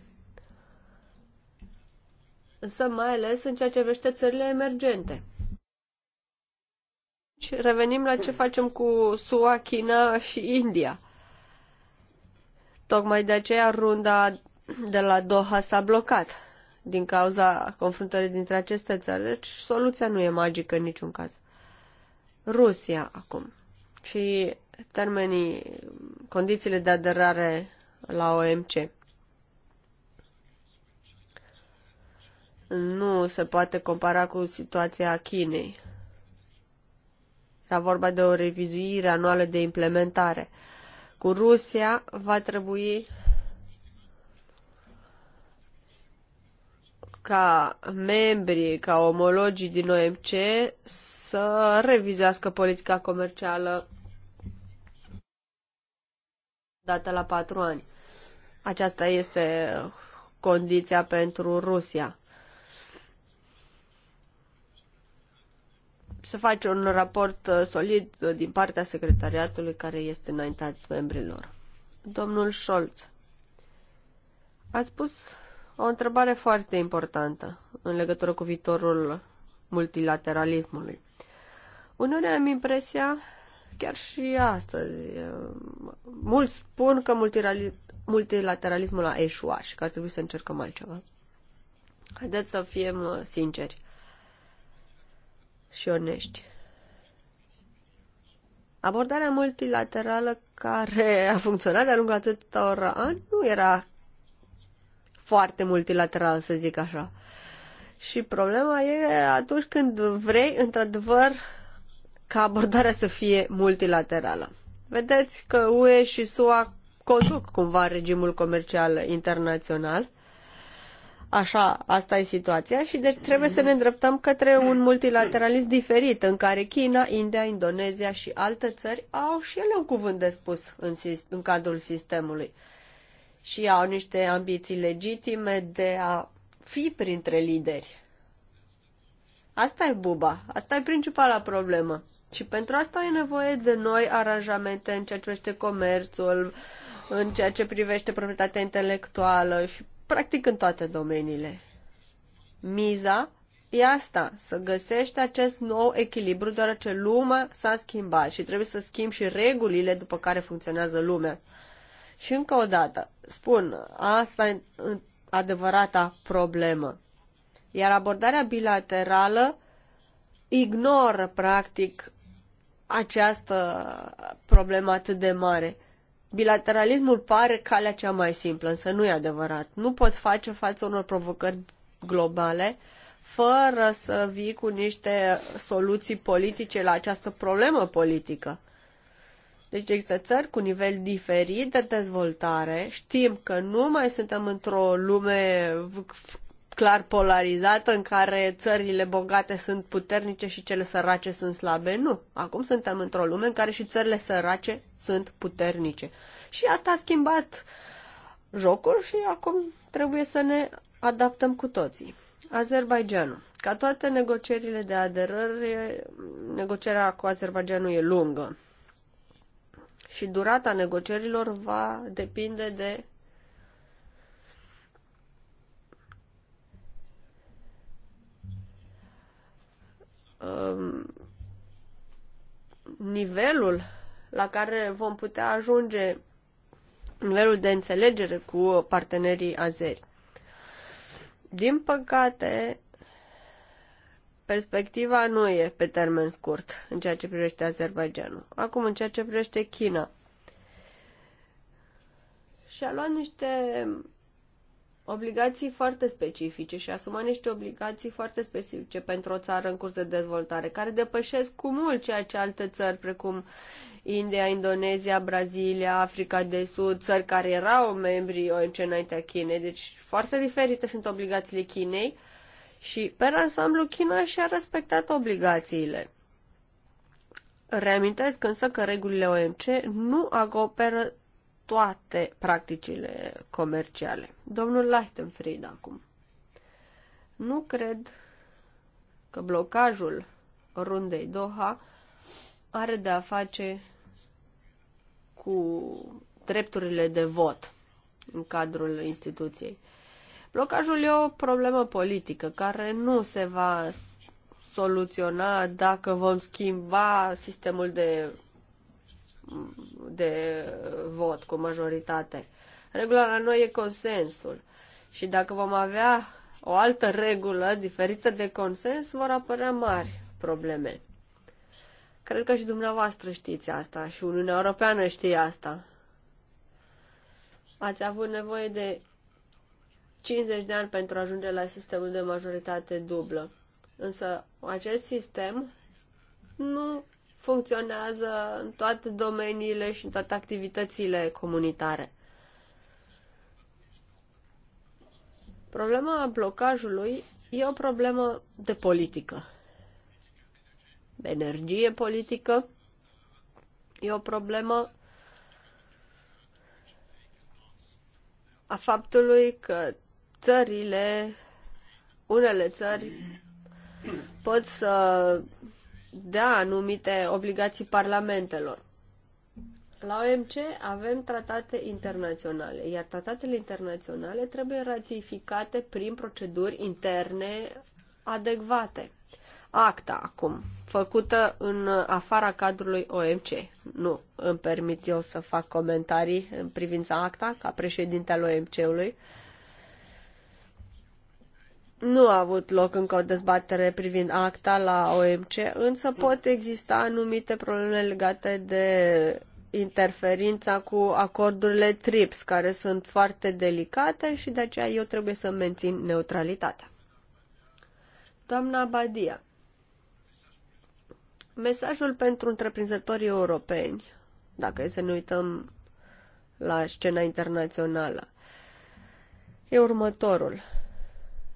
însă mai ales în ceea ce vește țările emergente. Și deci, revenim la ce facem cu SUA, China și India. Tocmai de aceea runda de la Doha s-a blocat din cauza confruntării dintre aceste țări. Deci soluția nu e magică în niciun caz. Rusia acum și termenii, condițiile de aderare la OMC. Nu se poate compara cu situația Chinei. Era vorba de o revizuire anuală de implementare. Cu Rusia va trebui ca membrii, ca omologii din OMC să revizuiască politica comercială dată la patru ani. Aceasta este condiția pentru Rusia. să face un raport solid din partea secretariatului care este înaintat membrilor. Domnul Scholz, ați pus o întrebare foarte importantă în legătură cu viitorul multilateralismului. Uneori am impresia Chiar și astăzi, eh, mulți spun că multilateralismul a eșuat și că ar trebui să încercăm altceva. Haideți să fim eh, sinceri și onești. Abordarea multilaterală care a funcționat de-a lungul atâtor ani nu era foarte multilateral să zic așa. Și problema e atunci când vrei, într-adevăr, ca abordarea să fie multilaterală. Vedeți că UE și SUA conduc cumva regimul comercial internațional. Așa, asta e situația și deci trebuie să ne îndreptăm către un multilateralism diferit în care China, India, Indonezia și alte țări au și ele un cuvânt de spus în, în cadrul sistemului și au niște ambiții legitime de a fi printre lideri. Asta e buba, asta e principala problemă. Și pentru asta e nevoie de noi aranjamente în ceea ce privește comerțul, în ceea ce privește proprietatea intelectuală și practic în toate domeniile. Miza e asta, să găsești acest nou echilibru, deoarece lumea s-a schimbat și trebuie să schimbi și regulile după care funcționează lumea. Și încă o dată, spun, asta e adevărata problemă. Iar abordarea bilaterală ignoră, practic, această problemă atât de mare. Bilateralismul pare calea cea mai simplă, însă nu e adevărat. Nu pot face față unor provocări globale fără să vii cu niște soluții politice la această problemă politică. Deci există țări cu nivel diferit de dezvoltare. Știm că nu mai suntem într-o lume clar polarizată în care țările bogate sunt puternice și cele sărace sunt slabe. Nu. Acum suntem într-o lume în care și țările sărace sunt puternice. Și asta a schimbat jocul și acum trebuie să ne adaptăm cu toții. Azerbaijanul. Ca toate negocierile de aderări, negocierea cu Azerbaijanul e lungă. Și durata negocierilor va depinde de Um, nivelul la care vom putea ajunge nivelul de înțelegere cu partenerii azeri. Din păcate, perspectiva nu e pe termen scurt în ceea ce privește Azerbaijanul. Acum, în ceea ce privește China. Și a luat niște obligații foarte specifice și asuma niște obligații foarte specifice pentru o țară în curs de dezvoltare, care depășesc cu mult ceea ce alte țări, precum India, Indonezia, Brazilia, Africa de Sud, țări care erau membri ONC înaintea Chinei. Deci foarte diferite sunt obligațiile Chinei și, pe ansamblu, China și-a respectat obligațiile. Reamintesc însă că regulile OMC nu acoperă toate practicile comerciale. Domnul Leichtenfried acum. Nu cred că blocajul rundei Doha are de a face cu drepturile de vot în cadrul instituției. Blocajul e o problemă politică care nu se va soluționa dacă vom schimba sistemul de de vot cu majoritate. Regula la noi e consensul. Și dacă vom avea o altă regulă diferită de consens, vor apărea mari probleme. Cred că și dumneavoastră știți asta și Uniunea Europeană știe asta. Ați avut nevoie de 50 de ani pentru a ajunge la sistemul de majoritate dublă. Însă acest sistem nu funcționează în toate domeniile și în toate activitățile comunitare. Problema blocajului e o problemă de politică, de energie politică, e o problemă a faptului că țările, unele țări pot să da anumite obligații parlamentelor. La OMC avem tratate internaționale, iar tratatele internaționale trebuie ratificate prin proceduri interne adecvate. Acta, acum, făcută în afara cadrului OMC. Nu îmi permit eu să fac comentarii în privința acta, ca președinte al OMC-ului. Uh, nu a avut loc încă o dezbatere privind acta la OMC, însă pot exista anumite probleme legate de interferința cu acordurile TRIPS, care sunt foarte delicate și de aceea eu trebuie să mențin neutralitatea. Doamna Badia, mesajul pentru întreprinzătorii europeni, dacă e să ne uităm la scena internațională, e următorul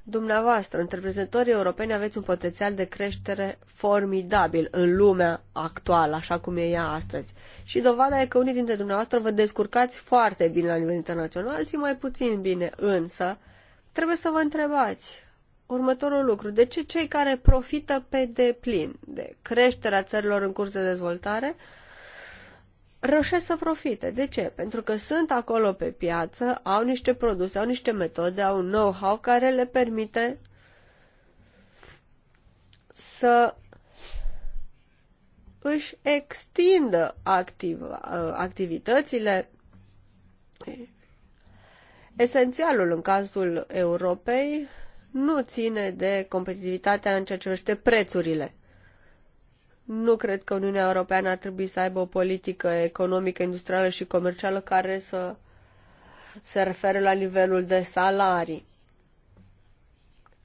dumneavoastră, întreprinzătorii europeni, aveți un potențial de creștere formidabil în lumea actuală, așa cum e ea astăzi. Și dovada e că unii dintre dumneavoastră vă descurcați foarte bine la nivel internațional, alții mai puțin bine, însă trebuie să vă întrebați următorul lucru. De ce cei care profită pe deplin de creșterea țărilor în curs de dezvoltare reușesc să profite. De ce? Pentru că sunt acolo pe piață, au niște produse, au niște metode, au un know-how care le permite să își extindă activ, activitățile. Esențialul în cazul Europei nu ține de competitivitatea în ceea ce privește prețurile. Nu cred că Uniunea Europeană ar trebui să aibă o politică economică, industrială și comercială care să se refere la nivelul de salarii.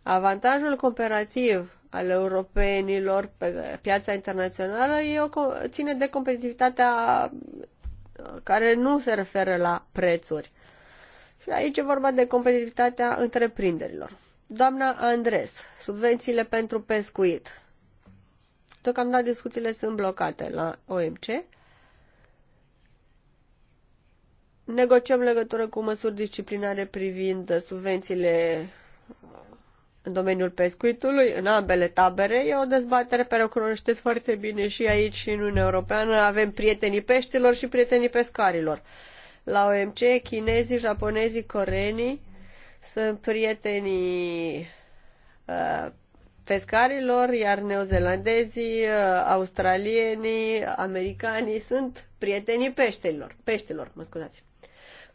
Avantajul comparativ al europenilor pe piața internațională e o, ține de competitivitatea uh, care nu se referă la prețuri. Și aici e vorba de competitivitatea întreprinderilor. Doamna Andres, subvențiile pentru pescuit. Deocamdată discuțiile sunt blocate la OMC. Negociem legătură cu măsuri disciplinare privind subvențiile în domeniul pescuitului, în ambele tabere. E o dezbatere pe care o cunoașteți foarte bine și aici și în Uniunea Europeană. Avem prietenii peștilor și prietenii pescarilor. La OMC, chinezii, japonezii, coreenii sunt prietenii uh, pescarilor, iar neozelandezii, uh, australienii, americanii sunt prietenii peștelor, peștelor, mă scuzați.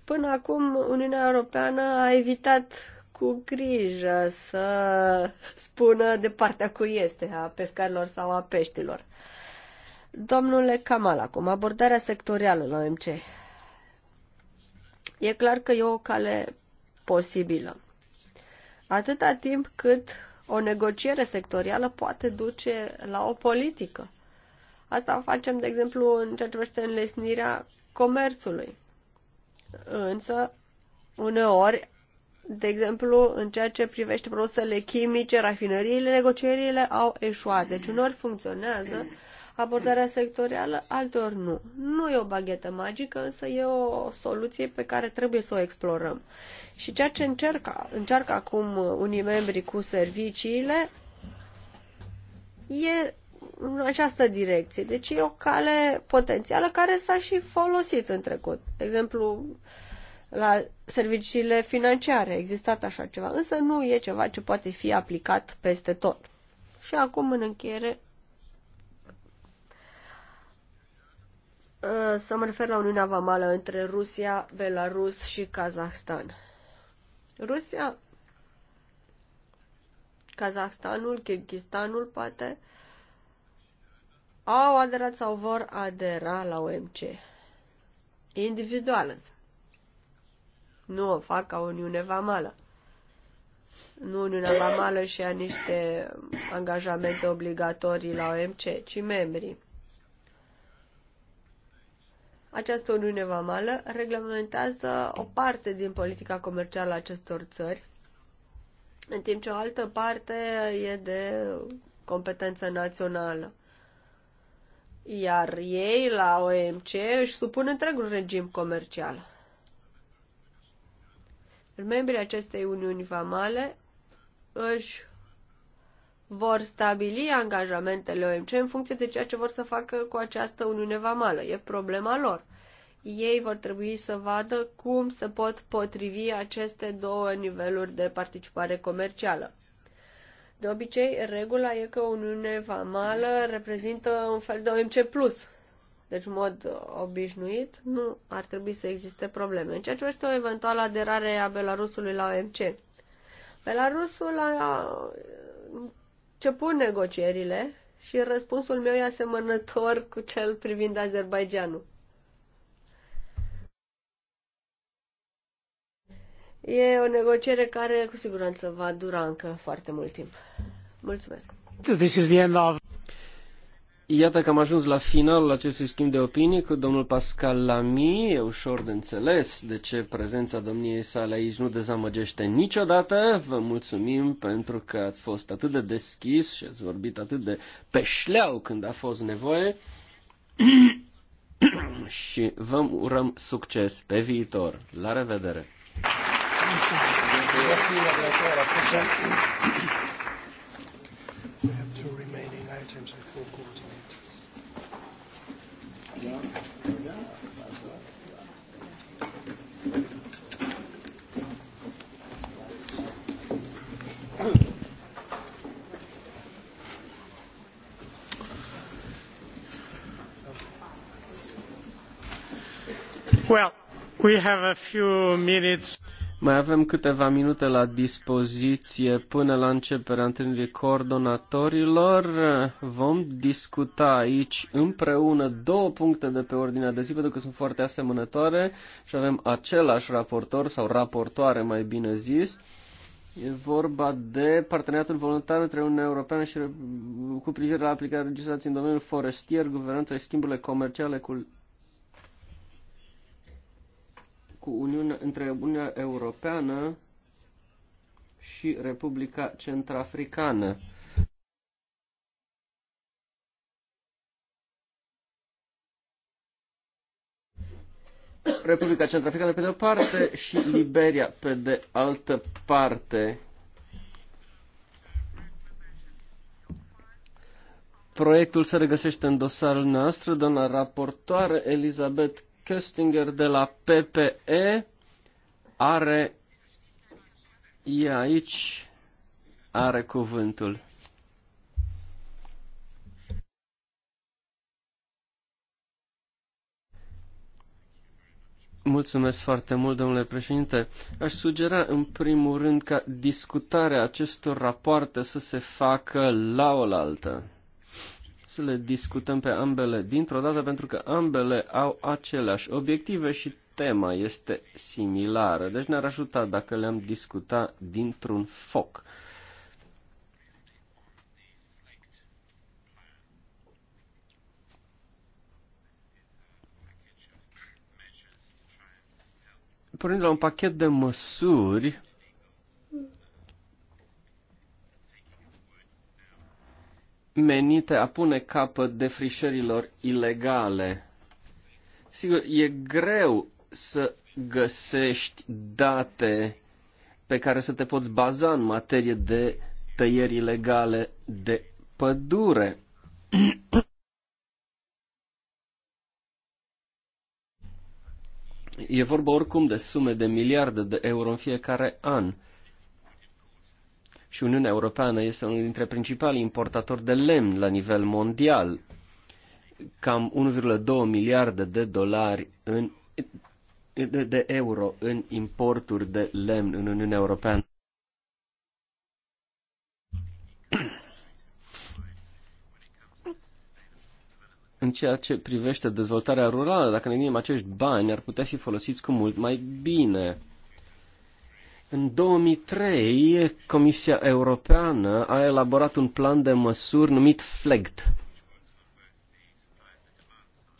Până acum, Uniunea Europeană a evitat cu grijă să spună de partea cui este, a pescarilor sau a peștilor. Domnule Kamal, acum, abordarea sectorială la OMC. E clar că e o cale posibilă. Atâta timp cât o negociere sectorială poate duce la o politică. Asta facem, de exemplu, în ceea ce privește înlesnirea comerțului. Însă, uneori, de exemplu, în ceea ce privește produsele chimice, rafinăriile, negocierile au eșuat. Deci, uneori funcționează, abordarea sectorială, alteori nu. Nu e o baghetă magică, însă e o soluție pe care trebuie să o explorăm. Și ceea ce încerca, încearcă acum unii membri cu serviciile e în această direcție. Deci e o cale potențială care s-a și folosit în trecut. De exemplu, la serviciile financiare a existat așa ceva, însă nu e ceva ce poate fi aplicat peste tot. Și acum, în încheiere, Uh, să mă refer la Uniunea Vamală între Rusia, Belarus și Kazahstan. Rusia, Kazahstanul, Kyrgyzstanul, poate, au aderat sau vor adera la OMC. Individual însă. Nu o fac ca Uniune Vamală. Nu Uniunea Vamală și a niște angajamente obligatorii la OMC, ci membrii. Această Uniune Vamală reglementează o parte din politica comercială a acestor țări, în timp ce o altă parte e de competență națională. Iar ei, la OMC, își supun întregul regim comercial. Membrii acestei Uniuni Vamale își vor stabili angajamentele OMC în funcție de ceea ce vor să facă cu această Uniune Vamală. E problema lor. Ei vor trebui să vadă cum se pot potrivi aceste două niveluri de participare comercială. De obicei, regula e că Uniune Vamală reprezintă un fel de OMC+. Deci, în mod uh, obișnuit, nu ar trebui să existe probleme. În ceea ce este o eventuală aderare a Belarusului la OMC. Belarusul a început negocierile și răspunsul meu e asemănător cu cel privind Azerbaijanul. E o negociere care cu siguranță va dura încă foarte mult timp. Mulțumesc! This is the end of... Iată că am ajuns la finalul acestui schimb de opinii cu domnul Pascal Lamy. E ușor de înțeles de ce prezența domniei sale aici nu dezamăgește niciodată. Vă mulțumim pentru că ați fost atât de deschis și ați vorbit atât de peșleau când a fost nevoie. [clears throat] și vă urăm succes pe viitor. La revedere! Mulțumesc. We have a few minutes. Mai avem câteva minute la dispoziție până la începerea întâlnirii coordonatorilor. Vom discuta aici împreună două puncte de pe ordinea de zi, pentru că sunt foarte asemănătoare și avem același raportor sau raportoare, mai bine zis. E vorba de parteneriatul voluntar între Uniunea Europeană și cu privire la aplicarea legislației în domeniul forestier, guvernanța și schimburile comerciale, cu cu Uniunea, între Uniunea Europeană și Republica Centrafricană. Republica Centrafricană pe de o parte și Liberia pe de altă parte. Proiectul se regăsește în dosarul nostru, doamna raportoare Elizabeth Köstinger de la PPE are, e aici, are cuvântul. Mulțumesc foarte mult, domnule președinte. Aș sugera, în primul rând, ca discutarea acestor rapoarte să se facă la oaltă să le discutăm pe ambele dintr-o dată pentru că ambele au aceleași obiective și tema este similară. Deci ne-ar ajuta dacă le-am discutat dintr-un foc. pornind la un pachet de măsuri menite a pune capăt defrișărilor ilegale. Sigur, e greu să găsești date pe care să te poți baza în materie de tăieri ilegale de pădure. E vorba oricum de sume de miliarde de euro în fiecare an și Uniunea Europeană este unul dintre principalii importatori de lemn la nivel mondial. Cam 1,2 miliarde de dolari în, de, de euro în importuri de lemn în Uniunea Europeană. în ceea ce privește dezvoltarea rurală, dacă ne gândim acești bani, ar putea fi folosiți cu mult mai bine. În 2003, Comisia Europeană a elaborat un plan de măsuri numit FLEGT.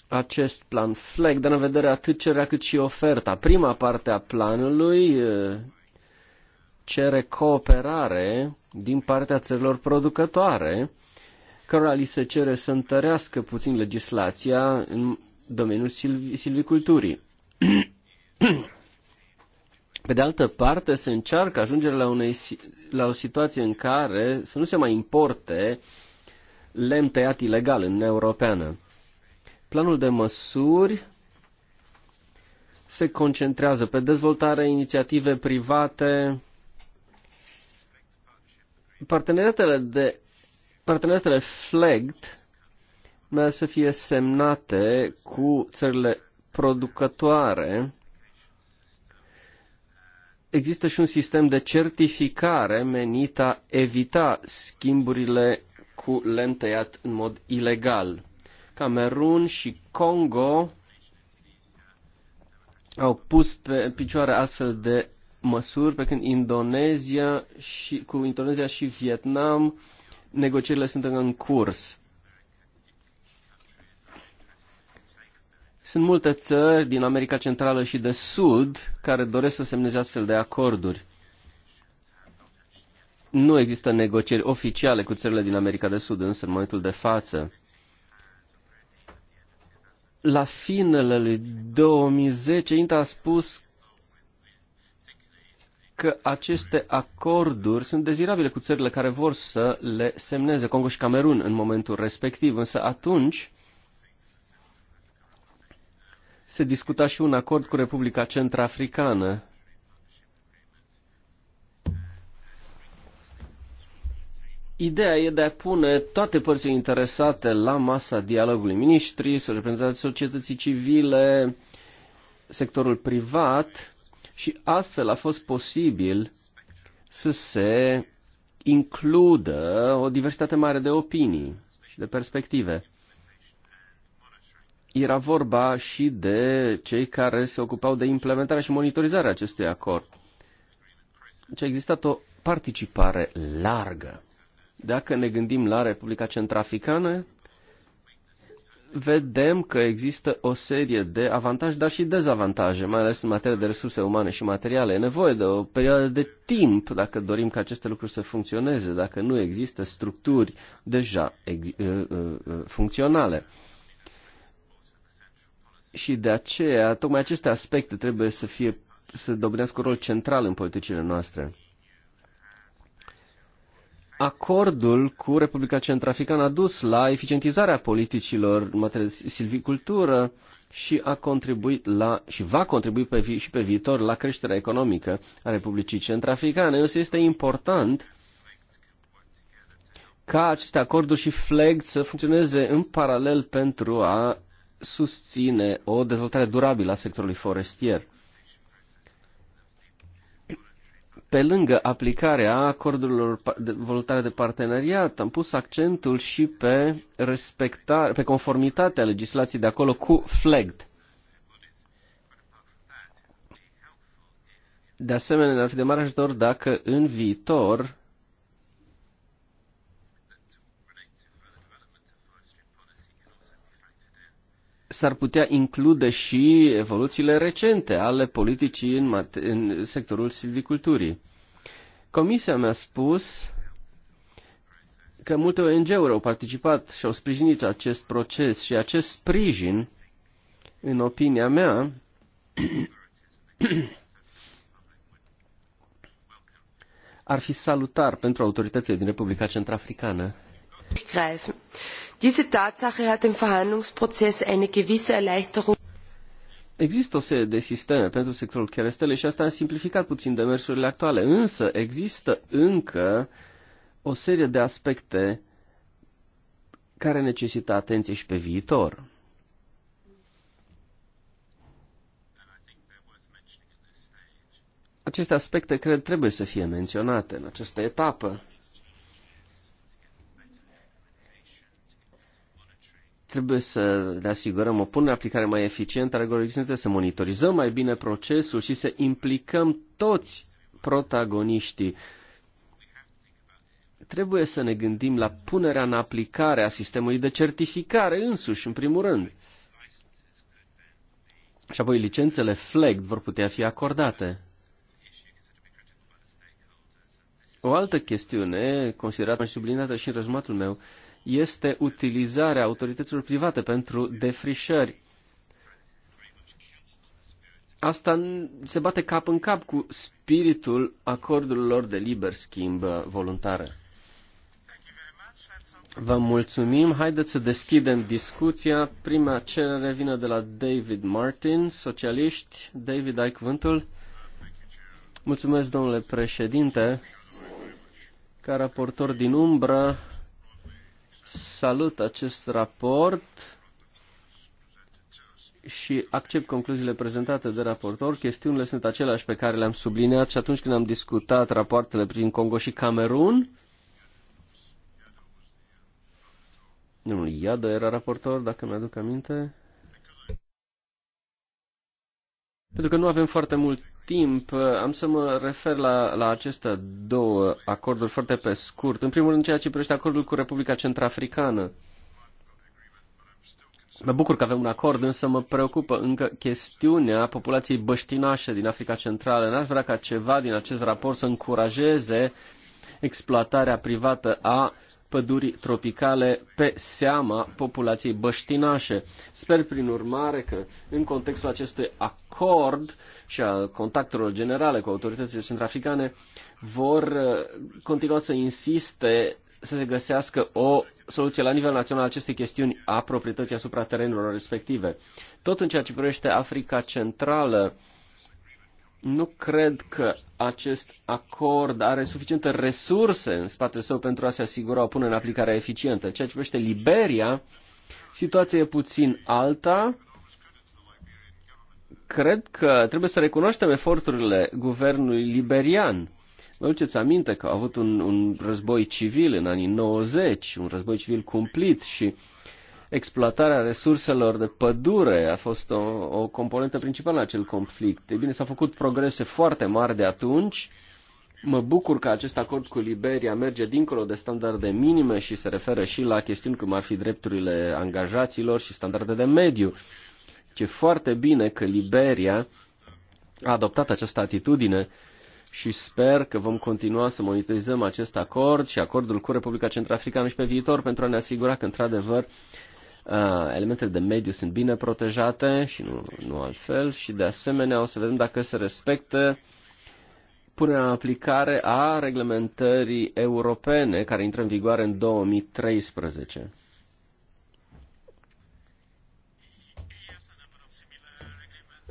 Acest plan FLEGT dă în vedere atât cererea cât și oferta. Prima parte a planului eh, cere cooperare din partea țărilor producătoare, cărora li se cere să întărească puțin legislația în domeniul silviculturii. [clears throat] Pe de altă parte, se încearcă ajungerea la, unei, la o situație în care să nu se mai importe lemn tăiat ilegal în Europeană. Planul de măsuri se concentrează pe dezvoltarea inițiative private, parteneriatele de parteneriatele FLEGT mai să fie semnate cu țările producătoare există și un sistem de certificare menit a evita schimburile cu lemn tăiat în mod ilegal. Camerun și Congo au pus pe picioare astfel de măsuri, pe când Indonezia și, cu Indonezia și Vietnam negocierile sunt în curs. Sunt multe țări din America Centrală și de Sud care doresc să semneze astfel de acorduri. Nu există negocieri oficiale cu țările din America de Sud, însă în momentul de față. La finele lui 2010, INTA a spus că aceste acorduri sunt dezirabile cu țările care vor să le semneze, Congo și Camerun, în momentul respectiv. Însă atunci, se discuta și un acord cu Republica Centrafricană. Ideea e de a pune toate părțile interesate la masa dialogului ministrii, reprezentanții societății civile, sectorul privat și astfel a fost posibil să se includă o diversitate mare de opinii și de perspective era vorba și de cei care se ocupau de implementarea și monitorizarea acestui acord. Deci a existat o participare largă. Dacă ne gândim la Republica Centrafricană, vedem că există o serie de avantaje, dar și dezavantaje, mai ales în materie de resurse umane și materiale. E nevoie de o perioadă de timp dacă dorim ca aceste lucruri să funcționeze, dacă nu există structuri deja uh, uh, uh, funcționale. Și de aceea, tocmai aceste aspecte trebuie să fie să dobânească un rol central în politicile noastre. Acordul cu Republica Centrafricană a dus la eficientizarea politicilor în materie de silvicultură și a contribuit la, și va contribui pe vi- și pe viitor la creșterea economică a Republicii Centrafricane. Însă este important ca aceste acorduri și FLEG să funcționeze în paralel pentru a susține o dezvoltare durabilă a sectorului forestier. Pe lângă aplicarea acordurilor de voluntare de parteneriat, am pus accentul și pe, respectare, pe conformitatea legislației de acolo cu FLEGT. De asemenea, ar fi de mare ajutor dacă în viitor s-ar putea include și evoluțiile recente ale politicii în, în sectorul silviculturii. Comisia mi-a spus că multe ONG-uri au participat și au sprijinit acest proces și acest sprijin, în opinia mea, [clears throat] ar fi salutar pentru autoritățile din Republica Centrafricană. Diese Tatsache hat dem Verhandlungsprozess eine gewisse Erleichterung Există o serie de sisteme pentru sectorul cherestele și asta a simplificat puțin demersurile actuale, însă există încă o serie de aspecte care necesită atenție și pe viitor. Aceste aspecte, cred, trebuie să fie menționate în această etapă. Trebuie să ne asigurăm o punere aplicare mai eficientă a regulilor existente, să monitorizăm mai bine procesul și să implicăm toți protagoniștii. Trebuie să ne gândim la punerea în aplicare a sistemului de certificare însuși, în primul rând. Și apoi licențele FLEG vor putea fi acordate. O altă chestiune, considerată și sublinată și în rezumatul meu, este utilizarea autorităților private pentru defrișări. Asta se bate cap în cap cu spiritul acordurilor de liber schimb voluntare. Vă mulțumim. Haideți să deschidem discuția. Prima cerere vine de la David Martin, socialiști. David, ai cuvântul? Mulțumesc, domnule președinte. Ca raportor din umbră, salut acest raport și accept concluziile prezentate de raportor. Chestiunile sunt aceleași pe care le-am subliniat și atunci când am discutat rapoartele prin Congo și Camerun. Domnul Iadă era raportor, dacă mi-aduc aminte. Pentru că nu avem foarte mult timp, am să mă refer la, la aceste două acorduri foarte pe scurt. În primul rând, ceea ce privește acordul cu Republica Centrafricană. Mă bucur că avem un acord, însă mă preocupă încă chestiunea populației băștinașe din Africa Centrală. N-aș vrea ca ceva din acest raport să încurajeze exploatarea privată a uh, pădurii tropicale pe seama populației băștinașe. Sper prin urmare că în contextul acestui acord și al contactelor generale cu autoritățile centrafricane vor uh, continua să insiste să se găsească o soluție la nivel național acestei chestiuni a proprietății asupra terenurilor respective. Tot în ceea ce privește Africa Centrală, nu cred că acest acord are suficiente resurse în spatele său pentru a se asigura o pune în aplicare eficientă. Ceea ce privește Liberia, situația e puțin alta. Cred că trebuie să recunoaștem eforturile guvernului liberian. Vă aduceți aminte că au avut un, un război civil în anii 90, un război civil cumplit și uh, exploatarea resurselor de pădure a fost o, o componentă principală în acel conflict. Ei bine, s-au făcut progrese foarte mari de atunci. Mă bucur că acest acord cu Liberia merge dincolo de standarde minime și se referă și la chestiuni cum ar fi drepturile angajaților și standarde de mediu. Ce foarte bine că Liberia a adoptat această atitudine și sper că vom continua să monitorizăm acest acord și acordul cu Republica Centrafricană și pe viitor pentru a ne asigura că, într-adevăr, Uh, elementele de mediu sunt bine protejate și nu, nu altfel și de asemenea o să vedem dacă se respectă punerea în aplicare a reglementării europene care intră în vigoare în 2013.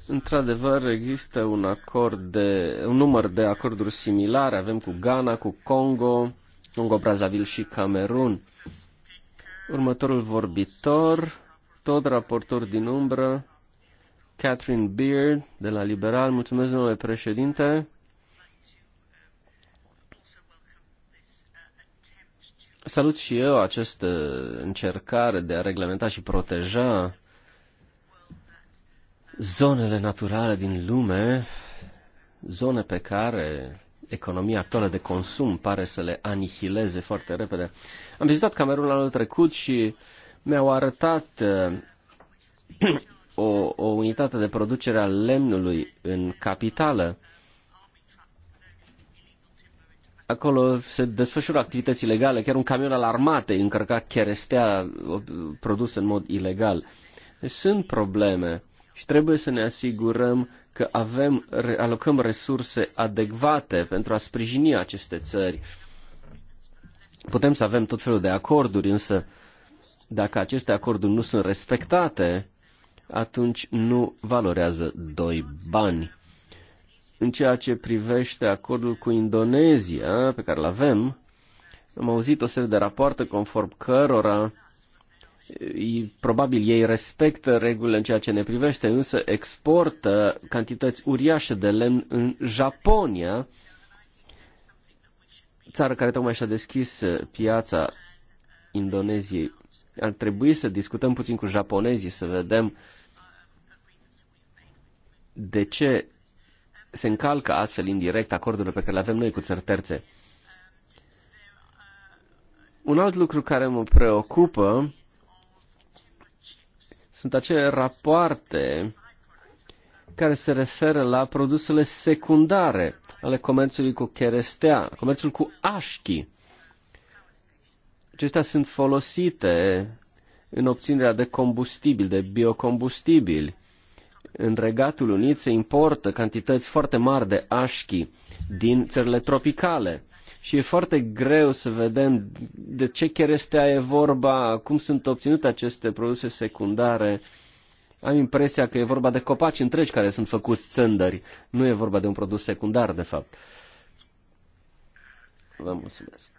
Într-adevăr, există un, acord de, un număr de acorduri similare. Avem cu Ghana, cu Congo, Congo-Brazzaville și Camerun. Următorul vorbitor, tot raportor din umbră, Catherine Beard, de la Liberal. Mulțumesc, domnule președinte. Salut și eu această încercare de a reglementa și proteja zonele naturale din lume, zone pe care economia actuală de consum pare să le anihileze foarte repede. Am vizitat Camerun anul trecut și mi-au arătat uh, [clears throat] o, o unitate de producere a lemnului în capitală. Acolo se desfășură activități ilegale, chiar un camion al armatei încărca cherestea uh, produs în mod ilegal. Deci sunt probleme și trebuie să ne asigurăm că avem, alocăm resurse adecvate pentru a sprijini aceste țări. Putem să avem tot felul de acorduri, însă dacă aceste acorduri nu sunt respectate, atunci nu valorează doi bani. În ceea ce privește acordul cu Indonezia, pe care îl avem, am auzit o serie de rapoarte conform cărora probabil ei respectă regulile în ceea ce ne privește, însă exportă cantități uriașe de lemn în Japonia, țară care tocmai și-a deschis uh, piața Indoneziei. Ar trebui să discutăm puțin cu japonezii, să vedem de ce se încalcă astfel indirect acordurile pe care le avem noi cu țări terțe. Un alt lucru care mă preocupă sunt acele rapoarte care se referă la produsele secundare ale comerțului cu cherestea, comerțul cu așchi. Acestea sunt folosite în obținerea de combustibil, de biocombustibil. În Regatul Unit se importă cantități foarte mari de așchi din țările tropicale și e foarte greu să vedem de ce cherestea e vorba, cum sunt obținute aceste produse secundare. Am impresia că e vorba de copaci întregi care sunt făcuți țândări. Nu e vorba de un produs secundar, de fapt. Vă mulțumesc.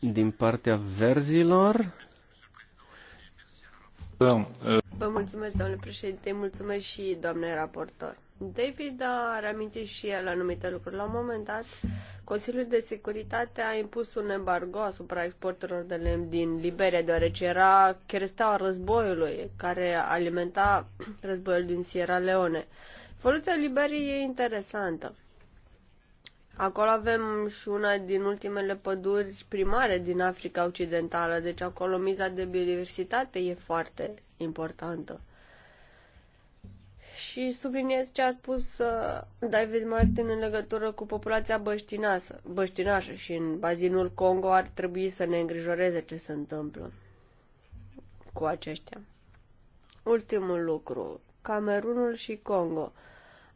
Din partea verzilor, Vă mulțumesc, domnule președinte, mulțumesc și domnule raportor. David a reamintit și el anumite lucruri. La un moment dat, Consiliul de Securitate a impus un embargo asupra exporturilor de lemn din Liberia, deoarece era cresteaua războiului care alimenta războiul din Sierra Leone. Evoluția Liberiei e interesantă. Acolo avem și una din ultimele păduri primare din Africa Occidentală, deci acolo miza de biodiversitate e foarte importantă și subliniez ce a spus uh, David Martin în legătură cu populația băștinasă, băștinașă și în bazinul Congo ar trebui să ne îngrijoreze ce se întâmplă cu aceștia. Ultimul lucru, Camerunul și Congo.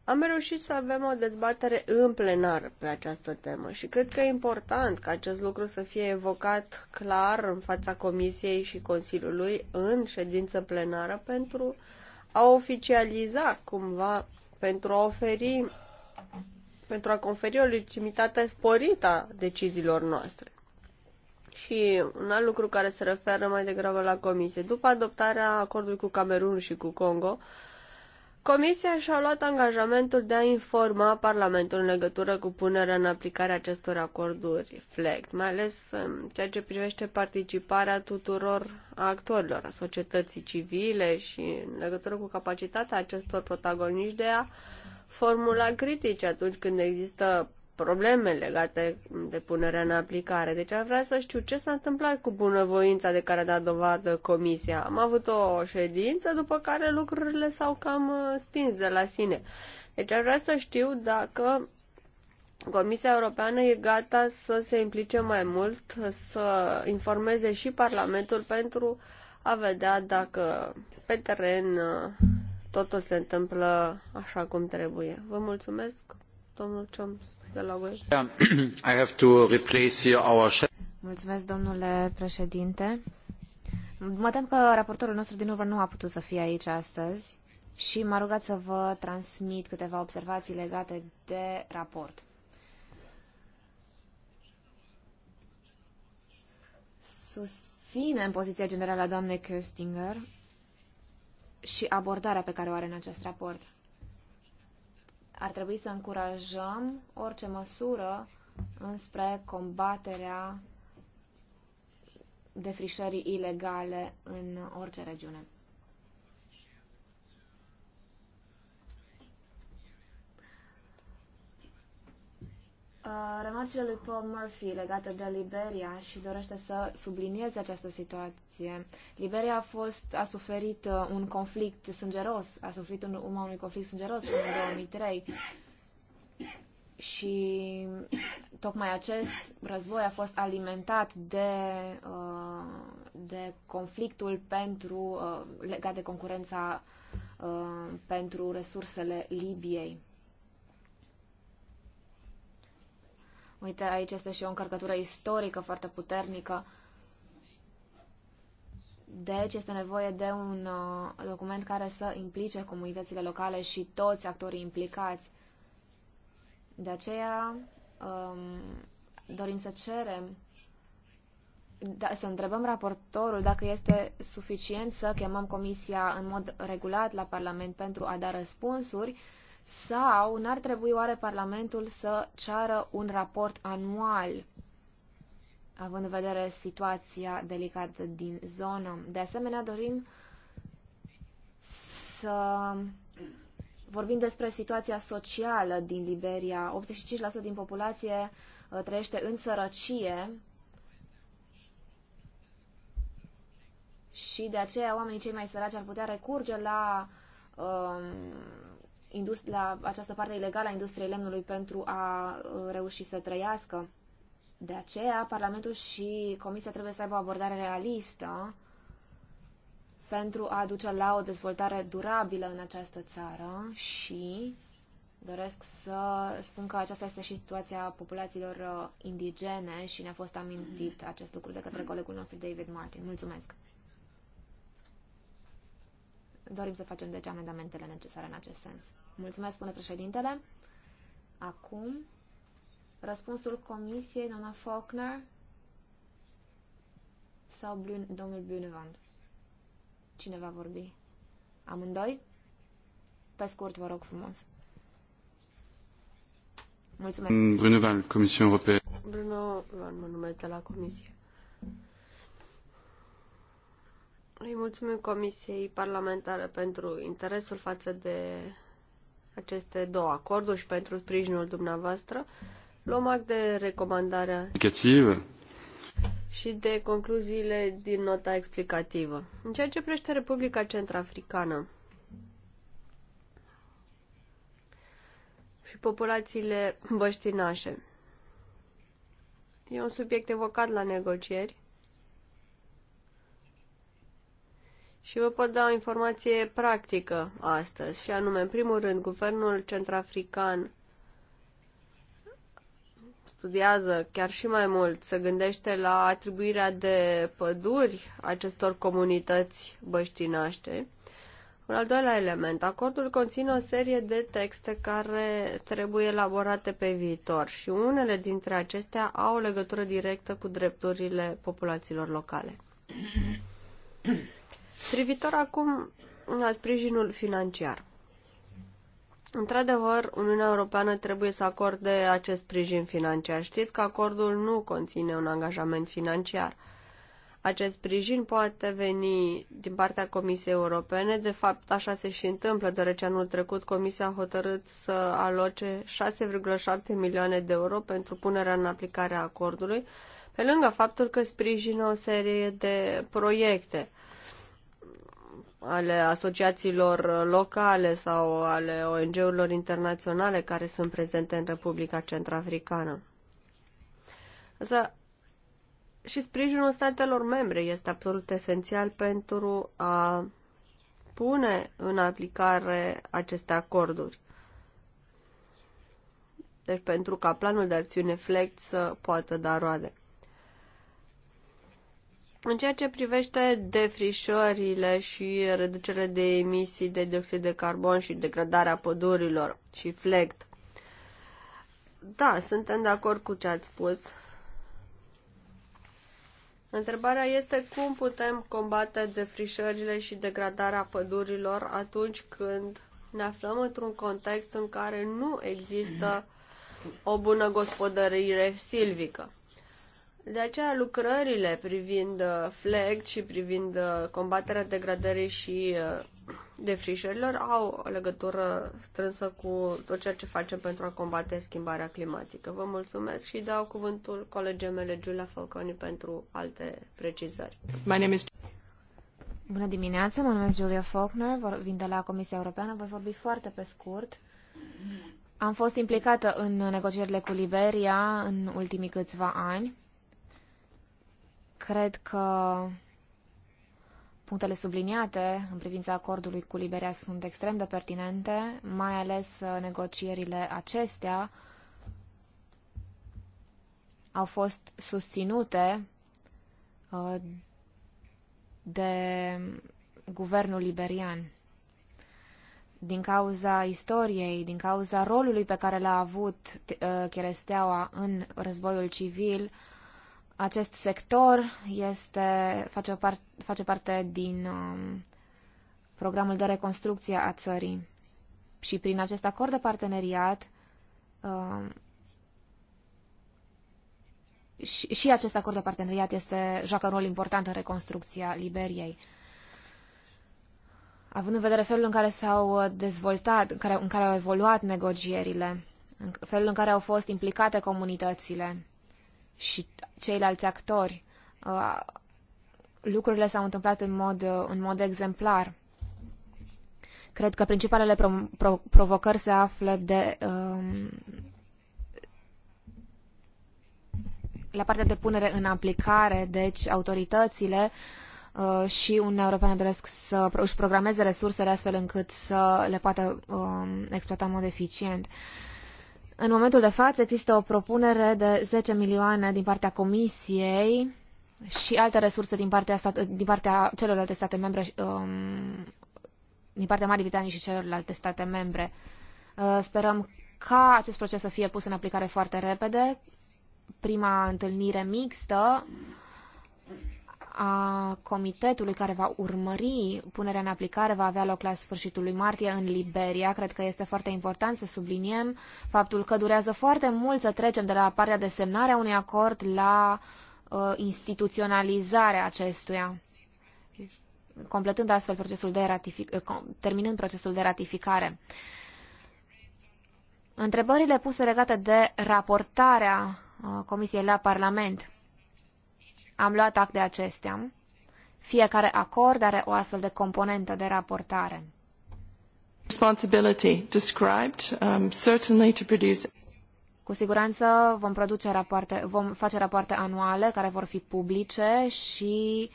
Am reușit să avem o dezbatere în plenar pe această temă și cred că e important ca acest lucru să fie evocat clar în fața Comisiei și Consiliului în ședință plenară pentru a oficializa cumva pentru a oferi pentru a conferi o legitimitate sporită a deciziilor noastre. Și un alt lucru care se referă mai degrabă la comisie. După adoptarea acordului cu Camerun și cu Congo, uh, Comisia și-a luat angajamentul de a informa Parlamentul în legătură cu punerea în aplicare acestor acorduri FLECT, mai ales în ceea ce privește participarea tuturor actorilor, a societății civile și în legătură cu capacitatea acestor protagoniști de a formula critici atunci când există probleme legate de punerea în aplicare. Deci ar vrea să știu ce s-a întâmplat cu bunăvoința de care a dat dovadă comisia. Am avut o ședință după care lucrurile s-au cam uh, stins de la sine. Deci ar vrea să știu dacă Comisia Europeană e gata să se implice mai mult, să informeze și Parlamentul pentru a vedea dacă pe teren uh, totul se întâmplă așa cum trebuie. Vă mulțumesc, domnul Chomsky. [clears throat] Mulțumesc, domnule președinte. Mă tem că raportorul nostru din urmă nu a putut să fie aici astăzi și m-a rugat să vă transmit câteva observații legate de raport. Susținem poziția generală a doamnei Köstinger și abordarea pe care o are în acest raport ar trebui să încurajăm orice măsură înspre combaterea defrișării ilegale în orice regiune. Uh, remarcile lui Paul Murphy legate de Liberia și dorește să sublinieze această situație. Liberia a fost, a suferit uh, un conflict sângeros, a suferit un urma unui conflict sângeros în 2003 și tocmai acest război a fost alimentat de, uh, de conflictul pentru, legat de concurența pentru resursele Libiei. Uite, aici este și o încărcătură istorică foarte puternică. Deci este nevoie de un uh, document care să implice comunitățile locale și toți actorii implicați. De aceea um, dorim să cerem, da, să întrebăm raportorul dacă este suficient să chemăm comisia în mod regulat la Parlament pentru a da răspunsuri uh, sau n-ar trebui oare Parlamentul să ceară un raport anual, având în vedere situația delicată din zonă? De asemenea, dorim să vorbim despre situația socială din Liberia. 85% din populație uh, trăiește în sărăcie și de aceea oamenii cei mai săraci ar putea recurge la um, la această parte ilegală a industriei lemnului pentru a uh, reuși să trăiască. De aceea, Parlamentul și Comisia trebuie să aibă o abordare realistă pentru a duce la o dezvoltare durabilă în această țară și doresc să spun că aceasta este și situația populațiilor uh, indigene și ne-a fost amintit acest lucru de către colegul nostru David Martin. Mulțumesc! Dorim să facem deci amendamentele necesare în acest sens. Mulțumesc, spune președintele. Acum, răspunsul comisiei, doamna Faulkner sau Brun, domnul Brunevand? Cine va vorbi? Amândoi? Pe scurt, vă rog frumos. Mulțumesc. Mm, Bruneval, Comisia Europeană. Bruno vă mă numesc de la Comisie. Îi mulțumim Comisiei Parlamentare pentru interesul față de aceste două acorduri și pentru sprijinul dumneavoastră. Luăm act de recomandarea indicativă și de concluziile din nota explicativă. În ceea ce privește Republica Centrafricană și populațiile băștinașe, e un subiect evocat la negocieri Și vă pot da o informație practică astăzi, și anume, în primul rând, guvernul centrafrican studiază chiar și mai mult, se gândește la atribuirea de păduri acestor comunități băștinaște. Un al doilea element, acordul conține o serie de texte care trebuie elaborate pe viitor și unele dintre acestea au legătură directă cu drepturile populațiilor locale. [coughs] Privitor acum la sprijinul financiar. Într-adevăr, Uniunea Europeană trebuie să acorde acest sprijin financiar. Știți că acordul nu conține un angajament financiar. Acest sprijin poate veni din partea Comisiei Europene. De fapt, așa se și întâmplă, deoarece anul trecut Comisia a hotărât să aloce 6,7 milioane de euro pentru punerea în aplicare a acordului, pe lângă faptul că sprijină o serie de proiecte ale asociațiilor locale sau ale ONG-urilor internaționale care sunt prezente în Republica Centrafricană. Însă și sprijinul statelor membre este absolut esențial pentru a pune în aplicare aceste acorduri. Deci pentru ca planul de acțiune FLECT să poată da roade. În ceea ce privește defrișările și reducerea de emisii de dioxid de carbon și degradarea pădurilor și flect, da, suntem de acord cu ce ați spus. Întrebarea este cum putem combate defrișările și degradarea pădurilor atunci când ne aflăm într-un context în care nu există o bună gospodărire silvică. De aceea lucrările privind uh, FLEG și privind uh, combaterea degradării și uh, defrișărilor au o legătură strânsă cu tot ceea ce facem pentru a combate schimbarea climatică. Vă mulțumesc și dau cuvântul colegii mele, Giulia Falconi, pentru alte precizări. My name is... Bună dimineața, mă numesc Julia Faulkner, vin de la Comisia Europeană, voi vorbi foarte pe scurt. Am fost implicată în negocierile cu Liberia în ultimii câțiva ani Cred că punctele subliniate în privința acordului cu Liberia sunt extrem de pertinente, mai ales uh, negocierile acestea au fost susținute uh, de guvernul liberian. Din cauza istoriei, din cauza rolului pe care l-a avut uh, Cheresteaua în războiul civil, acest sector este, face, o face parte din um, programul de reconstrucție a țării. Și prin acest acord de parteneriat um, și, și acest acord de parteneriat este, joacă un rol important în reconstrucția Liberiei. Având în vedere felul în care s-au dezvoltat, în care, în care au evoluat negocierile, în felul în care au fost implicate comunitățile, și ceilalți actori. Uh, lucrurile s-au întâmplat în mod, uh, în mod exemplar. Cred că principalele pro, pro, provocări se află de, um, la partea de punere în aplicare, deci autoritățile uh, și Uniunea Europeană doresc să își programeze resursele astfel încât să le poată um, exploata în mod eficient. Uh, în momentul de față există o propunere de 10 milioane din partea Comisiei și alte resurse din partea, stat, din partea celorlalte state membre, um, din partea Marii Britanii și celorlalte state membre. Uh, sperăm ca acest proces să fie pus în aplicare foarte repede. Prima întâlnire mixtă uh, a comitetului care va urmări punerea în aplicare va avea loc la sfârșitul lui martie în Liberia. Cred că este foarte important să subliniem faptul că durează foarte mult să trecem de la partea de semnare a unui acord la uh, instituționalizarea acestuia, completând astfel procesul de ratific- uh, terminând procesul de ratificare. Întrebările puse legate de raportarea uh, Comisiei la Parlament – am luat act de acestea. Fiecare acord are o astfel de componentă de raportare. Responsibility described, um, certainly to produce cu siguranță vom produce rapoarte, vom face rapoarte anuale care vor fi publice și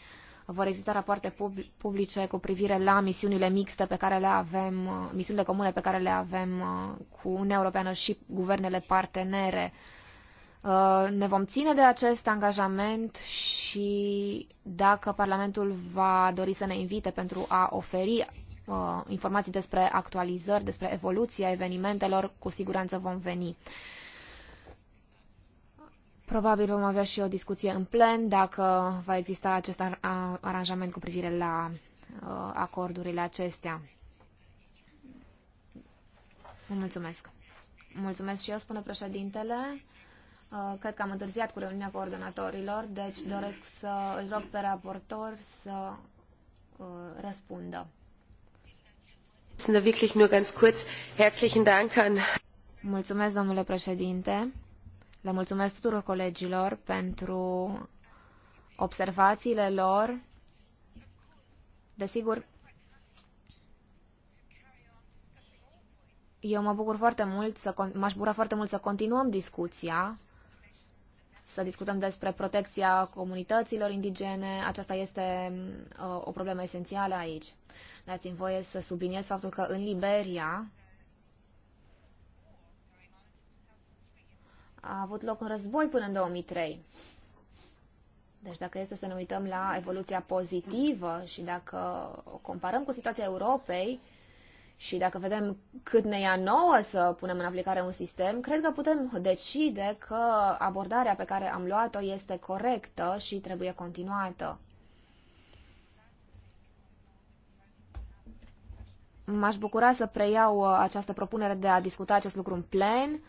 vor exista rapoarte publice cu privire la misiunile mixte pe care le avem, uh, misiunile comune pe care le avem uh, cu Uniunea Europeană și guvernele partenere Uh, ne vom ține de acest angajament și dacă Parlamentul va dori să ne invite pentru a oferi uh, informații despre actualizări, despre evoluția evenimentelor, cu siguranță vom veni. Probabil vom avea și o discuție în plen dacă va exista acest aranjament cu privire la uh, acordurile acestea. Vă mulțumesc. Mulțumesc și eu, spune președintele. Uh, cred că am întârziat cu reuniunea coordonatorilor, deci doresc să îl rog pe raportor să uh, răspundă. Mulțumesc, domnule președinte. Le mulțumesc tuturor colegilor pentru observațiile lor. Desigur, eu mă bucur foarte mult, să, m-aș bucura foarte mult să continuăm discuția să discutăm despre protecția comunităților indigene. Aceasta este uh, o problemă esențială aici. Dați-mi voie să subliniez faptul că în Liberia a avut loc un război până în 2003. Deci dacă este să ne uităm la evoluția pozitivă și dacă o comparăm cu situația Europei, uh, și dacă vedem cât ne ia nouă să punem în aplicare un sistem, cred că putem decide că abordarea pe care am luat-o este corectă și trebuie continuată. M-aș bucura să preiau uh, această propunere de a discuta acest lucru în plen,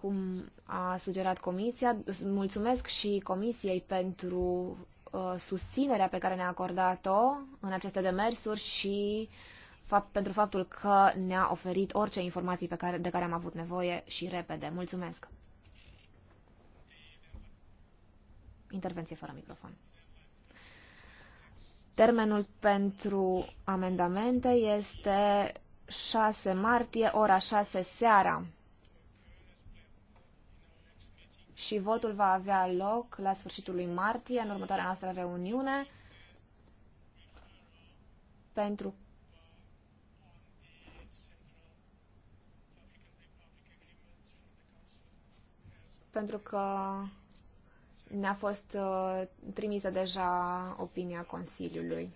cum a sugerat Comisia. Mulțumesc și Comisiei pentru uh, susținerea pe care ne-a acordat-o în aceste demersuri și uh, fapt, pentru faptul că ne-a oferit orice informații pe care, de care am avut nevoie și repede. Mulțumesc! Intervenție fără microfon. Termenul pentru amendamente este 6 martie, ora 6 seara. Și votul va avea loc la sfârșitul lui martie, în următoarea noastră reuniune, pentru pentru că ne-a fost uh, trimisă deja opinia Consiliului.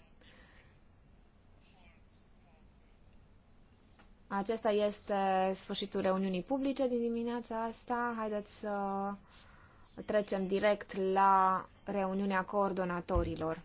Acesta este sfârșitul reuniunii publice din dimineața asta. Haideți să trecem direct la reuniunea coordonatorilor.